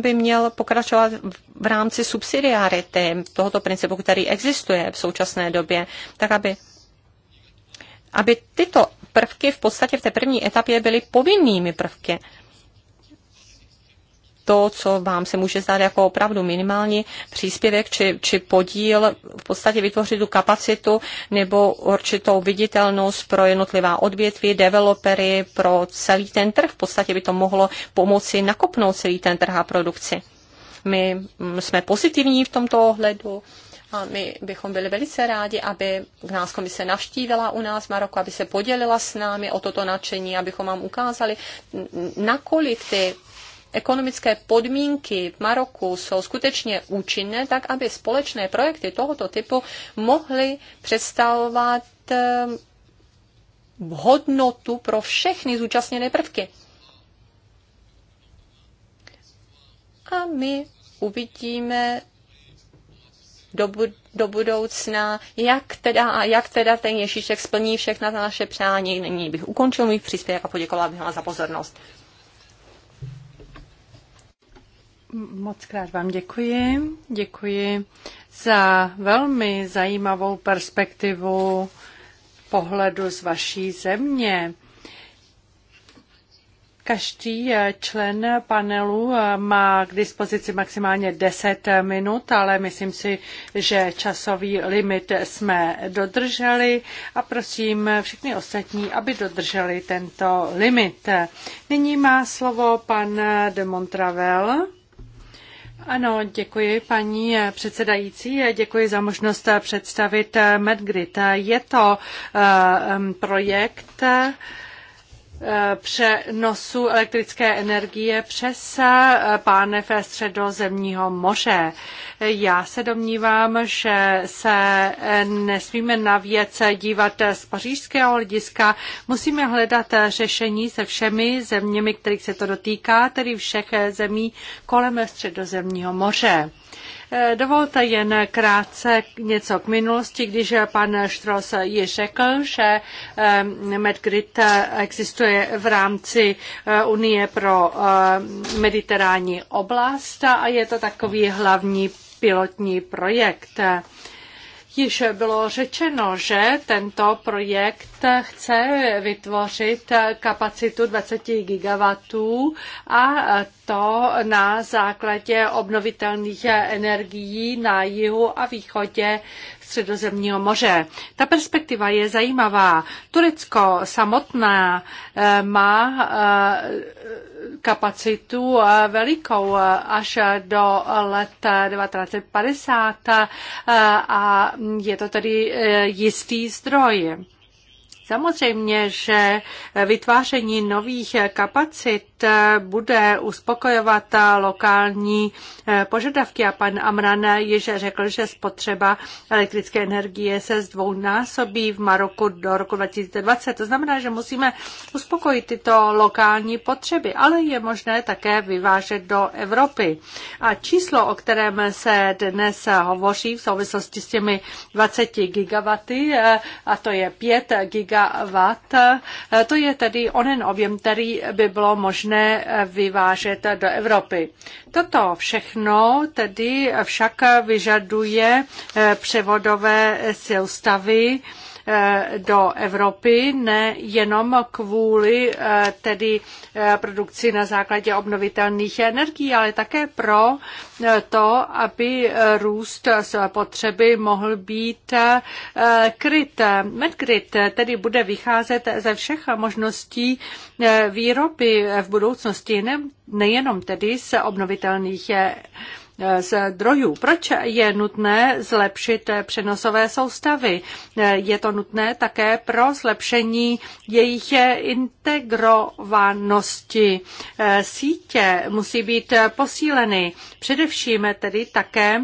S3: by měl pokračovat v rámci subsidiarity tohoto principu, který existuje v současné době, tak aby, aby tyto prvky v podstatě v té první etapě byly povinnými prvky to, co vám se může zdát jako opravdu minimální příspěvek či, či podíl, v podstatě vytvořit tu kapacitu nebo určitou viditelnost pro jednotlivá odvětví, developery, pro celý ten trh. V podstatě by to mohlo pomoci nakopnout celý ten trh a produkci. My mm, jsme pozitivní v tomto ohledu. A my bychom byli velice rádi, aby nás komise navštívila u nás v Maroku, aby se podělila s námi o toto nadšení, abychom vám ukázali, nakolik ty ekonomické podmínky v Maroku jsou skutečně účinné, tak aby společné projekty tohoto typu mohly představovat eh, hodnotu pro všechny zúčastněné prvky. A my uvidíme do, bu- do budoucna, jak teda, jak teda ten Ježíšek splní všechna naše přání. Nyní bych ukončil můj příspěvek a poděkovala bych vám za pozornost.
S1: Moc krát vám děkuji. Děkuji za velmi zajímavou perspektivu pohledu z vaší země. Každý člen panelu má k dispozici maximálně 10 minut, ale myslím si, že časový limit jsme dodrželi a prosím všechny ostatní, aby dodrželi tento limit. Nyní má slovo pan de Montravel. Ano, děkuji paní předsedající, děkuji za možnost představit MedGrid. Je to eh, projekt, Eh, přenosu elektrické energie přes eh, pánev středozemního moře. Já se domnívám, že se eh, nesmíme na věc dívat z pařížského hlediska. Musíme hledat řešení se všemi zeměmi, kterých se to dotýká, tedy všech zemí kolem středozemního moře. Eh, dovolte jen krátce něco k minulosti, když pan Štros ji řekl, že eh, Medgrid existuje v rámci eh, Unie pro mediterální oblast a je to takový hlavní pilotní projekt. Již bylo řečeno, že tento projekt chce vytvořit kapacitu 20 gigawatů a to na základě obnovitelných energií na jihu a východě Středozemního moře. Ta perspektiva je zajímavá. Turecko samotná eh, má eh, kapacitu eh, velikou eh, až do let 1950 eh, a je to tedy jistý zdroj. Samozřejmě, že vytváření nových kapacit Eh, bude uspokojovat eh, lokální eh, požadavky. A pan Amran již řekl, že spotřeba elektrické energie se zdvounásobí v Maroku do roku 2020. To znamená, že musíme uspokojit tyto lokální potřeby, ale je možné také vyvážet do Evropy. A číslo, o kterém se dnes hovoří v souvislosti s těmi 20 gigawaty, a to je 5 gigawatt, to je tedy onen objem, který by bylo možné možné eh, vyvážet do Evropy. Toto všechno tedy však vyžaduje eh, převodové soustavy, Eh, do Evropy, nejenom kvůli eh, tedy eh, produkci na základě obnovitelných energií, ale také pro to, aby růst potřeby mohl být kryt. Medgrid tedy bude vycházet ze všech možností výroby v budoucnosti, ne, nejenom tedy z obnovitelných energií zdrojů. Proč je nutné zlepšit přenosové soustavy? Je to nutné také pro zlepšení jejich integrovanosti. Sítě musí být posíleny, především tedy také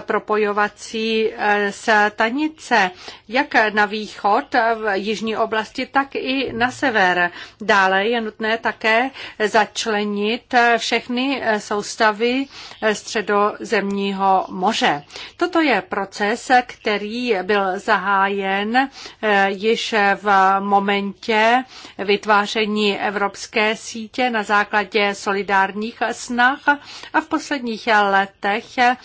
S1: propojovací stanice, jak na východ v jižní oblasti, tak i na sever. Dále je nutné také začlenit všechny soustavy středo do zemního moře. Toto je proces, který byl zahájen eh, již v momentě vytváření evropské sítě na základě solidárních snah a v posledních letech eh,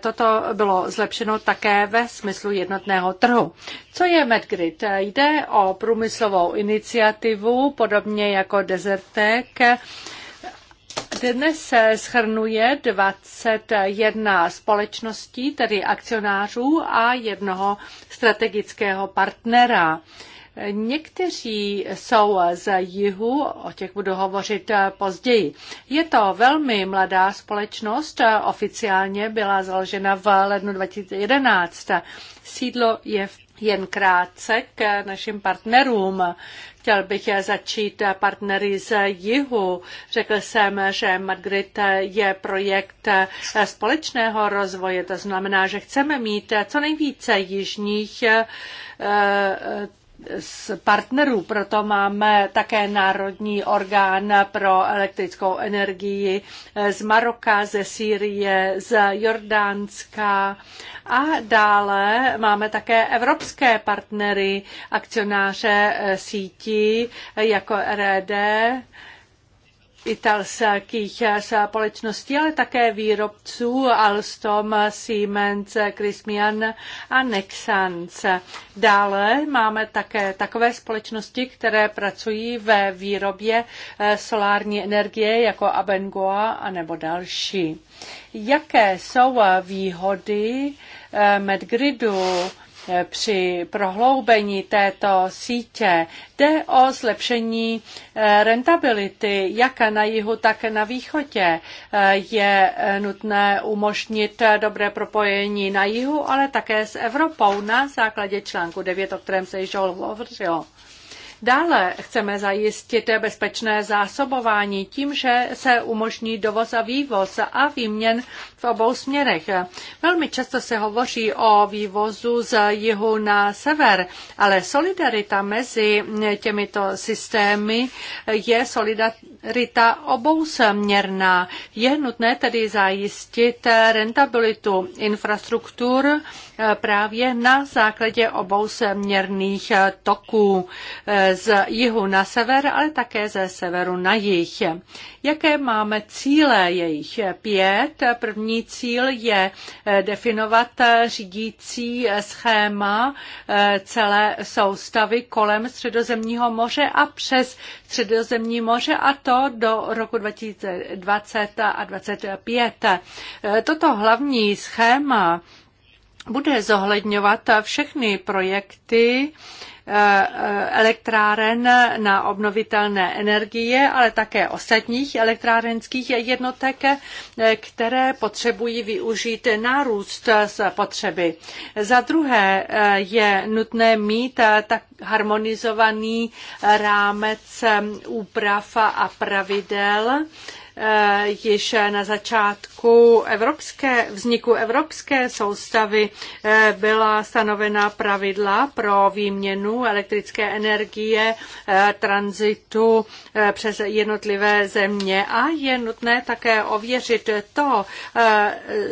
S1: toto bylo zlepšeno také ve smyslu jednotného trhu. Co je Medgrid? Jde o průmyslovou iniciativu, podobně jako Desertec, dnes se eh, schrnuje 21 společností, tedy akcionářů a jednoho strategického partnera. Někteří jsou z jihu, o těch budu hovořit eh, později. Je to velmi mladá společnost, eh, oficiálně byla založena v lednu 2011. Sídlo je v jen krátce k našim partnerům. Chtěl bych začít partnery z jihu. Řekl jsem, že Madrid je projekt společného rozvoje. To znamená, že chceme mít co nejvíce jižních eh, z partnerů, proto máme také Národní orgán pro elektrickou energii z Maroka, ze Sýrie, z Jordánska a dále máme také evropské partnery, akcionáře eh, sítí jako RED, italských společností, ale také výrobců Alstom, Siemens, Christian a Nexans. Dále máme také takové společnosti, které pracují ve výrobě eh, solární energie jako Abengoa a nebo další. Jaké jsou eh, výhody eh, Medgridu? Eh, při prohloubení této sítě jde o zlepšení eh, rentability jak na jihu, tak na východě. Eh, je nutné umožnit dobré propojení na jihu, ale také s Evropou na základě článku 9, o kterém se již hovořilo. Dále chceme zajistit bezpečné zásobování tím, že se umožní dovoz a vývoz a výměn v obou směrech. Velmi často se hovoří o vývozu z jihu na sever, ale solidarita mezi těmito systémy je solidarita rita obousměrná. Je nutné tedy zajistit rentabilitu infrastruktur eh, právě na základě obousměrných eh, toků eh, z jihu na sever, ale také ze severu na jih. Jaké máme cíle? Jejich pět. První cíl je definovat řídící schéma celé soustavy kolem Středozemního moře a přes Středozemní moře a to to do roku 2020 a 2025. Toto hlavní schéma bude zohledňovat všechny projekty, Eh, eh, elektráren na obnovitelné energie, ale také ostatních elektrárenských jednotek, eh, které potřebují využít nárůst potřeby. Za druhé je nutné mít tak harmonizovaný rámec úprav a pravidel, Eh, již na začátku evropské, vzniku evropské soustavy eh, byla stanovena pravidla pro výměnu elektrické energie, eh, tranzitu přes jednotlivé země a je nutné také ověřit to,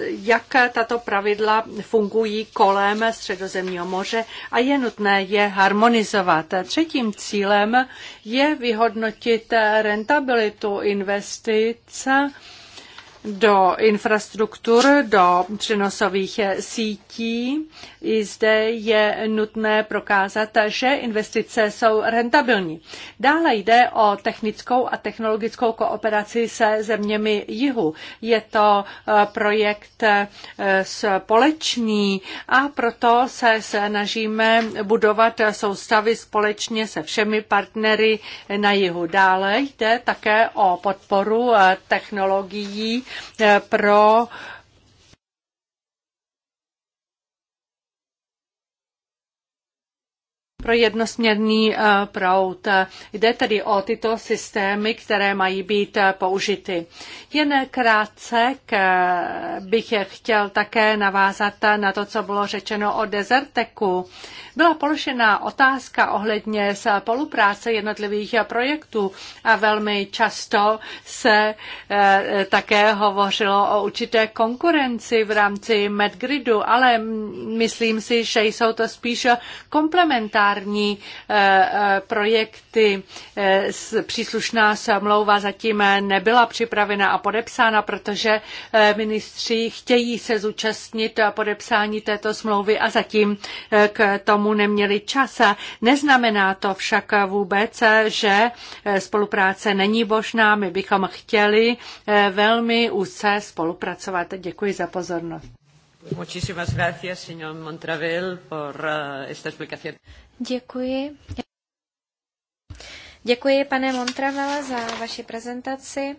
S1: jak tato pravidla fungují kolem Středozemního moře a je nutné je harmonizovat. Třetím cílem je vyhodnotit rentabilitu investic Kostelica do infrastruktur, do přenosových sítí. I zde je nutné prokázat, že investice jsou rentabilní. Dále jde o technickou a technologickou kooperaci se zeměmi jihu. Je to eh, projekt eh, společný a proto se snažíme budovat soustavy společně se všemi partnery na jihu. Dále jde také o podporu eh, technologií pro pro jednosměrný eh, prout. Jde tedy o tyto systémy, které mají být eh, použity. Jen krátce eh, bych chtěl také navázat na to, co bylo řečeno o dezerteku. Byla položena otázka ohledně spolupráce jednotlivých projektů a velmi často se také hovořilo o určité konkurenci v rámci MedGridu, ale myslím si, že jsou to spíš komplementární solární eh, eh, projekty. Eh, příslušná smlouva zatím nebyla připravena a podepsána, protože ministři chtějí se zúčastnit a podepsání této smlouvy a zatím k tomu neměli čas. Neznamená to však vůbec, že spolupráce není možná. My bychom chtěli velmi úzce spolupracovat. Děkuji za pozornost.
S3: Muchísimas gracias, señor Montravel, por eh, esta explicación.
S2: Děkuji. Děkuji, pane Montravele, za vaši prezentaci.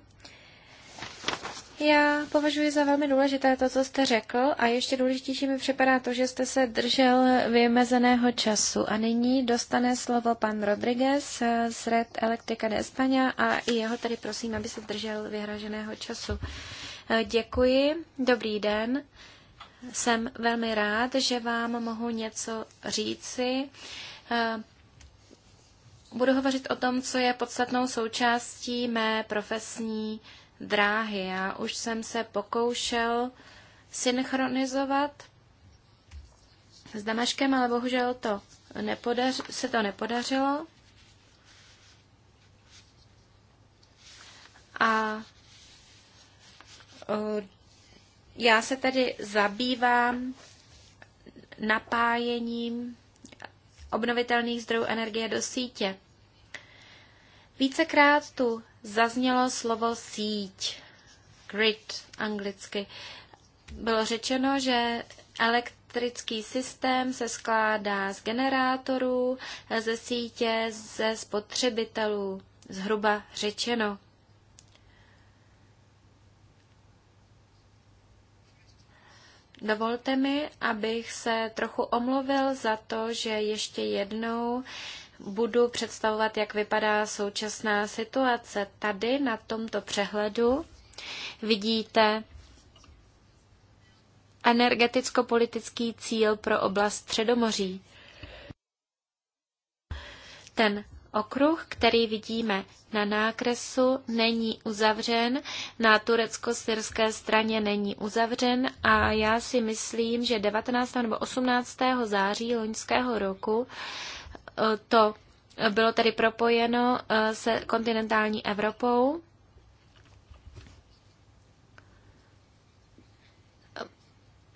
S2: Já považuji za velmi důležité to, co jste řekl a ještě důležitější mi připadá to, že jste se držel vymezeného času. A nyní dostane slovo pan Rodriguez z Red Electrica de España a i jeho tady prosím, aby se držel vyhraženého času. Eh, děkuji, dobrý den jsem velmi rád, že vám mohu něco říci. Eh, budu hovořit o tom, co je podstatnou součástí mé profesní dráhy. Já už jsem se pokoušel synchronizovat s Damaškem, ale bohužel to nepodař, se to nepodařilo. A eh, já se tedy zabývám napájením obnovitelných zdrojů energie do sítě. Vícekrát tu zaznělo slovo síť, grid anglicky. Bylo řečeno, že elektrický systém se skládá z generátorů, ze sítě, ze spotřebitelů, zhruba řečeno. Dovolte mi, abych se trochu omluvil za to, že ještě jednou budu představovat, jak vypadá současná situace. Tady na tomto přehledu vidíte energeticko-politický cíl pro oblast Středomoří. Ten Okruh, který vidíme na nákresu, není uzavřen, na turecko-syrské straně není uzavřen a já si myslím, že 19. nebo 18. září loňského roku eh, to bylo tedy propojeno eh, se kontinentální Evropou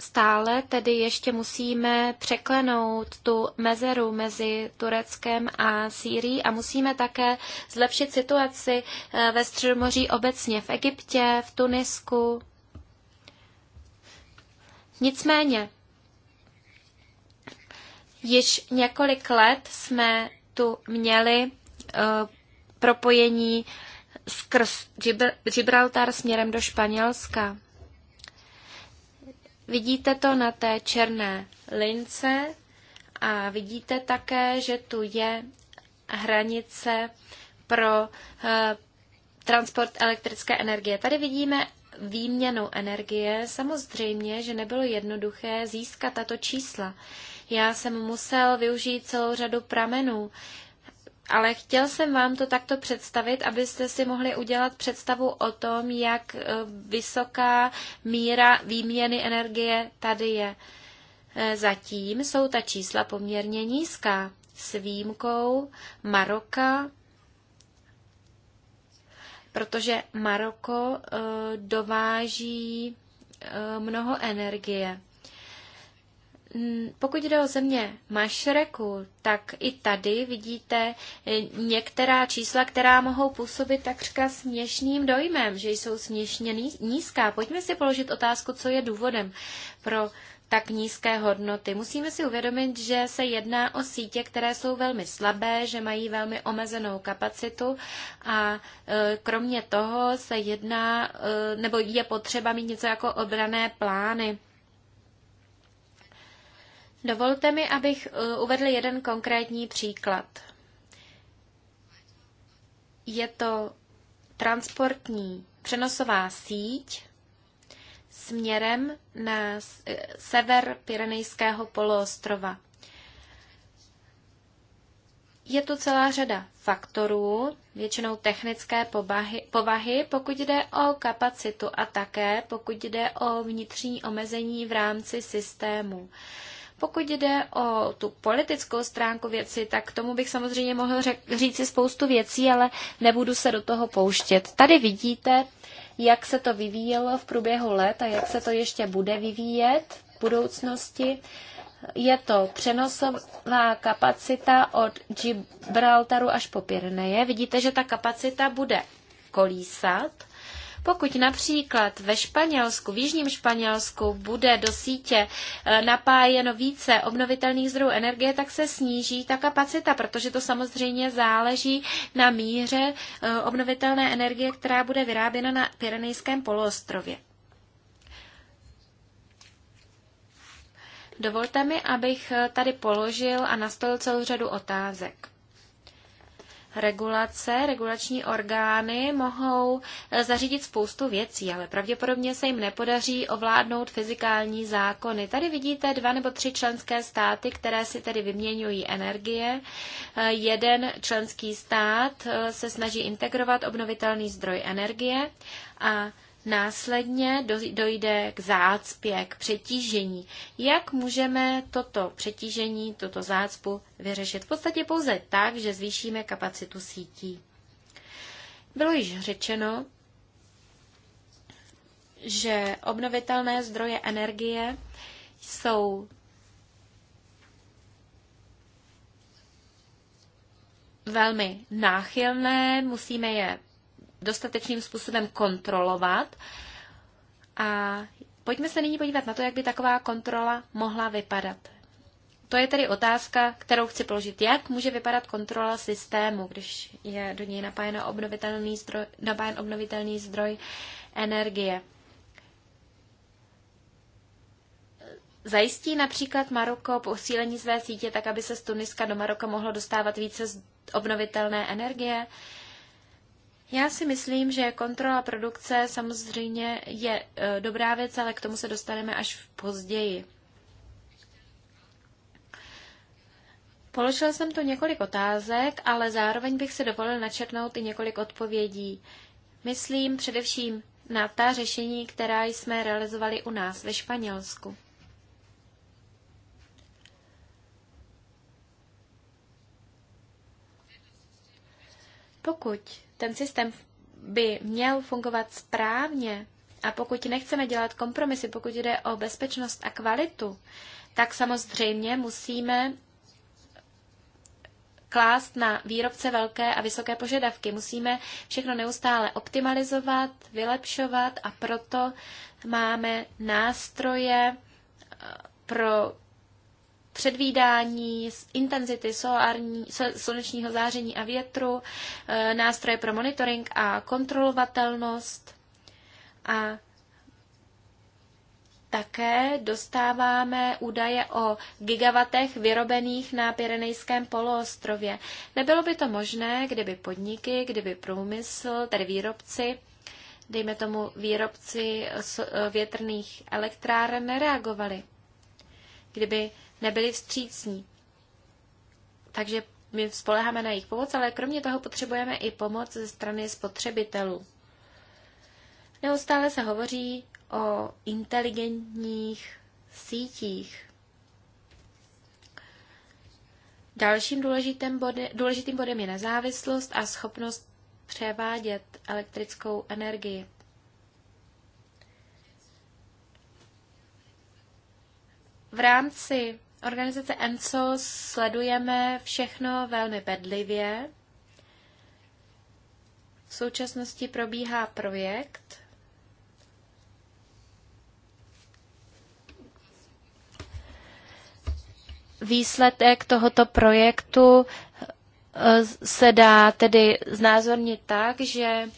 S2: Stále tedy ještě musíme překlenout tu mezeru mezi Tureckem a Sýrií a musíme také zlepšit situaci eh, ve Středomoří obecně v Egyptě, v Tunisku. Nicméně, již několik let jsme tu měli eh, propojení skrz Gibraltar směrem do Španělska. Vidíte to na té černé lince a vidíte také, že tu je hranice pro eh, transport elektrické energie. Tady vidíme výměnu energie. Samozřejmě, že nebylo jednoduché získat tato čísla. Já jsem musel využít celou řadu pramenů, ale chtěl jsem vám to takto představit, abyste si mohli udělat představu o tom, jak eh, vysoká míra výměny energie tady je. Eh, zatím jsou ta čísla poměrně nízká, s výjimkou Maroka, protože Maroko eh, dováží mnoho energie. Mm, pokud jde o země Mašreku, tak i tady vidíte eh, některá čísla, která mohou působit takřka směšným dojmem, že jsou směšně nízká. Pojďme si položit otázku, co je důvodem pro tak nízké hodnoty. Musíme si uvědomit, že se jedná o sítě, které jsou velmi slabé, že mají velmi omezenou kapacitu a eh, kromě toho se jedná, eh, nebo je potřeba mít něco jako obrané plány Dovolte mi, abych eh, uvedl jeden konkrétní příklad. Je to transportní přenosová síť směrem na eh, sever Pyrenejského poloostrova. Je tu celá řada faktorů, většinou technické povahy, povahy, pokud jde o kapacitu a také pokud jde o vnitřní omezení v rámci systému. Pokud jde o tu politickou stránku věci, tak tomu bych samozřejmě mohl říct si spoustu věcí, ale nebudu se do toho pouštět. Tady vidíte, jak se to vyvíjelo v průběhu let a jak se to ještě bude vyvíjet v budoucnosti. Je to přenosová kapacita od Gibraltaru až po Pirneje. Vidíte, že ta kapacita bude kolísat pokud například ve Španělsku, v Jižním Španělsku, bude do sítě eh, napájeno více obnovitelných zdrojů energie, tak se sníží ta kapacita, protože to samozřejmě záleží na míře eh, obnovitelné energie, která bude vyráběna na Pyrenejském poloostrově. Dovolte mi, abych eh, tady položil a nastolil celou řadu otázek regulace, regulační orgány mohou eh, zařídit spoustu věcí, ale pravděpodobně se jim nepodaří ovládnout fyzikální zákony. Tady vidíte dva nebo tři členské státy, které si tedy vyměňují energie. Eh, jeden členský stát eh, se snaží integrovat obnovitelný zdroj energie a Následně dojde k zácpě, k přetížení. Jak můžeme toto přetížení, toto zácpu vyřešit? V podstatě pouze tak, že zvýšíme kapacitu sítí. Bylo již řečeno, že obnovitelné zdroje energie jsou velmi náchylné, musíme je dostatečným způsobem kontrolovat. A pojďme se nyní podívat na to, jak by taková kontrola mohla vypadat. To je tedy otázka, kterou chci položit. Jak může vypadat kontrola systému, když je do něj napájen obnovitelný zdroj, napájen obnovitelný zdroj energie? Zajistí například Maroko posílení své sítě tak, aby se z Tuniska do Maroka mohlo dostávat více obnovitelné energie? Uh, já si myslím, že kontrola produkce samozřejmě je e, dobrá věc, ale k tomu se dostaneme až v později. Položil jsem tu několik otázek, ale zároveň bych se dovolil načrtnout i několik odpovědí. Myslím především na ta řešení, která jsme realizovali u nás ve Španělsku. Pokud ten systém by měl fungovat správně a pokud nechceme dělat kompromisy, pokud jde o bezpečnost a kvalitu, tak samozřejmě musíme klást na výrobce velké a vysoké požadavky. Musíme všechno neustále optimalizovat, vylepšovat a proto máme nástroje eh, pro předvídání intenzity solární, slunečního záření a větru, eh, nástroje pro monitoring a kontrolovatelnost a také dostáváme údaje o gigavatech vyrobených na Pirenejském poloostrově. Nebylo by to možné, kdyby podniky, kdyby průmysl, tedy výrobci, dejme tomu výrobci eh, větrných elektráren, nereagovali. Kdyby nebyli vstřícní. Takže my spoleháme na jejich pomoc, ale kromě toho potřebujeme i pomoc ze strany spotřebitelů. Neustále se hovoří o inteligentních sítích. Dalším důležitým, body, důležitým bodem je nezávislost a schopnost převádět elektrickou energii. V rámci organizace ENSO sledujeme všechno velmi bedlivě. V současnosti probíhá projekt, Výsledek tohoto projektu eh, se dá tedy znázornit tak, že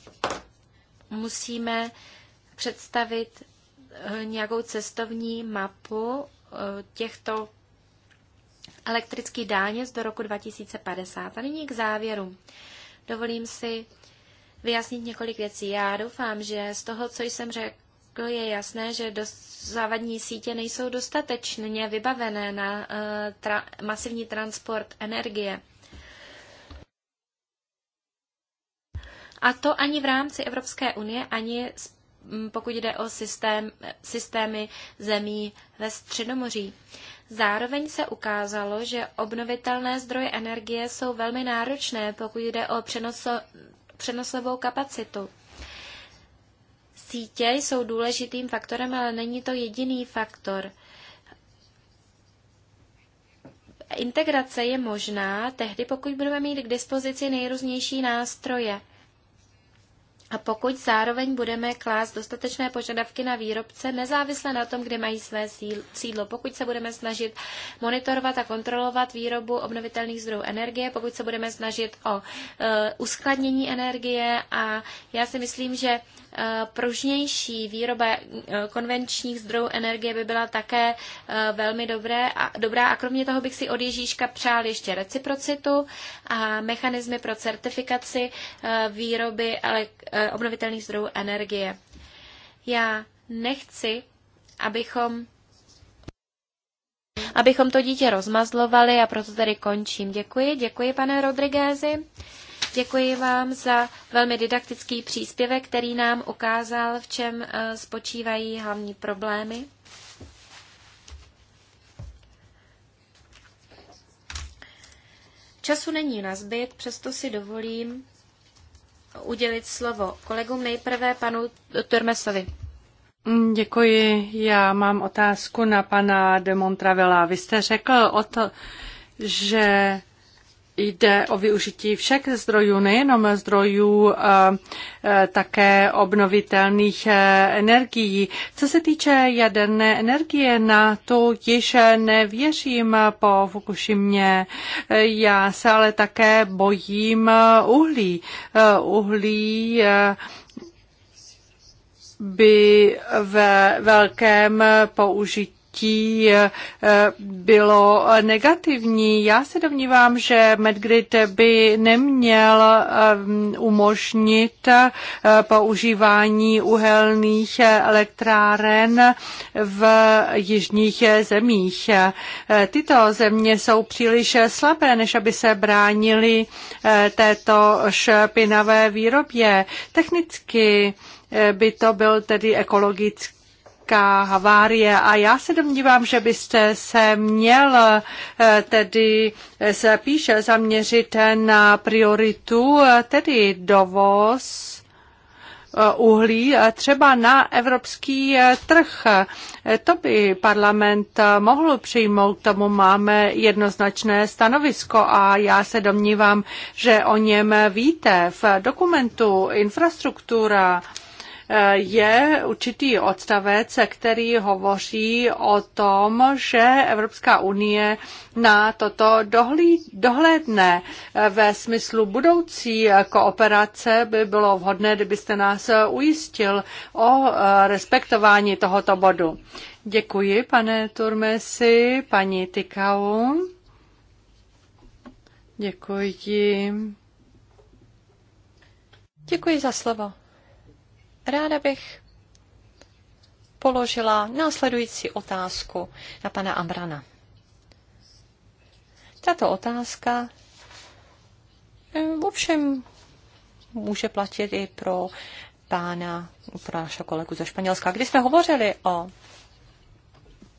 S2: musíme představit eh, nějakou cestovní mapu eh, těchto elektrický dálnic do roku 2050. A nyní k závěru. Dovolím si vyjasnit několik věcí. Já doufám, že z toho, co jsem řekl, je jasné, že závadní sítě nejsou dostatečně vybavené na uh, tra- masivní transport energie. A to ani v rámci Evropské unie, ani pokud jde o systém, systémy zemí ve Středomoří. Zároveň se ukázalo, že obnovitelné zdroje energie jsou velmi náročné, pokud jde o přenoso, přenosovou kapacitu. Sítě jsou důležitým faktorem, ale není to jediný faktor. Integrace je možná tehdy, pokud budeme mít k dispozici nejrůznější nástroje. A pokud zároveň budeme klást dostatečné požadavky na výrobce, nezávisle na tom, kde mají své sídlo, pokud se budeme snažit monitorovat a kontrolovat výrobu obnovitelných zdrojů energie, pokud se budeme snažit o e, uskladnění energie a já si myslím, že Eh, pružnější výroba eh, konvenčních zdrojů energie by byla také eh, velmi dobré a, dobrá. A kromě toho bych si od Ježíška přál ještě reciprocitu a mechanismy pro certifikaci výroby obnovitelných zdrojů energie. Já nechci, abychom abychom to dítě rozmazlovali a proto tady končím. Děkuji, děkuji pane Rodriguezi. Děkuji vám za velmi didaktický příspěvek, který nám ukázal, v čem eh, spočívají hlavní problémy. Času není na zbyt, přesto si dovolím udělit slovo kolegům nejprve panu Turmesovi.
S1: Mm, děkuji. Já mám otázku na pana de Montravela. Vy jste řekl o to, že Jde o využití všech zdrojů, nejenom zdrojů eh, eh, také obnovitelných eh, energií. Co se týče jaderné energie, na to již nevěřím po Fukushimě. Já se ale také bojím uhlí. Uhlí by ve velkém použití rozhodnutí eh, bylo negativní. Já se domnívám, že Medgrid by neměl eh, umožnit eh, používání uhelných elektráren v jižních zemích. Tyto země jsou příliš slabé, než aby se bránili této špinavé výrobě. Technicky by to byl tedy ekologický nějaká havárie a já se domnívám, že byste se měl eh, tedy eh, spíše zaměřit na prioritu, eh, tedy dovoz uhlí třeba na evropský trh. To by parlament mohl přijmout, tomu máme jednoznačné stanovisko a já se domnívám, že o něm víte. V dokumentu infrastruktura je určitý odstavec, který hovoří o tom, že Evropská unie na toto dohlí, dohlédne ve smyslu budoucí kooperace by bylo vhodné, kdybyste nás ujistil o respektování tohoto bodu. Děkuji, pane Turmesi, paní Tikau. Děkuji. Děkuji za slovo.
S3: Ráda bych položila následující otázku na pana Ambrana. Tato otázka eh, ovšem může platit i pro pána, pro našeho kolegu ze Španělska. Když jsme hovořili o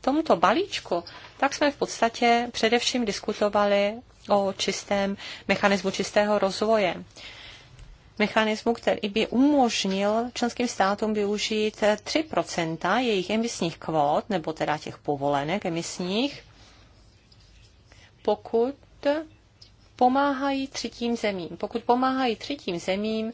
S3: tomto balíčku, tak jsme v podstatě především diskutovali o čistém mechanismu čistého rozvoje mechanismu, který by umožnil členským státům využít 3 jejich emisních kvót, nebo teda těch povolenek emisních, pokud pomáhají třetím zemím. Pokud pomáhají třetím zemím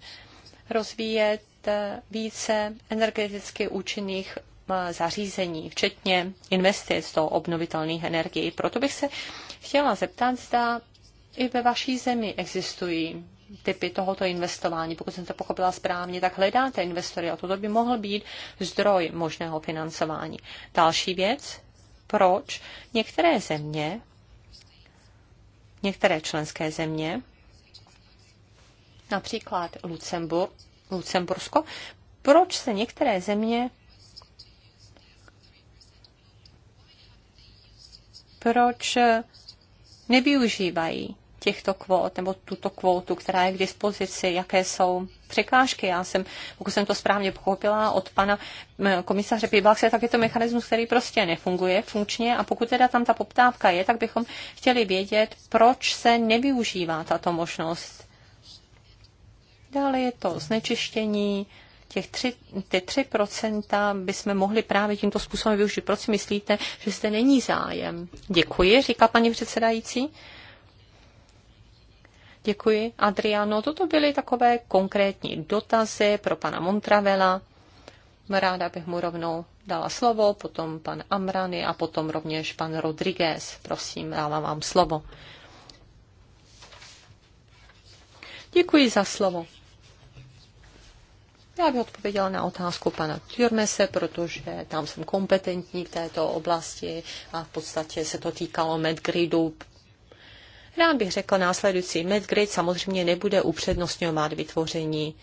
S3: rozvíjet eh, více energeticky účinných eh, zařízení, včetně investic do obnovitelných energií. Proto bych se chtěla zeptat, zda i ve vaší zemi existují typy tohoto investování, pokud jsem to pochopila správně, tak hledáte investory a toto by mohl být zdroj možného financování. Další věc, proč některé země, některé členské země, například Lucembur, Lucembursko, proč se některé země proč nevyužívají těchto kvót nebo tuto kvótu, která je k dispozici, jaké jsou překážky. Já jsem, pokud jsem to správně pochopila, od pana komisaře Pibaxe, tak je to mechanismus, který prostě nefunguje funkčně a pokud teda tam ta poptávka je, tak bychom chtěli vědět, proč se nevyužívá tato možnost. Dále je to znečištění, těch tři, ty 3% bychom mohli právě tímto způsobem využít. Proč si myslíte, že zde není zájem? Děkuji, říká paní předsedající. Děkuji, Adriano. Toto byly takové konkrétní dotazy pro pana Montravela. Ráda bych mu rovnou dala slovo, potom pan Amrany a potom rovněž pan Rodriguez. Prosím, dávám vám slovo. Děkuji za slovo. Já bych odpověděla na otázku pana Tjurmese, protože tam jsem kompetentní v této oblasti a v podstatě se to týkalo medgridu Rád bych řekl následující. Medgrid samozřejmě nebude upřednostňovat vytvoření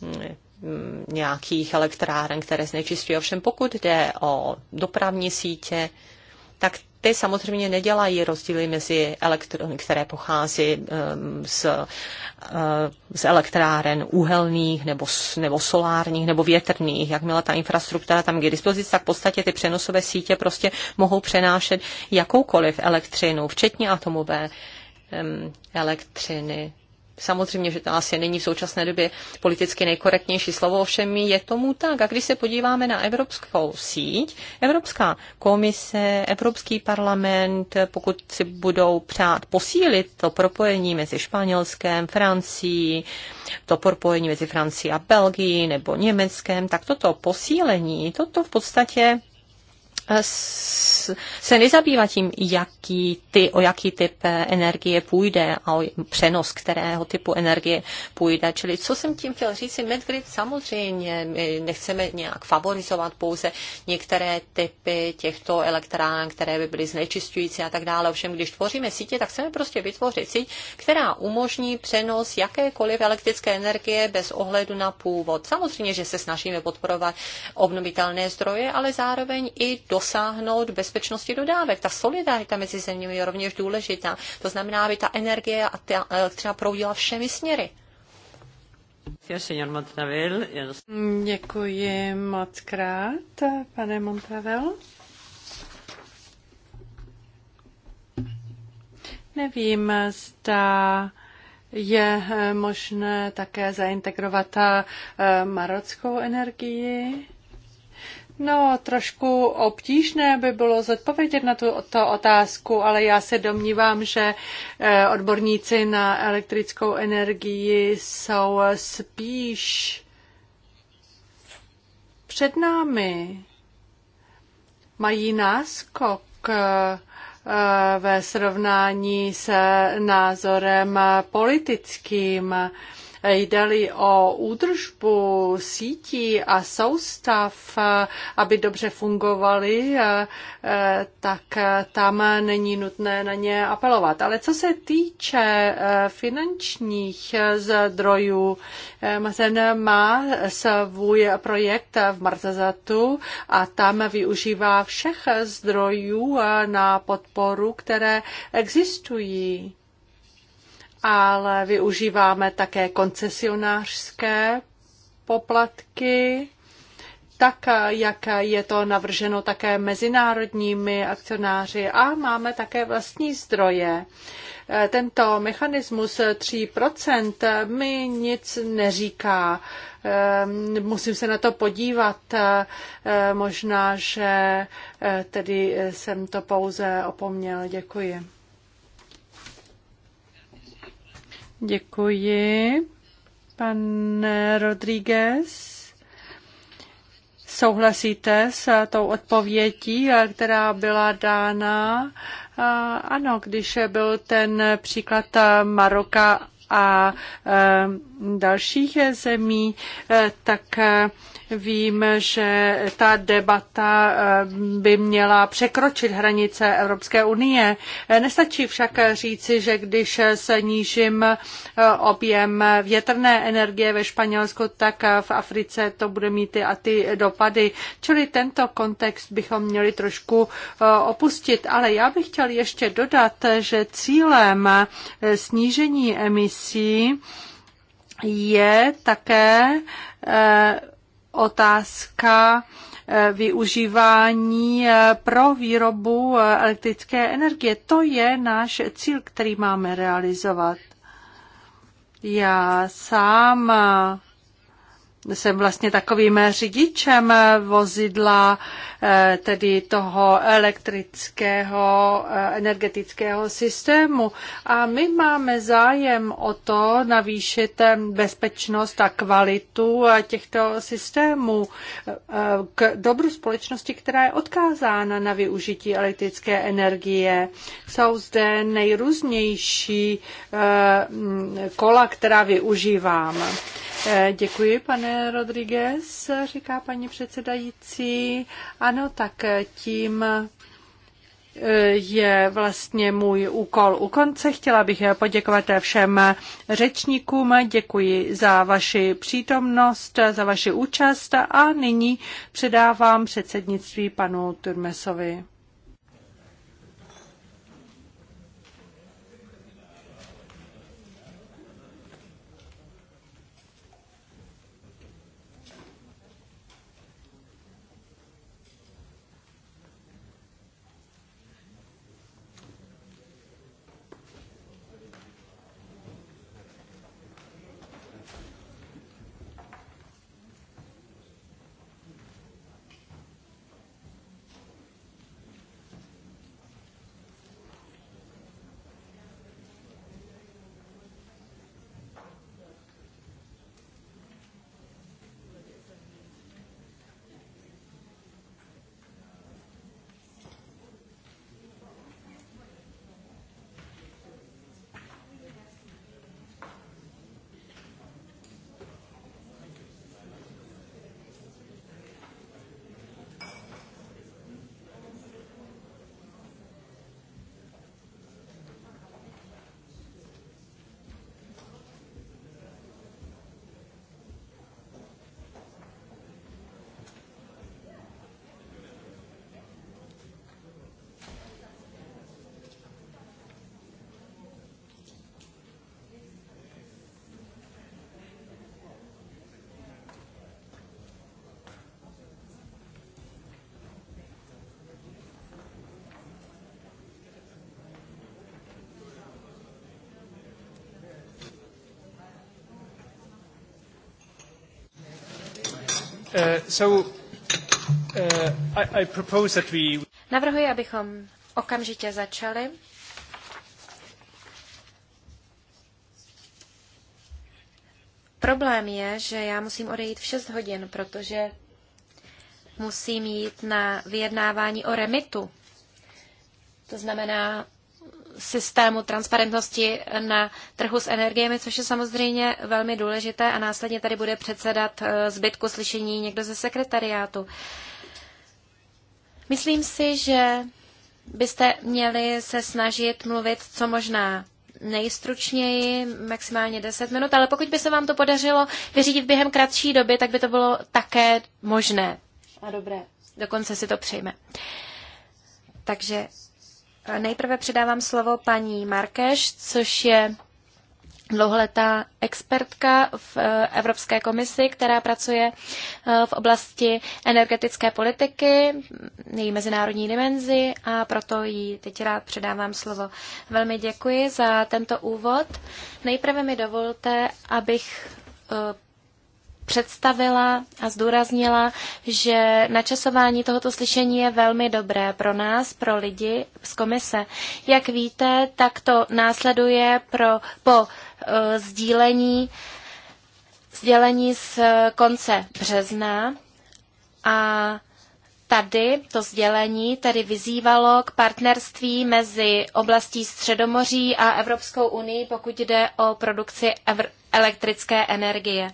S3: mm, mm, nějakých elektráren, které znečistují. Ovšem pokud jde o dopravní sítě, tak ty samozřejmě nedělají rozdíly mezi elektrony, které pochází um, z, uh, z elektráren uhelných nebo, nebo solárních nebo větrných. Jakmile ta infrastruktura tam je k dispozici, tak v podstatě ty přenosové sítě prostě mohou přenášet jakoukoliv elektřinu, včetně atomové um, elektřiny. Samozřejmě, že to asi není v současné době politicky nejkorektnější slovo, ovšem je tomu tak. A když se podíváme na evropskou síť, Evropská komise, Evropský parlament, pokud si budou přát posílit to propojení mezi Španělskem, Francií, to propojení mezi Francií a Belgií nebo Německem, tak toto posílení, toto v podstatě se nezabývá tím, jaký ty, o jaký typ eh, energie půjde a o přenos kterého typu energie půjde. Čili co jsem tím chtěl říct, Medgrid samozřejmě, my nechceme nějak favorizovat pouze některé typy těchto elektrán, které by byly znečistující a tak dále. Ovšem, když tvoříme sítě, tak chceme prostě vytvořit síť, která umožní přenos jakékoliv elektrické energie bez ohledu na původ. Samozřejmě, že se snažíme podporovat obnovitelné zdroje, ale zároveň i do dosáhnout bezpečnosti dodávek. Ta solidarita mezi zeměmi je rovněž důležitá. To znamená, aby ta energie a ta elektřina
S1: eh, proudila všemi směry. Děkuji moc krát, pane Montavel. Nevím, zda je možné také zaintegrovat eh, marockou energii. No, trošku obtížné by bylo zodpovědět na tu to otázku, ale já se domnívám, že eh, odborníci na elektrickou energii jsou spíš před námi. Mají náskok eh, eh, ve srovnání s názorem politickým. Jde-li o údržbu sítí a soustav, aby dobře fungovaly, eh, eh, tak eh, tam není nutné na ně apelovat. Ale co se týče finančních zdrojů, Mazen má svůj projekt v Marzazatu a tam využívá všech zdrojů na podporu, které existují ale využíváme také koncesionářské poplatky, tak jak je to navrženo také mezinárodními akcionáři a máme také vlastní zdroje. Tento mechanismus 3% mi nic neříká. Ehm, musím se na to podívat. Ehm, možná, že eh, tedy eh, jsem to pouze opomněl. Děkuji. Děkuji. Pan Rodríguez, souhlasíte s tou odpovědí, která byla dána? Ano, když byl ten příklad Maroka a e, dalších zemí, e, tak e, vím, že ta debata by měla překročit hranice Evropské unie. Nestačí však říci, že když se nížím objem větrné energie ve Španělsku, tak v Africe to bude mít ty a ty dopady. Čili tento kontext bychom měli trošku opustit. Ale já bych chtěl ještě dodat, že cílem snížení emisí komisí je také eh, otázka eh, využívání eh, pro výrobu elektrické energie. To je náš cíl, který máme realizovat. Já sám jsem vlastně takovým řidičem vozidla, eh, tedy toho elektrického eh, energetického systému. A my máme zájem o to navýšit eh, bezpečnost a kvalitu těchto systémů k dobru společnosti, která je odkázána na využití elektrické energie. Jsou zde nejrůznější kola, která využívám. Eh, děkuji, pane Rodriguez, říká paní předsedající. Ano, tak tím eh, je vlastně můj úkol u konce. Chtěla bych poděkovat všem řečníkům. Děkuji za vaši přítomnost, za vaši účast a nyní předávám předsednictví panu Turmesovi. Uh, uh,
S2: Navrhuji, abychom okamžitě začali. Problém je, že já musím odejít v 6 hodin, protože musím jít na vyjednávání o remitu. To znamená systému transparentnosti na trhu s energiemi, což je samozřejmě velmi důležité a následně tady bude předsedat eh, zbytku slyšení někdo ze sekretariátu. Myslím si, že byste měli se snažit mluvit co možná nejstručněji, maximálně 10 minut, ale pokud by se vám to podařilo vyřídit během kratší doby, tak by to bylo také možné. A dobré. Dokonce si to přejme. Takže Nejprve předávám slovo paní Markeš, což je dlouholetá expertka v eh, Evropské komisi, která pracuje eh, v oblasti energetické politiky, její mezinárodní dimenzi a proto jí teď rád předávám slovo. Velmi děkuji za tento úvod. Nejprve mi dovolte, abych eh, představila a zdůraznila, že načasování tohoto slyšení je velmi dobré pro nás, pro lidi z komise. Jak víte, tak to následuje pro, po uh, sdílení, sdělení z konce března a Tady to sdělení tedy vyzývalo k partnerství mezi oblastí Středomoří a Evropskou unii, pokud jde o produkci elektrické energie.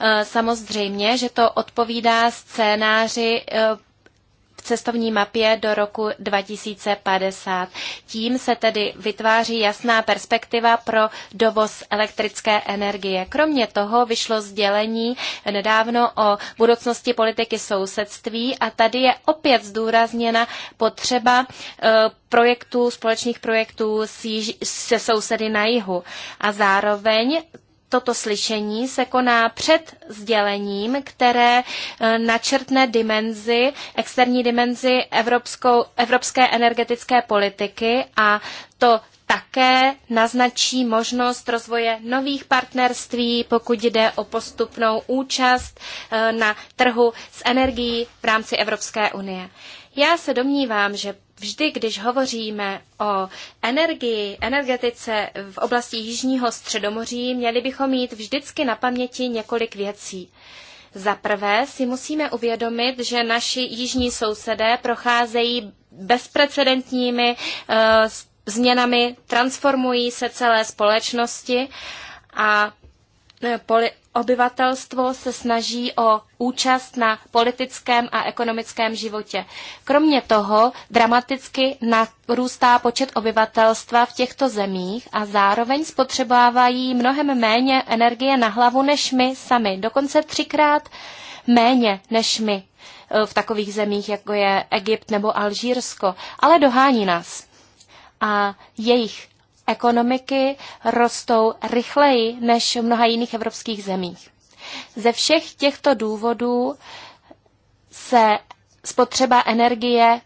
S2: E, samozřejmě, že to odpovídá scénáři e, v cestovní mapě do roku 2050. Tím se tedy vytváří jasná perspektiva pro dovoz elektrické energie. Kromě toho vyšlo sdělení nedávno o budoucnosti politiky sousedství a tady je opět zdůrazněna potřeba e, projektů, společných projektů se sousedy na jihu. A zároveň toto slyšení se koná před sdělením, které eh, načrtne dimenzi, externí dimenzi evropskou, evropské energetické politiky a to také naznačí možnost rozvoje nových partnerství, pokud jde o postupnou účast eh, na trhu s energií v rámci Evropské unie. Já se domnívám, že vždy, když hovoříme o energii, energetice v oblasti Jižního středomoří, měli bychom mít vždycky na paměti několik věcí. Za prvé si musíme uvědomit, že naši jižní sousedé procházejí bezprecedentními uh, změnami, transformují se celé společnosti a Eh, obyvatelstvo se snaží o účast na politickém a ekonomickém životě. Kromě toho dramaticky narůstá počet obyvatelstva v těchto zemích a zároveň spotřebávají mnohem méně energie na hlavu než my sami, dokonce třikrát méně než my eh, v takových zemích, jako je Egypt nebo Alžírsko, ale dohání nás. A jejich ekonomiky rostou rychleji než v mnoha jiných evropských zemích. Ze všech těchto důvodů se spotřeba energie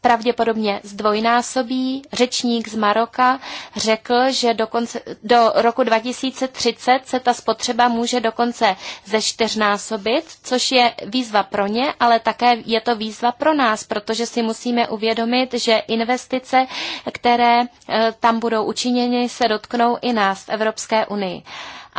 S2: pravděpodobně zdvojnásobí. Řečník z Maroka řekl, že do, konce, do roku 2030 se ta spotřeba může dokonce ze čtyřnásobit, což je výzva pro ně, ale také je to výzva pro nás, protože si musíme uvědomit, že investice, které eh, tam budou učiněny, se dotknou i nás v Evropské unii.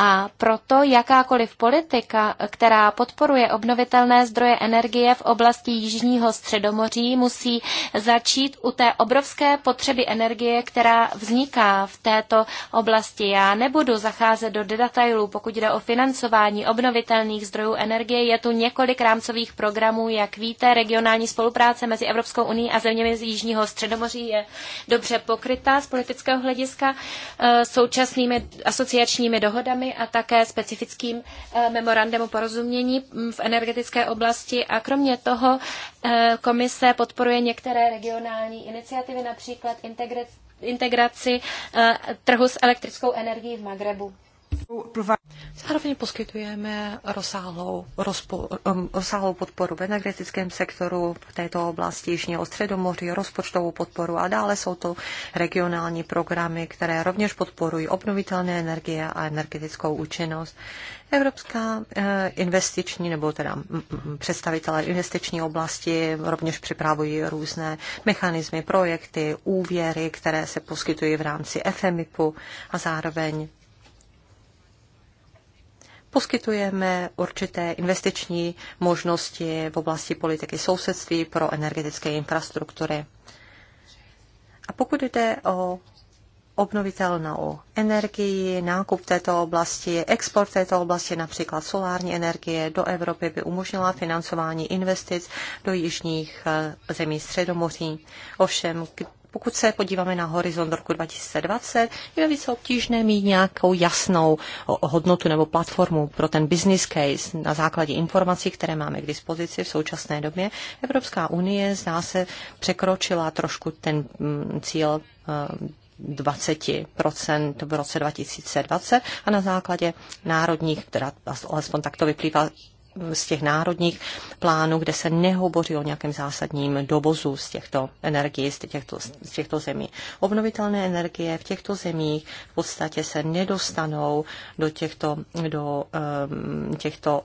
S2: A proto jakákoliv politika, která podporuje obnovitelné zdroje energie v oblasti Jižního středomoří, musí začít u té obrovské potřeby energie, která vzniká v této oblasti. Já nebudu zacházet do detailů, pokud jde o financování obnovitelných zdrojů energie. Je tu několik rámcových programů, jak víte, regionální spolupráce mezi Evropskou unii a zeměmi z Jižního středomoří je dobře pokrytá z politického hlediska eh, současnými asociačními dohodami a také specifickým eh, memorandem o porozumění mm, v energetické oblasti. A kromě toho eh, komise podporuje některé regionální iniciativy, například integraci eh, trhu s elektrickou energií v Magrebu.
S3: Zároveň poskytujeme rozsáhlou, rozpo, um, rozsáhlou podporu v energetickém sektoru v této oblasti Jižního středomoří, rozpočtovou podporu a dále jsou to regionální programy, které rovněž podporují obnovitelné energie a energetickou účinnost. Evropská eh, investiční nebo teda představitelé investiční oblasti rovněž připravují různé mechanismy, projekty, úvěry, které se poskytují v rámci FMIPu a zároveň poskytujeme určité investiční možnosti v oblasti politiky sousedství pro energetické infrastruktury. A pokud jde o obnovitelnou energii, nákup této oblasti, export této oblasti, například solární energie do Evropy by umožnila financování investic do jižních eh, zemí Středomoří. Ovšem, pokud se podíváme na horizont roku 2020, je velice obtížné mít nějakou jasnou hodnotu nebo platformu pro ten business case na základě informací, které máme k dispozici v současné době. Evropská unie zdá se překročila trošku ten mm, cíl 20% eh, v roce 2020 a na základě národních, teda alespoň tak to vyplývá z těch národních plánů, kde se nehovoří o nějakém zásadním dovozu z těchto energií, z těchto, z těchto zemí. Obnovitelné energie v těchto zemích v podstatě se nedostanou do těchto, do, um, těchto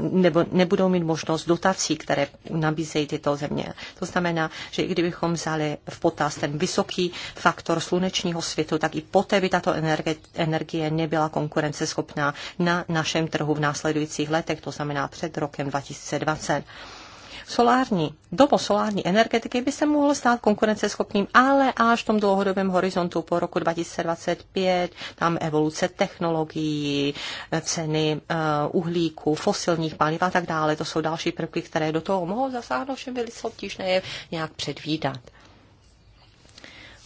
S3: nebo nebudou mít možnost dotací, které nabízejí tyto země. To znamená, že i kdybychom vzali v potaz ten vysoký faktor slunečního světu, tak i poté by tato energie, energie nebyla konkurenceschopná na našem trhu v následujících letech, to znamená před rokem 2020 solární, dovoz solární energetiky by se mohl stát konkurenceschopným, ale až v tom dlouhodobém horizontu po roku 2025, tam evoluce technologií, ceny eh, uhlíku, fosilních paliv a tak dále, to jsou další prvky, které do toho mohou zasáhnout, všem velice obtížné je nějak předvídat.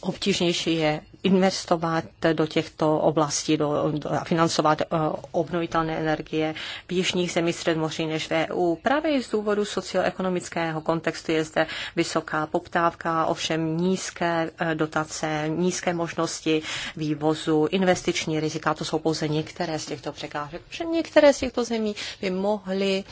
S3: Obtížnější je investovat do těchto oblastí, do, do, financovat eh, obnovitelné energie v jižních zemí Středmoří než v EU. Právě z důvodu socioekonomického kontextu je zde vysoká poptávka, ovšem nízké eh, dotace, nízké možnosti vývozu, investiční rizika, to jsou pouze některé z těchto překážek. Že některé z těchto zemí by mohly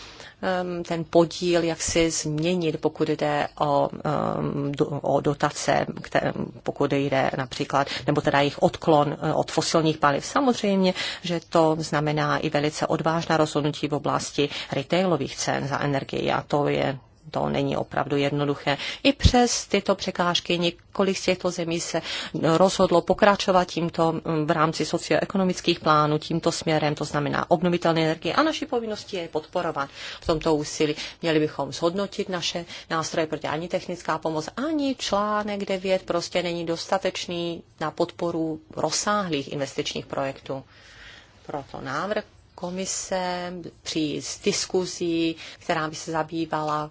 S3: um, ten podíl jaksi změnit, pokud jde o, um, do, o dotace, které, pokud jde například nebo teda jejich odklon eh, od fosilních paliv. Samozřejmě, že to znamená i velice odvážná rozhodnutí v oblasti retailových cen za energii a to je to není opravdu jednoduché. I přes tyto překážky několik z těchto zemí se rozhodlo pokračovat tímto mm, v rámci socioekonomických plánů, tímto směrem, to znamená obnovitelné energie a naší povinnosti je podporovat v tomto úsilí. Měli bychom zhodnotit naše nástroje, protože ani technická pomoc, ani článek 9 prostě není dostatečný na podporu rozsáhlých investičních projektů. Proto návrh komise při diskuzí, která by se zabývala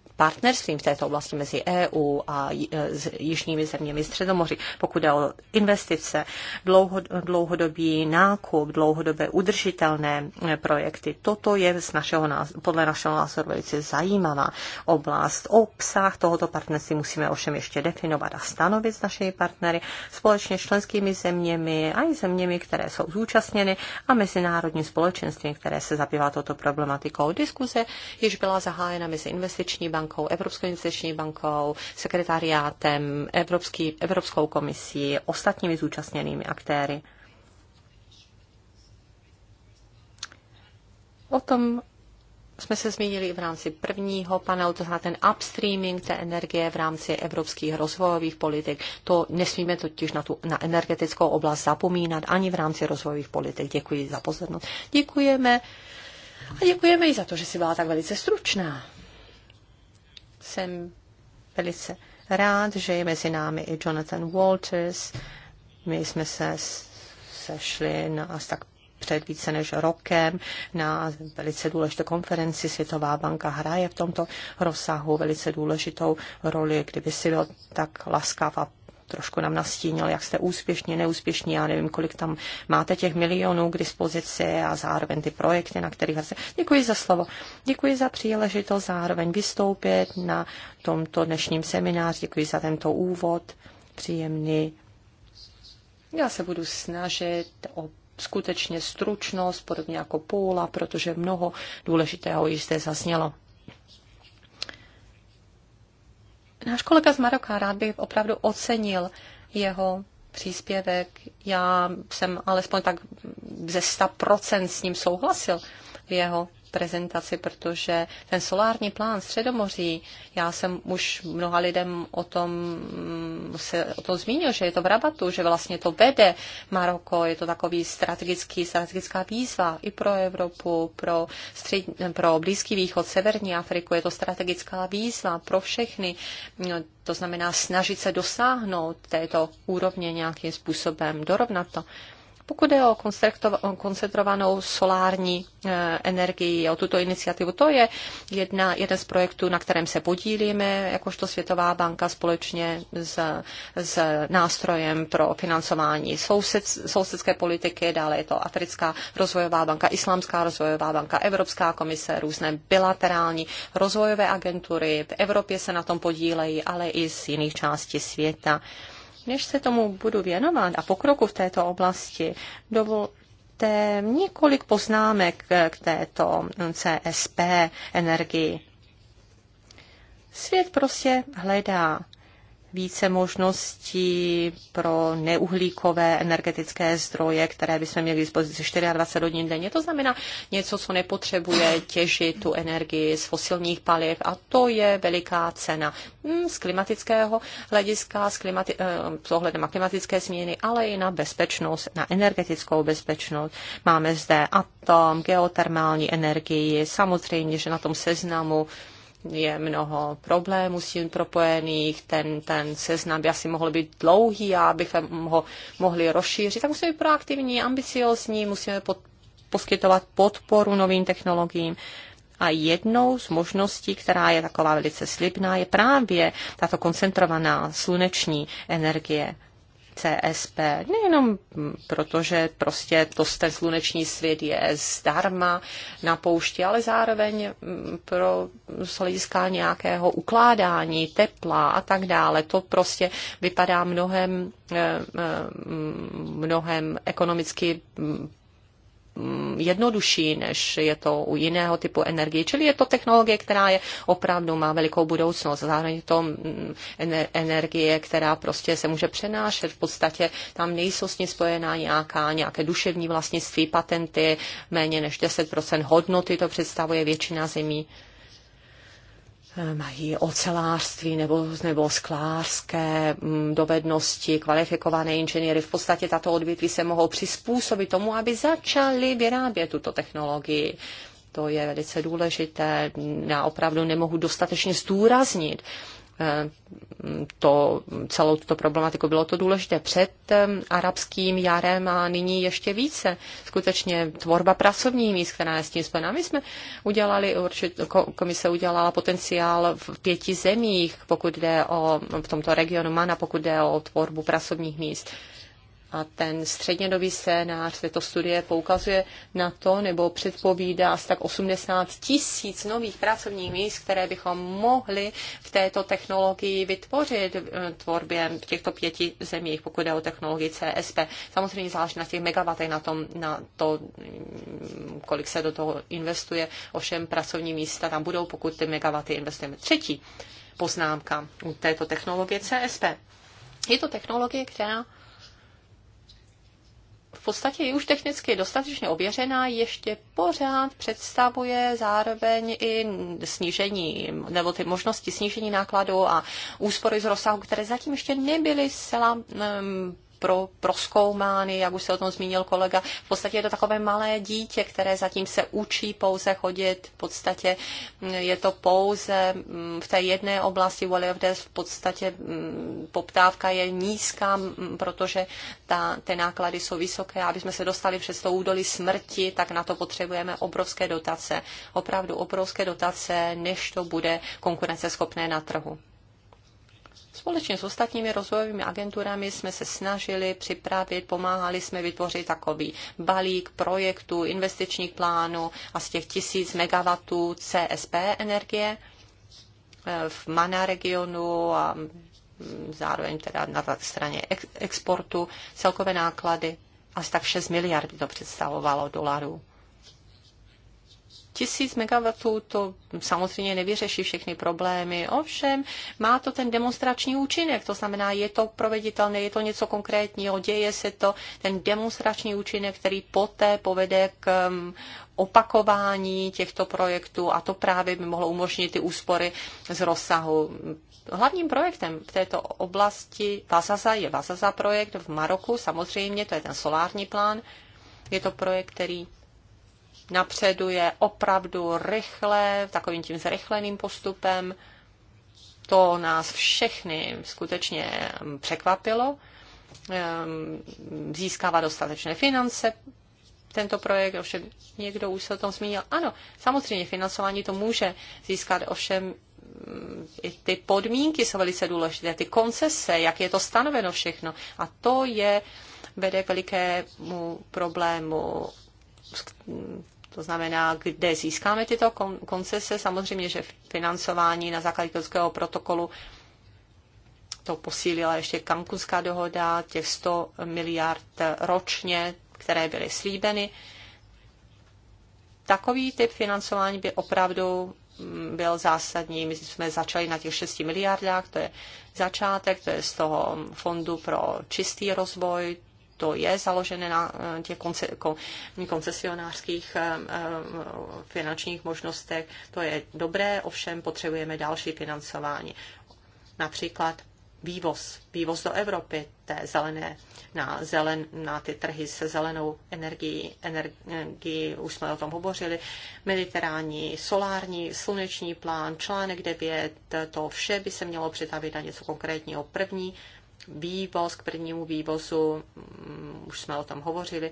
S3: partnerstvím v této oblasti mezi EU a e, jižními zeměmi Středomoří, pokud je o investice, dlouhodobý nákup, dlouhodobé udržitelné e, projekty. Toto je z našeho, podle našeho názoru velice zajímavá oblast. Obsah tohoto partnerství musíme ovšem ještě definovat a stanovit s našimi partnery společně s členskými zeměmi a i zeměmi, které jsou zúčastněny a mezinárodním společenstvím, které se zabývá touto problematikou. Diskuze již byla zahájena mezi investiční bankou bankou, Evropskou investiční bankou, sekretariátem, Evropský, Evropskou komisí, ostatními zúčastněnými aktéry. O tom jsme se zmínili v rámci prvního panelu, to znamená ten upstreaming té energie v rámci evropských rozvojových politik. To nesmíme totiž na, tu, na energetickou oblast zapomínat ani v rámci rozvojových politik. Děkuji za pozornost. Děkujeme. A děkujeme i za to, že jsi byla tak velice stručná. Jsem velice rád, že je mezi námi i Jonathan Walters. My jsme se sešli na asi tak před více než rokem na velice důležité konferenci. Světová banka hraje v tomto rozsahu velice důležitou roli. Kdyby si byl tak laskav a trošku nám nastínil, jak jste úspěšní, neúspěšní, já nevím, kolik tam máte těch milionů k dispozici a zároveň ty projekty, na kterých se... Děkuji za slovo. Děkuji za příležitost zároveň vystoupit na tomto dnešním semináři. Děkuji za tento úvod. Příjemný. Já se budu snažit o skutečně stručnost, podobně jako půla, protože mnoho důležitého již zde zaznělo. Náš kolega z Maroka rád bych opravdu ocenil jeho příspěvek. Já jsem alespoň tak ze 100% s ním souhlasil v jeho prezentaci, protože ten solární plán Středomoří, já jsem už mnoha lidem o tom, mm, se, o tom zmínil, že je to v Rabatu, že vlastně to vede Maroko, je to takový strategický, strategická výzva i pro Evropu, pro, střed, pro Blízký východ, Severní Afriku, je to strategická výzva pro všechny, no, to znamená snažit se dosáhnout této úrovně nějakým způsobem, dorovnat to. Pokud je o koncentrovanou solární eh, energii, o tuto iniciativu, to je jedna, jeden z projektů, na kterém se podílíme, jakožto Světová banka společně s, s nástrojem pro financování soused, sousedské politiky, dále je to Africká rozvojová banka, Islámská rozvojová banka, Evropská komise, různé bilaterální rozvojové agentury. V Evropě se na tom podílejí, ale i z jiných částí světa než se tomu budu věnovat a pokroku v této oblasti, dovolte několik poznámek k této CSP energii. Svět prostě hledá více možností pro neuhlíkové energetické zdroje, které bychom měli k dispozici 24 hodin denně. To znamená něco, co nepotřebuje těžit tu energii z fosilních paliv a to je veliká cena hmm, z klimatického hlediska, s, klimati- eh, s ohledem na klimatické změny, ale i na bezpečnost, na energetickou bezpečnost. Máme zde atom, geotermální energii, samozřejmě, že na tom seznamu je mnoho problémů s tím propojených, ten, ten seznam by asi mohl být dlouhý a abychom ho mohli rozšířit. Tak musíme být proaktivní, ambiciozní, musíme pod, poskytovat podporu novým technologiím. A jednou z možností, která je taková velice slibná, je právě tato koncentrovaná sluneční energie. CSP, nejenom proto, že prostě to ten sluneční svět je zdarma na poušti, ale zároveň mm, pro z hlediska nějakého ukládání, tepla a tak dále. To prostě vypadá mnohem, eh, eh, mnohem ekonomicky Mm, jednodušší, než je to u jiného typu energie. Čili je to technologie, která je opravdu má velikou budoucnost. Zároveň to mm, energie, která prostě se může přenášet. V podstatě tam nejsou s ní spojená nějaká, nějaké duševní vlastnictví, patenty, méně než 10% hodnoty to představuje většina zemí. Eh, mají ocelářství nebo, nebo sklářské mm, dovednosti, kvalifikované inženýry. V podstatě tato odvětví se mohou přizpůsobit tomu, aby začaly vyrábět tuto technologii. To je velice důležité. Já opravdu nemohu dostatečně zdůraznit Eh, to, celou tuto problematiku. Bylo to důležité před eh, arabským jarem a nyní ještě více. Skutečně tvorba pracovních míst, která je s tím spojená. My jsme udělali, určit, komise udělala potenciál v pěti zemích, pokud jde o, v tomto regionu Mana, pokud jde o tvorbu pracovních míst. A ten střednědobý scénář této studie poukazuje na to, nebo předpovídá asi tak 80 tisíc nových pracovních míst, které bychom mohli v této technologii vytvořit v eh, tvorbě v těchto pěti zemích, pokud jde o technologii CSP. Samozřejmě záleží na těch megawatech, na, tom, na to, mm, kolik se do toho investuje. Ovšem pracovní místa tam budou, pokud ty megawaty investujeme. Třetí poznámka u této technologie CSP. Je to technologie, která v podstatě je už technicky dostatečně ověřená, ještě pořád představuje zároveň i snížení, nebo ty možnosti snížení nákladů a úspory z rozsahu, které zatím ještě nebyly zcela um, pro, proskoumány, jak už se o tom zmínil kolega. V podstatě je to takové malé dítě, které zatím se učí pouze chodit. V podstatě mm, je to pouze mm, v té jedné oblasti Wall of Death. V podstatě mm, poptávka je nízká, protože ta, ty náklady jsou vysoké. Aby jsme se dostali přes to údolí smrti, tak na to potřebujeme obrovské dotace. Opravdu obrovské dotace, než to bude konkurenceschopné na trhu. Společně s ostatními rozvojovými agenturami jsme se snažili připravit, pomáhali jsme vytvořit takový balík projektů, investičních plánů a z těch tisíc megawatů CSP energie eh, v Mana regionu a mm, zároveň teda na straně exportu celkové náklady asi tak 6 miliard to představovalo dolarů. Tisíc megawatů to samozřejmě nevyřeší všechny problémy, ovšem má to ten demonstrační účinek, to znamená, je to proveditelné, je to něco konkrétního, děje se to, ten demonstrační účinek, který poté povede k um, opakování těchto projektů a to právě by mohlo umožnit ty úspory z rozsahu. Hlavním projektem v této oblasti Vazaza je Vazaza projekt v Maroku, samozřejmě to je ten solární plán. Je to projekt, který napředuje opravdu rychle, takovým tím zrychleným postupem. To nás všechny skutečně překvapilo. Ehm, získává dostatečné finance tento projekt, ovšem někdo už se o tom zmínil. Ano, samozřejmě financování to může získat, ovšem mm, i ty podmínky jsou velice důležité, ty koncese, jak je to stanoveno všechno. A to je vede k velikému problému to znamená, kde získáme tyto koncese, samozřejmě, že financování na základě protokolu to posílila ještě Kankunská dohoda, těch 100 miliard ročně, které byly slíbeny. Takový typ financování by opravdu mm, byl zásadní. My jsme začali na těch 6 miliardách, to je začátek, to je z toho fondu pro čistý rozvoj, to je založené na eh, těch koncesionářských eh, eh, finančních možnostech. To je dobré, ovšem potřebujeme další financování. Například vývoz, vývoz do Evropy té zelené, na, zelen, na ty trhy se zelenou energií, energii, už jsme o tom hovořili, mediterální, solární, sluneční plán, článek 9, to vše by se mělo přetavit na něco konkrétního. První vývoz, k prvnímu vývozu, mm, už jsme o tom hovořili,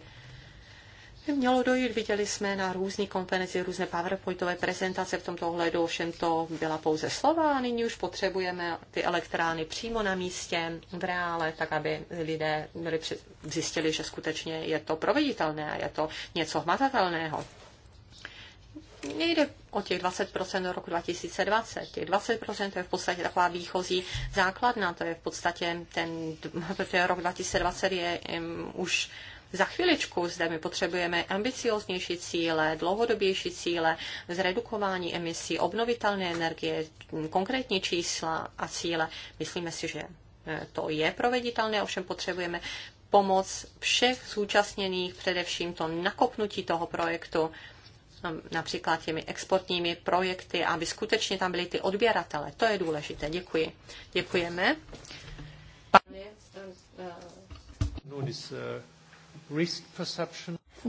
S3: mělo dojít. Viděli jsme na různých konferencích různé PowerPointové prezentace v tomto ohledu, ovšem to byla pouze slova a nyní už potřebujeme ty elektrány přímo na místě v reále, tak aby lidé byli zjistili, že skutečně je to proveditelné a je to něco hmatatelného. Nejde o těch 20% do roku 2020. Těch 20% to je v podstatě taková výchozí základna, to je v podstatě ten, ten rok 2020 je um, už za chviličku zde my potřebujeme ambicioznější cíle, dlouhodobější cíle, zredukování emisí, obnovitelné energie, konkrétní čísla a cíle. Myslíme si, že e, to je proveditelné, ovšem potřebujeme pomoc všech zúčastněných, především to nakopnutí toho projektu, No, například těmi exportními projekty, aby skutečně tam byly ty odběratele. To je důležité. Děkuji. Děkujeme.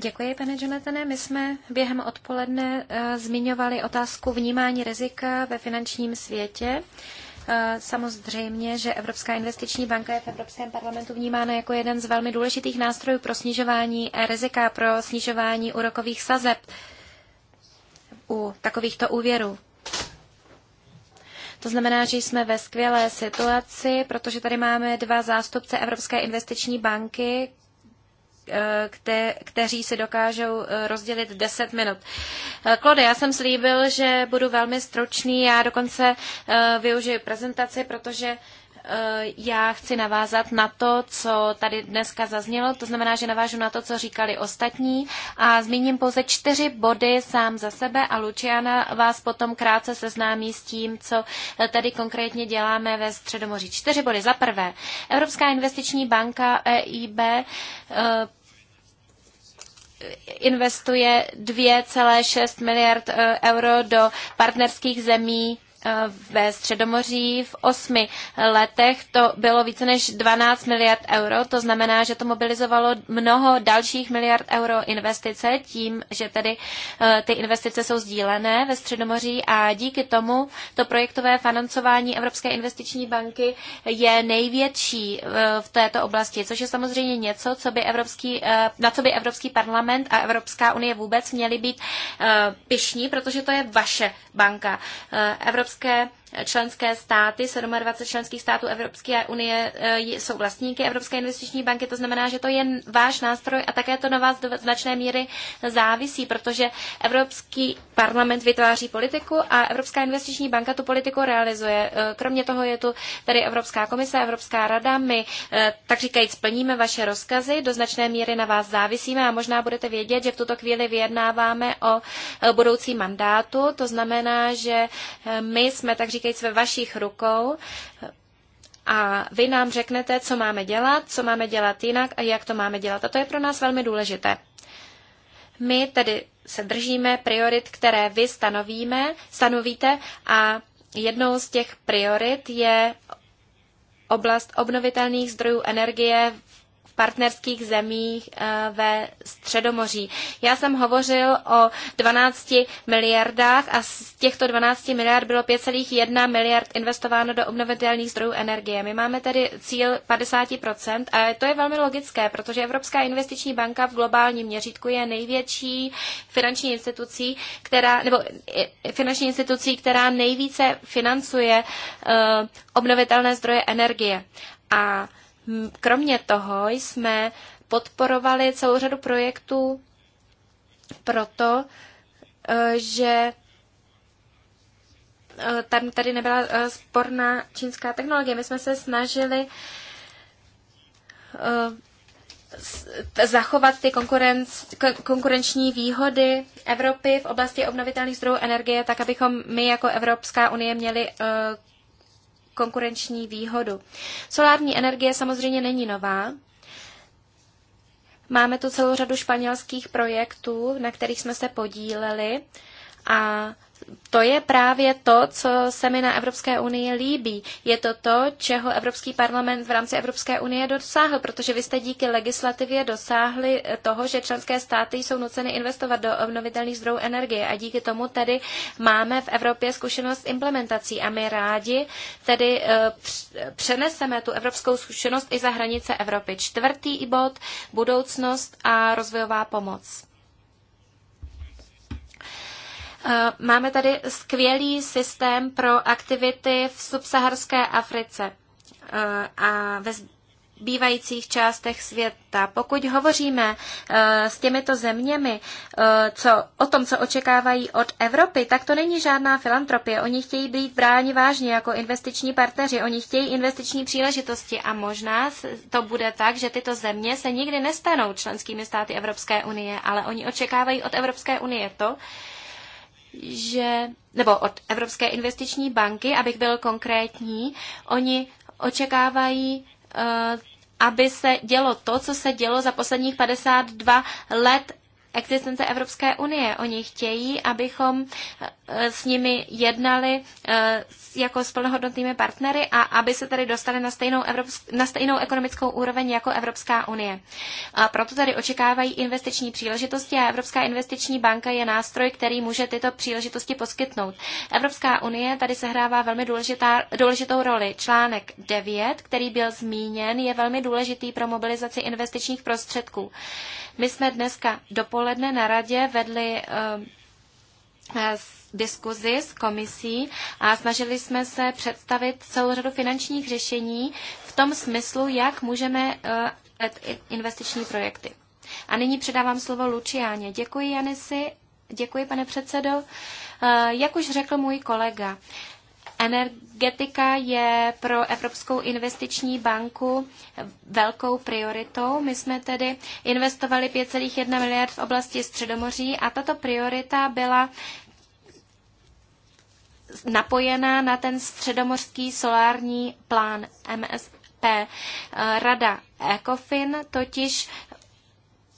S2: Děkuji, pane Jonathane. My jsme během odpoledne eh, zmiňovali otázku vnímání rizika ve finančním světě. Eh, samozřejmě, že Evropská investiční banka je v Evropském parlamentu vnímána jako jeden z velmi důležitých nástrojů pro snižování rizika, pro snižování úrokových sazeb u takovýchto úvěrů. To znamená, že jsme ve skvělé situaci, protože tady máme dva zástupce Evropské investiční banky, eh, kte, kteří si dokážou eh, rozdělit 10 minut. Eh, Klode, já jsem slíbil, že budu velmi stručný, já dokonce využiju prezentaci, protože Eh, já chci navázat na to, co tady dneska zaznělo, to znamená, že navážu na to, co říkali ostatní a zmíním pouze čtyři body sám za sebe a Luciana vás potom krátce seznámí s tím, co eh, tady konkrétně děláme ve Středomoří. Čtyři body. Za prvé, Evropská investiční banka EIB eh, investuje 2,6 miliard euro do partnerských zemí Eh, ve Středomoří. V osmi letech to bylo více než 12 miliard euro, to znamená, že to mobilizovalo mnoho dalších miliard euro investice tím, že tedy eh, ty investice jsou sdílené ve Středomoří a díky tomu to projektové financování Evropské investiční banky je největší eh, v této oblasti, což je samozřejmě něco, co by Evropský, na co by Evropský parlament a Evropská unie vůbec měly být pišní, protože to je vaše banka. Evropská evropské členské státy, 27 členských států Evropské unie eh, jsou vlastníky Evropské investiční banky, to znamená, že to je váš nástroj a také to na vás do značné míry závisí, protože Evropský parlament vytváří politiku a Evropská investiční banka tu politiku realizuje. Eh, kromě toho je tu tady Evropská komise, Evropská rada, my eh, tak říkajíc splníme vaše rozkazy, do značné míry na vás závisíme a možná budete vědět, že v tuto chvíli vyjednáváme o budoucí mandátu, to znamená, že my jsme tak říkajíc říkajíc ve vašich rukou a vy nám řeknete, co máme dělat, co máme dělat jinak a jak to máme dělat. A to je pro nás velmi důležité. My tedy se držíme priorit, které vy stanovíme, stanovíte a jednou z těch priorit je oblast obnovitelných zdrojů energie partnerských zemích eh, ve Středomoří. Já jsem hovořil o 12 miliardách a z těchto 12 miliard bylo 5,1 miliard investováno do obnovitelných zdrojů energie. My máme tedy cíl 50% a to je velmi logické, protože Evropská investiční banka v globálním měřítku je největší finanční institucí, která, nebo eh, finanční institucí, která nejvíce financuje uh, obnovitelné zdroje energie. A Kromě toho jsme podporovali celou řadu projektů proto, e, že e, tam tady nebyla e, sporná čínská technologie. My jsme se snažili zachovat ty konkurenční výhody Evropy v oblasti obnovitelných zdrojů energie, tak abychom my jako Evropská unie měli konkurenční výhodu. Solární energie samozřejmě není nová. Máme tu celou řadu španělských projektů, na kterých jsme se podíleli a to je právě to, co se mi na Evropské unii líbí. Je to to, čeho Evropský parlament v rámci Evropské unie dosáhl, protože vy jste díky legislativě dosáhli toho, že členské státy jsou nuceny investovat do obnovitelných zdrojů energie a díky tomu tedy máme v Evropě zkušenost s implementací a my rádi tedy eh, přeneseme tu evropskou zkušenost i za hranice Evropy. Čtvrtý bod, budoucnost a rozvojová pomoc. Eh, máme tady skvělý systém pro aktivity v subsaharské Africe eh, a ve bývajících částech světa. Pokud hovoříme eh, s těmito zeměmi co, o tom, co očekávají od Evropy, tak to není žádná filantropie. Oni chtějí být bráni vážně jako investiční partneři, oni chtějí investiční příležitosti a možná to bude tak, že tyto země se nikdy nestanou členskými státy Evropské unie, ale oni očekávají od Evropské unie to, že, nebo od Evropské investiční banky, abych byl konkrétní, oni očekávají eh, aby se dělo to, co se dělo za posledních 52 let existence Evropské unie. Oni chtějí, abychom eh, s nimi jednali eh, jako s plnohodnotnými partnery a aby se tady dostali na stejnou, evropsk- na stejnou ekonomickou úroveň jako Evropská unie. A proto tady očekávají investiční příležitosti a Evropská investiční banka je nástroj, který může tyto příležitosti poskytnout. Evropská unie tady sehrává velmi důležitá, důležitou roli. Článek 9, který byl zmíněn, je velmi důležitý pro mobilizaci investičních prostředků. My jsme dneska dopoledne odpoledne na radě vedli eh, eh, diskuzi s komisí a snažili jsme se představit celou řadu finančních řešení v tom smyslu, jak můžeme eh, investiční projekty. A nyní předávám slovo Lučiáně. Děkuji, Janisi. Děkuji, pane předsedo. Jak už řekl můj kolega, Energetika je pro Evropskou investiční banku velkou prioritou. My jsme tedy investovali 5,1 miliard v oblasti Středomoří a tato priorita byla napojená na ten středomořský solární plán MSP. Rada ECOFIN totiž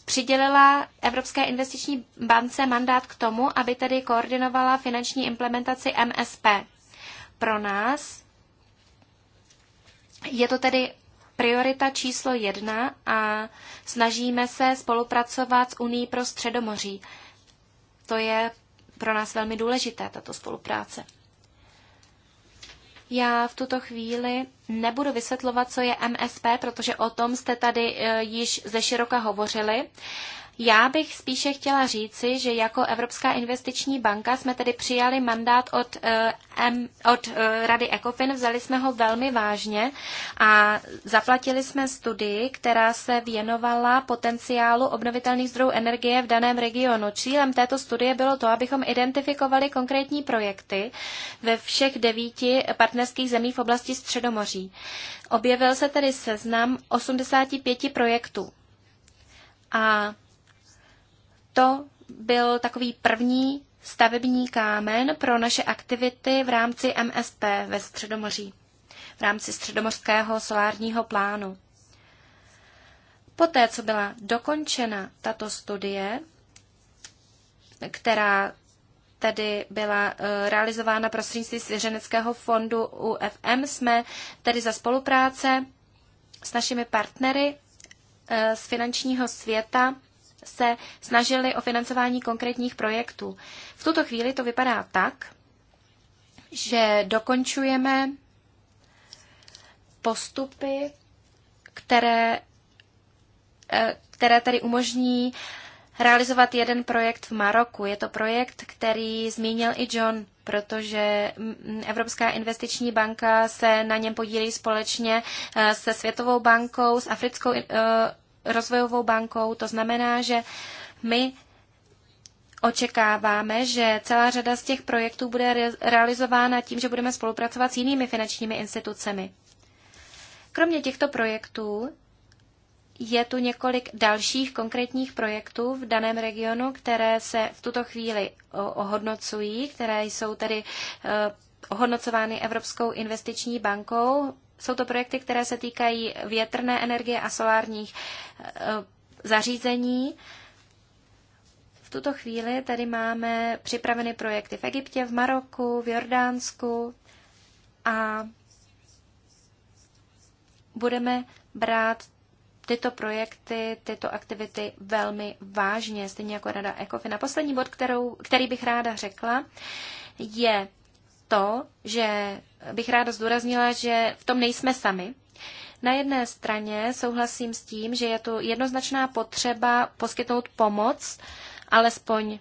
S2: přidělila Evropské investiční bance mandát k tomu, aby tedy koordinovala finanční implementaci MSP pro nás je to tedy priorita číslo jedna a snažíme se spolupracovat s Unii pro Středomoří. To je pro nás velmi důležité, tato spolupráce. Já v tuto chvíli nebudu vysvětlovat, co je MSP, protože o tom jste tady eh, již ze široka hovořili. Já bych spíše chtěla říci, že jako Evropská investiční banka jsme tedy přijali mandát od, eh, od eh, Rady ECOFIN, vzali jsme ho velmi vážně a zaplatili jsme studii, která se věnovala potenciálu obnovitelných zdrojů energie v daném regionu. Cílem této studie bylo to, abychom identifikovali konkrétní projekty ve všech devíti partnerských zemí v oblasti Středomoří. Objevil se tedy seznam 85 projektů. A to byl takový první stavební kámen pro naše aktivity v rámci MSP ve Středomoří, v rámci Středomořského solárního plánu. Poté, co byla dokončena tato studie, která tedy byla eh, realizována prostřednictvím Svěřeneckého fondu UFM, jsme tedy za spolupráce s našimi partnery eh, z finančního světa se snažili o financování konkrétních projektů. V tuto chvíli to vypadá tak, že dokončujeme postupy, které, eh, které tady umožní realizovat jeden projekt v Maroku. Je to projekt, který zmínil i John, protože Evropská investiční banka se na něm podílí společně eh, se Světovou bankou, s Africkou eh, rozvojovou bankou. To znamená, že my Očekáváme, že celá řada z těch projektů bude realizována tím, že budeme spolupracovat s jinými finančními institucemi. Kromě těchto projektů je tu několik dalších konkrétních projektů v daném regionu, které se v tuto chvíli ohodnocují, které jsou tedy eh, ohodnocovány Evropskou investiční bankou. Jsou to projekty, které se týkají větrné energie a solárních eh, zařízení. V tuto chvíli tady máme připraveny projekty v Egyptě, v Maroku, v Jordánsku a budeme brát tyto projekty, tyto aktivity velmi vážně, stejně jako Rada ECOFIN. A poslední bod, kterou, který bych ráda řekla, je to, že bych ráda zdůraznila, že v tom nejsme sami. Na jedné straně souhlasím s tím, že je tu jednoznačná potřeba poskytnout pomoc, alespoň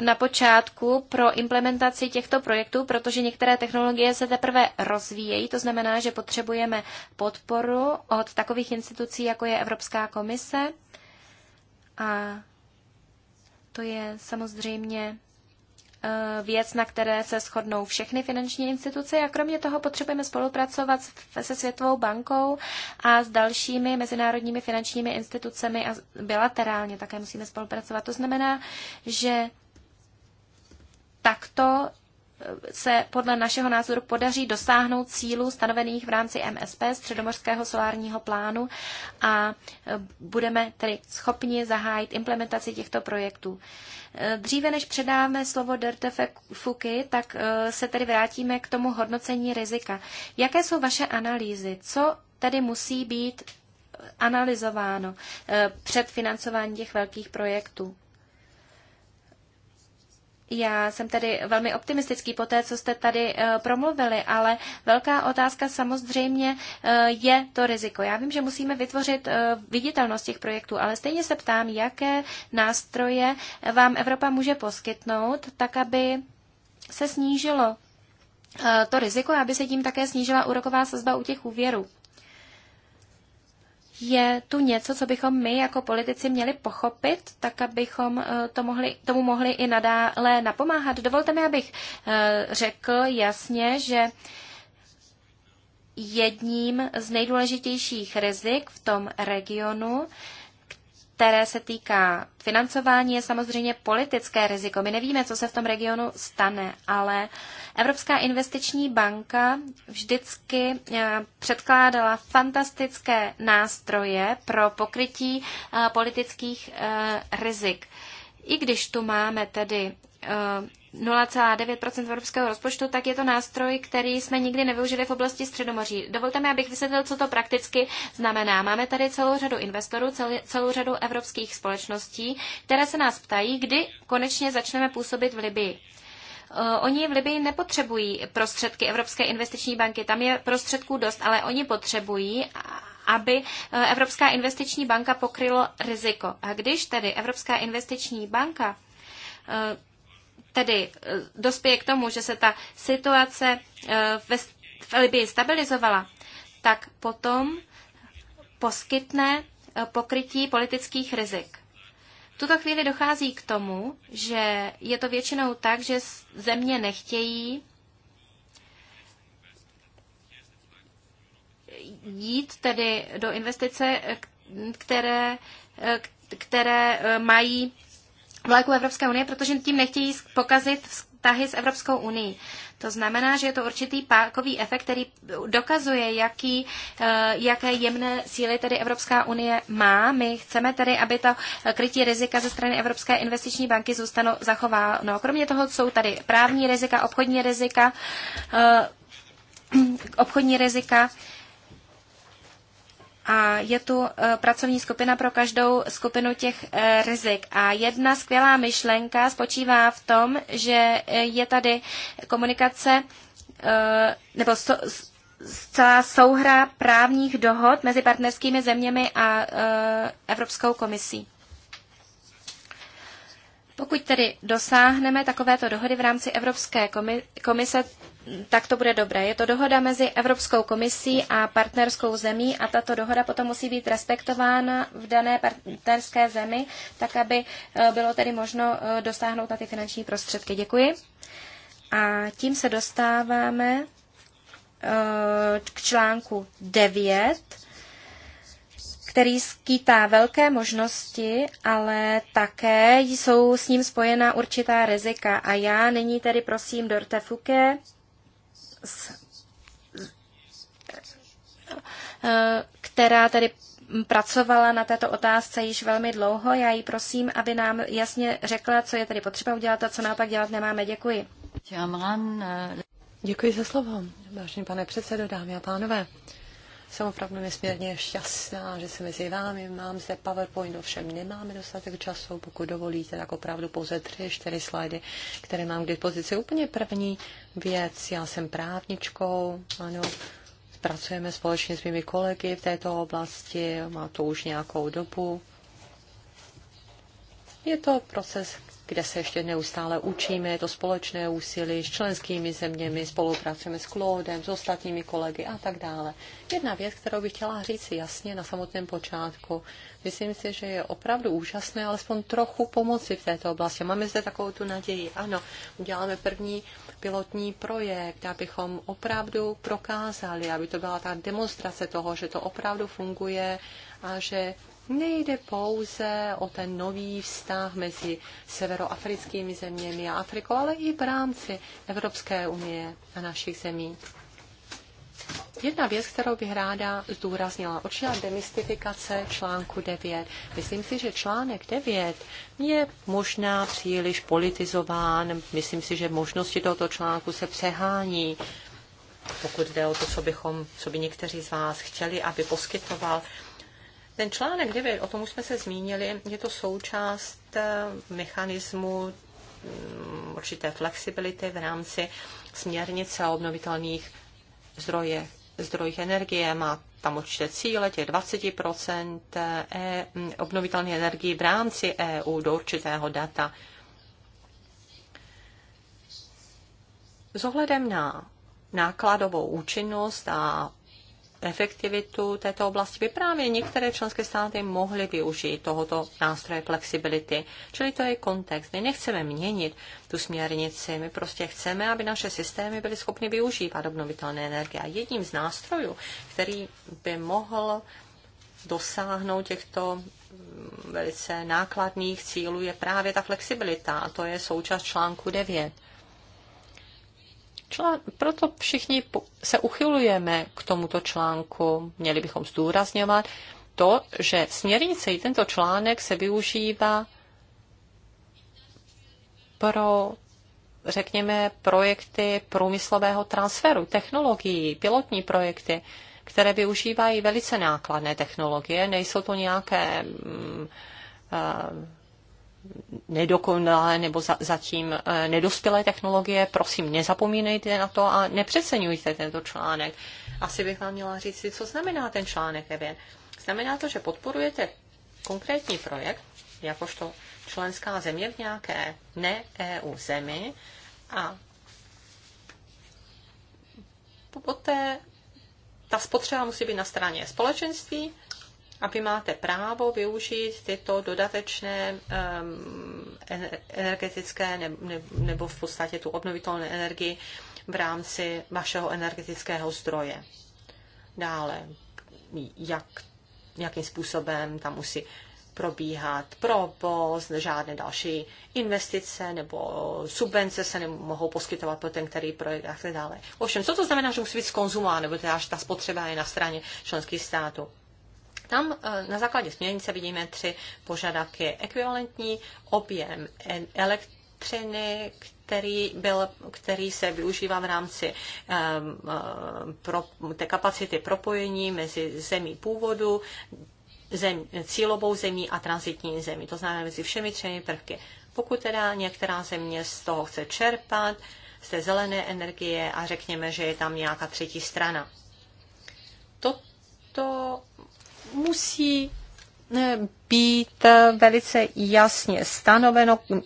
S2: na počátku pro implementaci těchto projektů, protože některé technologie se teprve rozvíjejí, to znamená, že potřebujeme podporu od takových institucí, jako je Evropská komise. A to je samozřejmě Eh, věc, na které se shodnou všechny finanční instituce a kromě toho potřebujeme spolupracovat se Světovou bankou a s dalšími mezinárodními finančními institucemi a bilaterálně také musíme spolupracovat. To znamená, že takto se podle našeho názoru podaří dosáhnout cílů stanovených v rámci MSP, Středomorského solárního plánu, a e, budeme tedy schopni zahájit implementaci těchto projektů. E, dříve než předáme slovo DRTF Fuky, tak e, se tedy vrátíme k tomu hodnocení rizika. Jaké jsou vaše analýzy? Co tedy musí být analyzováno před financováním těch velkých projektů? Já jsem tedy velmi optimistický po té, co jste tady eh, promluvili, ale velká otázka samozřejmě eh, je to riziko. Já vím, že musíme vytvořit eh, viditelnost těch projektů, ale stejně se ptám, jaké nástroje vám Evropa může poskytnout, tak aby se snížilo to riziko, aby se tím také snížila úroková sazba u těch úvěrů je tu něco, co bychom my jako politici měli pochopit, tak abychom eh, to mohli, tomu mohli i nadále napomáhat. Dovolte mi, abych eh, řekl jasně, že jedním z nejdůležitějších rizik v tom regionu které se týká financování, je samozřejmě politické riziko. My nevíme, co se v tom regionu stane, ale Evropská investiční banka vždycky eh, předkládala fantastické nástroje pro pokrytí eh, politických eh, rizik. I když tu máme tedy 0,9 evropského rozpočtu, tak je to nástroj, který jsme nikdy nevyužili v oblasti Středomoří. Dovolte mi, abych vysvětlil, co to prakticky znamená. Máme tady celou řadu investorů, celou, řadu evropských společností, které se nás ptají, kdy konečně začneme působit v Libii. Eh, oni v Libii nepotřebují prostředky Evropské investiční banky, tam je prostředků dost, ale oni potřebují, aby eh, Evropská investiční banka pokrylo riziko. A když tedy Evropská investiční banka eh, tedy eh, dospěje k tomu, že se ta situace eh, v Libii stabilizovala, tak potom poskytne eh, pokrytí politických rizik. V tuto chvíli dochází k tomu, že je to většinou tak, že země nechtějí jít tedy do investice, které, které mají vlajku Evropské unie, protože tím nechtějí pokazit vztahy s Evropskou unii. To znamená, že je to určitý pákový efekt, který dokazuje, jaký, eh, jaké jemné síly tedy Evropská unie má. My chceme tedy, aby to krytí rizika ze strany Evropské investiční banky zůstalo zachováno. Kromě toho jsou tady právní rizika, obchodní rizika, eh, obchodní rizika a je tu e, pracovní skupina pro každou skupinu těch e, rizik. A jedna skvělá myšlenka spočívá v tom, že e, je tady komunikace nebo celá souhra právních dohod mezi partnerskými zeměmi a Evropskou komisí. Pokud tedy dosáhneme takovéto dohody v rámci Evropské komise, tak to bude dobré. Je to dohoda mezi Evropskou komisí a partnerskou zemí a tato dohoda potom musí být respektována v dané partnerské zemi, tak aby eh, bylo tedy možno eh, dosáhnout na ty finanční prostředky. Děkuji. A tím se dostáváme eh, k článku 9 který skýtá velké možnosti, ale také jsou s ním spojena určitá rizika. A já nyní tedy prosím Dorte Fuke z eh, která tedy pracovala na této otázce již velmi dlouho. Já ji prosím, aby nám jasně řekla, co je tedy potřeba udělat a co naopak dělat nemáme. Děkuji.
S3: Děkuji za slovo, vážený pane předsedo, dámy a pánové. Jsem opravdu nesmírně šťastná, že se mezi vámi mám zde PowerPoint, ovšem nemáme dostatek času, pokud dovolíte, tak opravdu pouze tři, čtyři slajdy, které mám k dispozici. Úplně první věc, já jsem právničkou, ano, pracujeme společně s mými kolegy v této oblasti, má to už nějakou dobu. Je to proces kde se ještě neustále učíme, je to společné úsilí s členskými zeměmi, spolupracujeme s Klódem, s ostatními kolegy a tak dále. Jedna věc, kterou bych chtěla říct jasně na samotném počátku, myslím si, že je opravdu úžasné alespoň trochu pomoci v této oblasti. Máme zde takovou tu naději. Ano, uděláme první pilotní projekt, abychom opravdu prokázali, aby to byla ta demonstrace toho, že to opravdu funguje a že Nejde pouze o ten nový vztah mezi severoafrickými zeměmi a Afrikou, ale i v rámci Evropské unie a našich zemí. Jedna věc, kterou bych ráda zdůraznila, určitá demystifikace článku 9. Myslím si, že článek 9 je možná příliš politizován. Myslím si, že možnosti tohoto článku se přehání, pokud jde o to, co, bychom, co by někteří z vás chtěli, aby poskytoval ten článek 9, o tom už jsme se zmínili, je to součást eh, mechanismu mm, určité flexibility v rámci směrnice o obnovitelných zdroje, zdrojích energie. Má tam určité cíle, těch 20 eh, e, mm, obnovitelných energií v rámci EU do určitého data. Zohledem na nákladovou účinnost a efektivitu této oblasti by právě některé členské státy mohly využít tohoto nástroje flexibility. Čili to je kontext. My nechceme měnit tu směrnici, my prostě chceme, aby naše systémy byly schopny využívat obnovitelné energie. A jedním z nástrojů, který by mohl dosáhnout těchto mm, velice nákladných cílů je právě ta flexibilita a to je součást článku 9. Člán, proto všichni se uchylujeme k tomuto článku. Měli bychom zdůrazňovat to, že směrnice i tento článek se využívá pro, řekněme, projekty průmyslového transferu, technologií, pilotní projekty, které využívají velice nákladné technologie. Nejsou to nějaké mm, eh, nedokonalé nebo za, zatím eh, nedospělé technologie. Prosím, nezapomínejte na to a nepřeceňujte tento článek. Asi bych vám měla říct, co znamená ten článek 9. Znamená to, že podporujete konkrétní projekt, jakožto členská země v nějaké ne-EU zemi a poté ta spotřeba musí být na straně společenství a vy máte právo využít tyto dodatečné um, energetické ne, ne, nebo v podstatě tu obnovitelnou energii v rámci vašeho energetického zdroje. Dále, jak, jakým způsobem tam musí probíhat provoz, žádné další investice nebo subvence se nemohou poskytovat pro ten, který projekt a tak dále. Ovšem, co to znamená, že musí být skonzumováno, nebo teda, že ta spotřeba je na straně členských států? Tam eh, na základě směrnice vidíme tři požadavky. Ekvivalentní objem elektřiny, který, byl, který se využívá v rámci um, pro, té kapacity propojení mezi zemí původu, zem, cílovou zemí a transitní zemí. To znamená mezi všemi třemi prvky. Pokud teda některá země z toho chce čerpat, z té zelené energie a řekněme, že je tam nějaká třetí strana. Toto musí eh, být eh, velice jasně stanoveno, hm,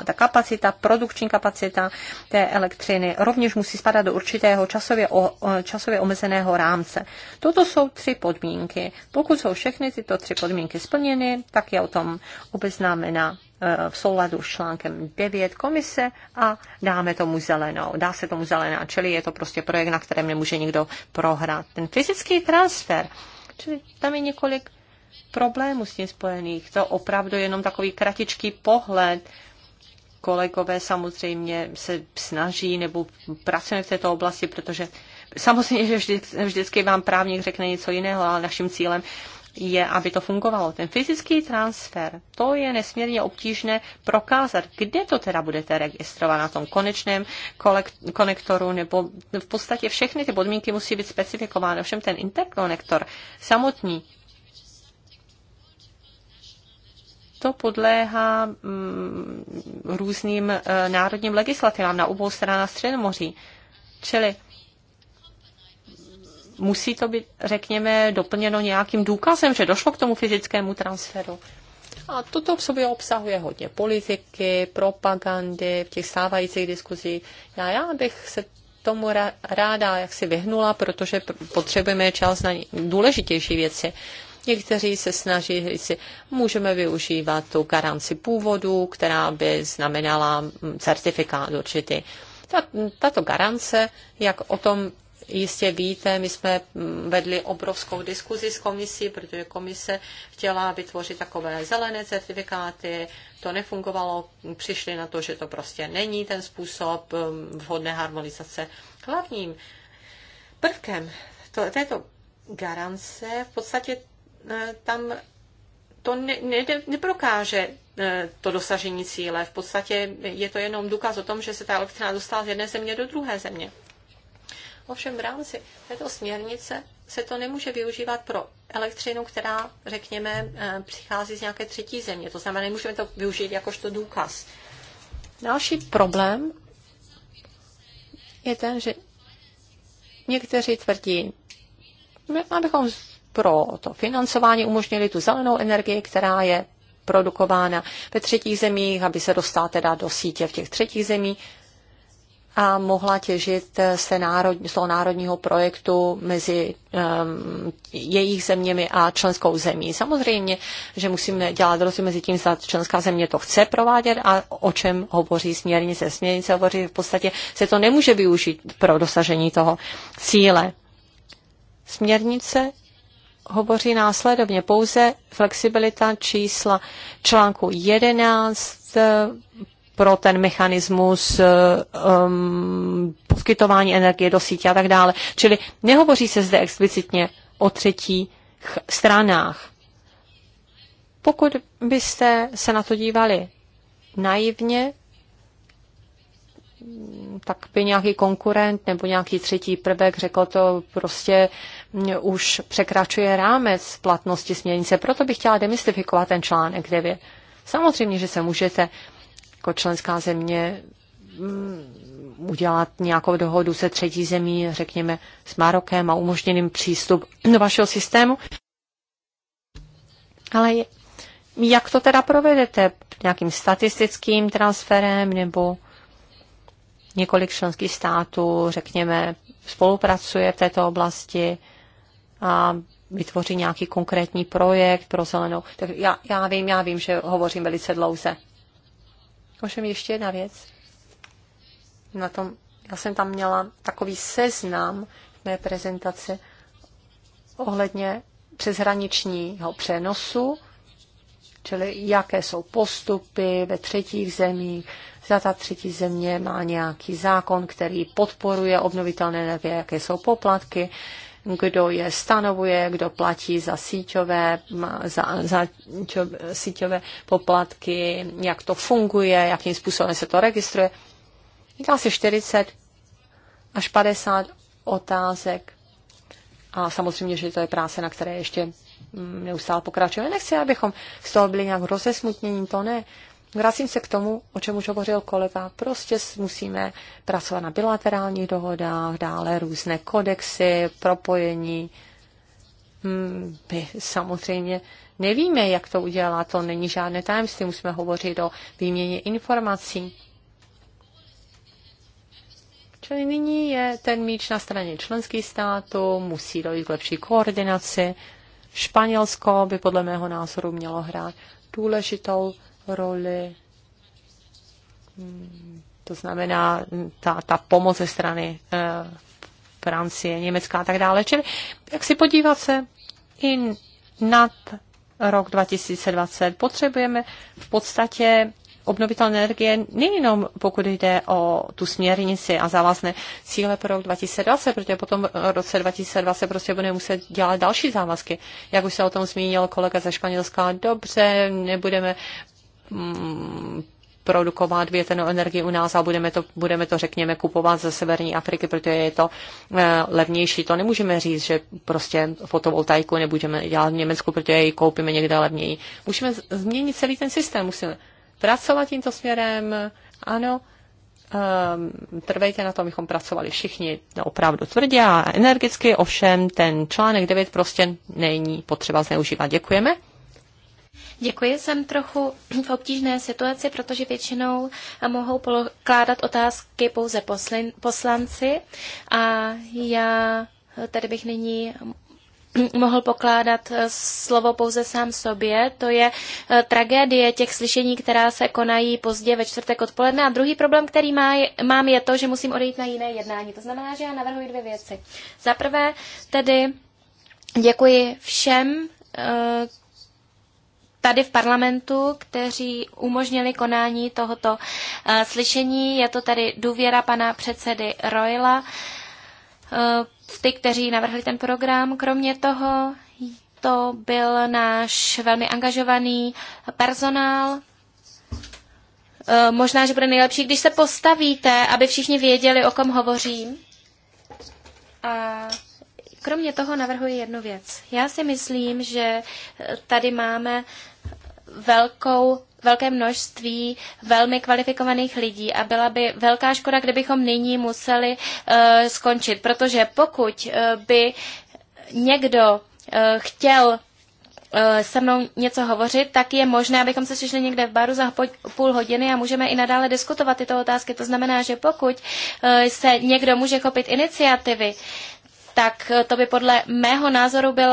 S3: eh, ta kapacita, produkční kapacita té elektřiny rovněž musí spadat do určitého časově, o, časově omezeného rámce. Toto jsou tři podmínky. Pokud jsou všechny tyto tři podmínky splněny, tak je o tom obeznámena v souladu s článkem 9 komise a dáme tomu zelenou. Dá se tomu zelená, čili je to prostě projekt, na kterém nemůže nikdo prohrát. Ten fyzický transfer Čili tam je několik problémů s tím spojených. To opravdu jenom takový kratičký pohled. Kolegové samozřejmě se snaží nebo pracují v této oblasti, protože samozřejmě, že vždy, vždycky vám právník řekne něco jiného, ale naším cílem je, aby to fungovalo. Ten fyzický transfer, to je nesmírně obtížné prokázat, kde to teda budete registrovat na tom konečném konektoru, nebo v podstatě všechny ty podmínky musí být specifikovány. Ovšem ten interkonektor samotný, to podléhá mm, různým e, národním legislativám na obou stranách Středomoří. Čili musí to být, řekněme, doplněno nějakým důkazem, že došlo k tomu fyzickému transferu. A toto v sobě obsahuje hodně politiky, propagandy, v těch stávajících diskuzí. Já, já bych se tomu ráda jak si vyhnula, protože potřebujeme čas na důležitější věci. Někteří se snaží říci, můžeme využívat tu garanci původu, která by znamenala mm, certifikát určitý. Tato garance, jak o tom jistě víte, my jsme mm, vedli obrovskou diskuzi s komisí, protože komise chtěla vytvořit takové zelené certifikáty, to nefungovalo, přišli na to, že to prostě není ten způsob mm, vhodné harmonizace. Hlavním prvkem to, této garance v podstatě e, tam to ne, ne, neprokáže e, to dosažení cíle. V podstatě je to jenom důkaz o tom, že se ta elektřina dostala z jedné země do druhé země. Ovšem v rámci této směrnice se to nemůže využívat pro elektřinu, která, řekněme, eh, přichází z nějaké třetí země. To znamená, nemůžeme to využít jakožto důkaz. Další problém je ten, že někteří tvrdí, abychom pro to financování umožnili tu zelenou energii, která je produkována ve třetích zemích, aby se dostala teda do sítě v těch třetích zemích a mohla těžit z, národ, z toho národního projektu mezi um, jejich zeměmi a členskou zemí. Samozřejmě, že musíme dělat rozdíl mezi tím, zda členská země to chce provádět a o čem hovoří směrnice. Směrnice hovoří, že v podstatě se to nemůže využít pro dosažení toho cíle. Směrnice hovoří následovně pouze flexibilita čísla článku 11 pro ten mechanismus um, poskytování energie do sítě a tak dále. Čili nehovoří se zde explicitně o třetích stranách. Pokud byste se na to dívali naivně, tak by nějaký konkurent nebo nějaký třetí prvek řekl to prostě už překračuje rámec platnosti směrnice. Proto bych chtěla demystifikovat ten článek 9. Samozřejmě, že se můžete jako členská země mm, udělat nějakou dohodu se třetí zemí, řekněme s Marokem a umožněným přístup do vašeho systému. Ale jak to teda provedete? Nějakým statistickým transferem nebo několik členských států, řekněme, spolupracuje v této oblasti a vytvoří nějaký konkrétní projekt pro zelenou. Tak já, já vím, já vím, že hovořím velice dlouze. Možem ještě jedna věc. Na tom, já jsem tam měla takový seznam v mé prezentaci ohledně přeshraničního přenosu, čili jaké jsou postupy ve třetích zemích, za ta třetí země má nějaký zákon, který podporuje obnovitelné energie, jaké jsou poplatky, kdo je stanovuje, kdo platí za síťové, za, za čo, síťové poplatky, jak to funguje, jakým způsobem se to registruje. Je to asi 40 až 50 otázek. A samozřejmě, že to je práce, na které ještě mm, neustále pokračujeme. Nechci, abychom z toho byli nějak rozesmutnění, to ne vracím se k tomu, o čem už hovořil kolega. Prostě musíme pracovat na bilaterálních dohodách, dále různé kodexy, propojení. Hmm, my samozřejmě nevíme, jak to udělat, to není žádné tajemství, musíme hovořit o výměně informací. Čili nyní je ten míč na straně členských států, musí dojít k lepší koordinaci. Španělsko by podle mého názoru mělo hrát důležitou roli. To znamená ta, ta pomoc ze strany eh, Francie, Německa a tak dále. Čili jak si podívat se i nad rok 2020. Potřebujeme v podstatě obnovitelné energie nejenom pokud jde o tu směrnici a závazné cíle pro rok 2020, protože potom v roce 2020 prostě budeme muset dělat další závazky. Jak už se o tom zmínil kolega ze Španělska, dobře, nebudeme Mm, produkovat větrnou energii u nás a budeme to, budeme to, řekněme, kupovat ze severní Afriky, protože je to eh, levnější. To nemůžeme říct, že prostě fotovoltaiku nebudeme dělat v Německu, protože ji koupíme někde levněji. Musíme změnit celý ten systém, musíme pracovat tímto směrem, ano, ehm, trvejte na to, abychom pracovali všichni opravdu tvrdě a energicky, ovšem ten článek 9 prostě není potřeba zneužívat. Děkujeme.
S2: Děkuji, jsem trochu v obtížné situaci, protože většinou mohou pokládat otázky pouze poslin, poslanci a já tady bych nyní mohl pokládat slovo pouze sám sobě. To je eh, tragédie těch slyšení, která se konají pozdě ve čtvrtek odpoledne. A druhý problém, který má, mám, je to, že musím odejít na jiné jednání. To znamená, že já navrhuji dvě věci. Za prvé tedy děkuji všem, eh, tady v parlamentu, kteří umožnili konání tohoto eh, slyšení. Je to tady důvěra pana předsedy Royla eh, ty, kteří navrhli ten program. Kromě toho to byl náš velmi angažovaný personál. Eh, možná, že bude nejlepší, když se postavíte, aby všichni věděli, o kom hovořím. A Kromě toho navrhuji jednu věc. Já si myslím, že tady máme velkou velké množství velmi kvalifikovaných lidí a byla by velká škoda, kdybychom nyní museli uh, skončit, protože pokud uh, by někdo uh, chtěl se mnou něco hovořit, tak je možné, abychom se sešli někde v baru za půl hodiny a můžeme i nadále diskutovat tyto otázky. To znamená, že pokud se někdo může chopit iniciativy, tak to by podle mého názoru byl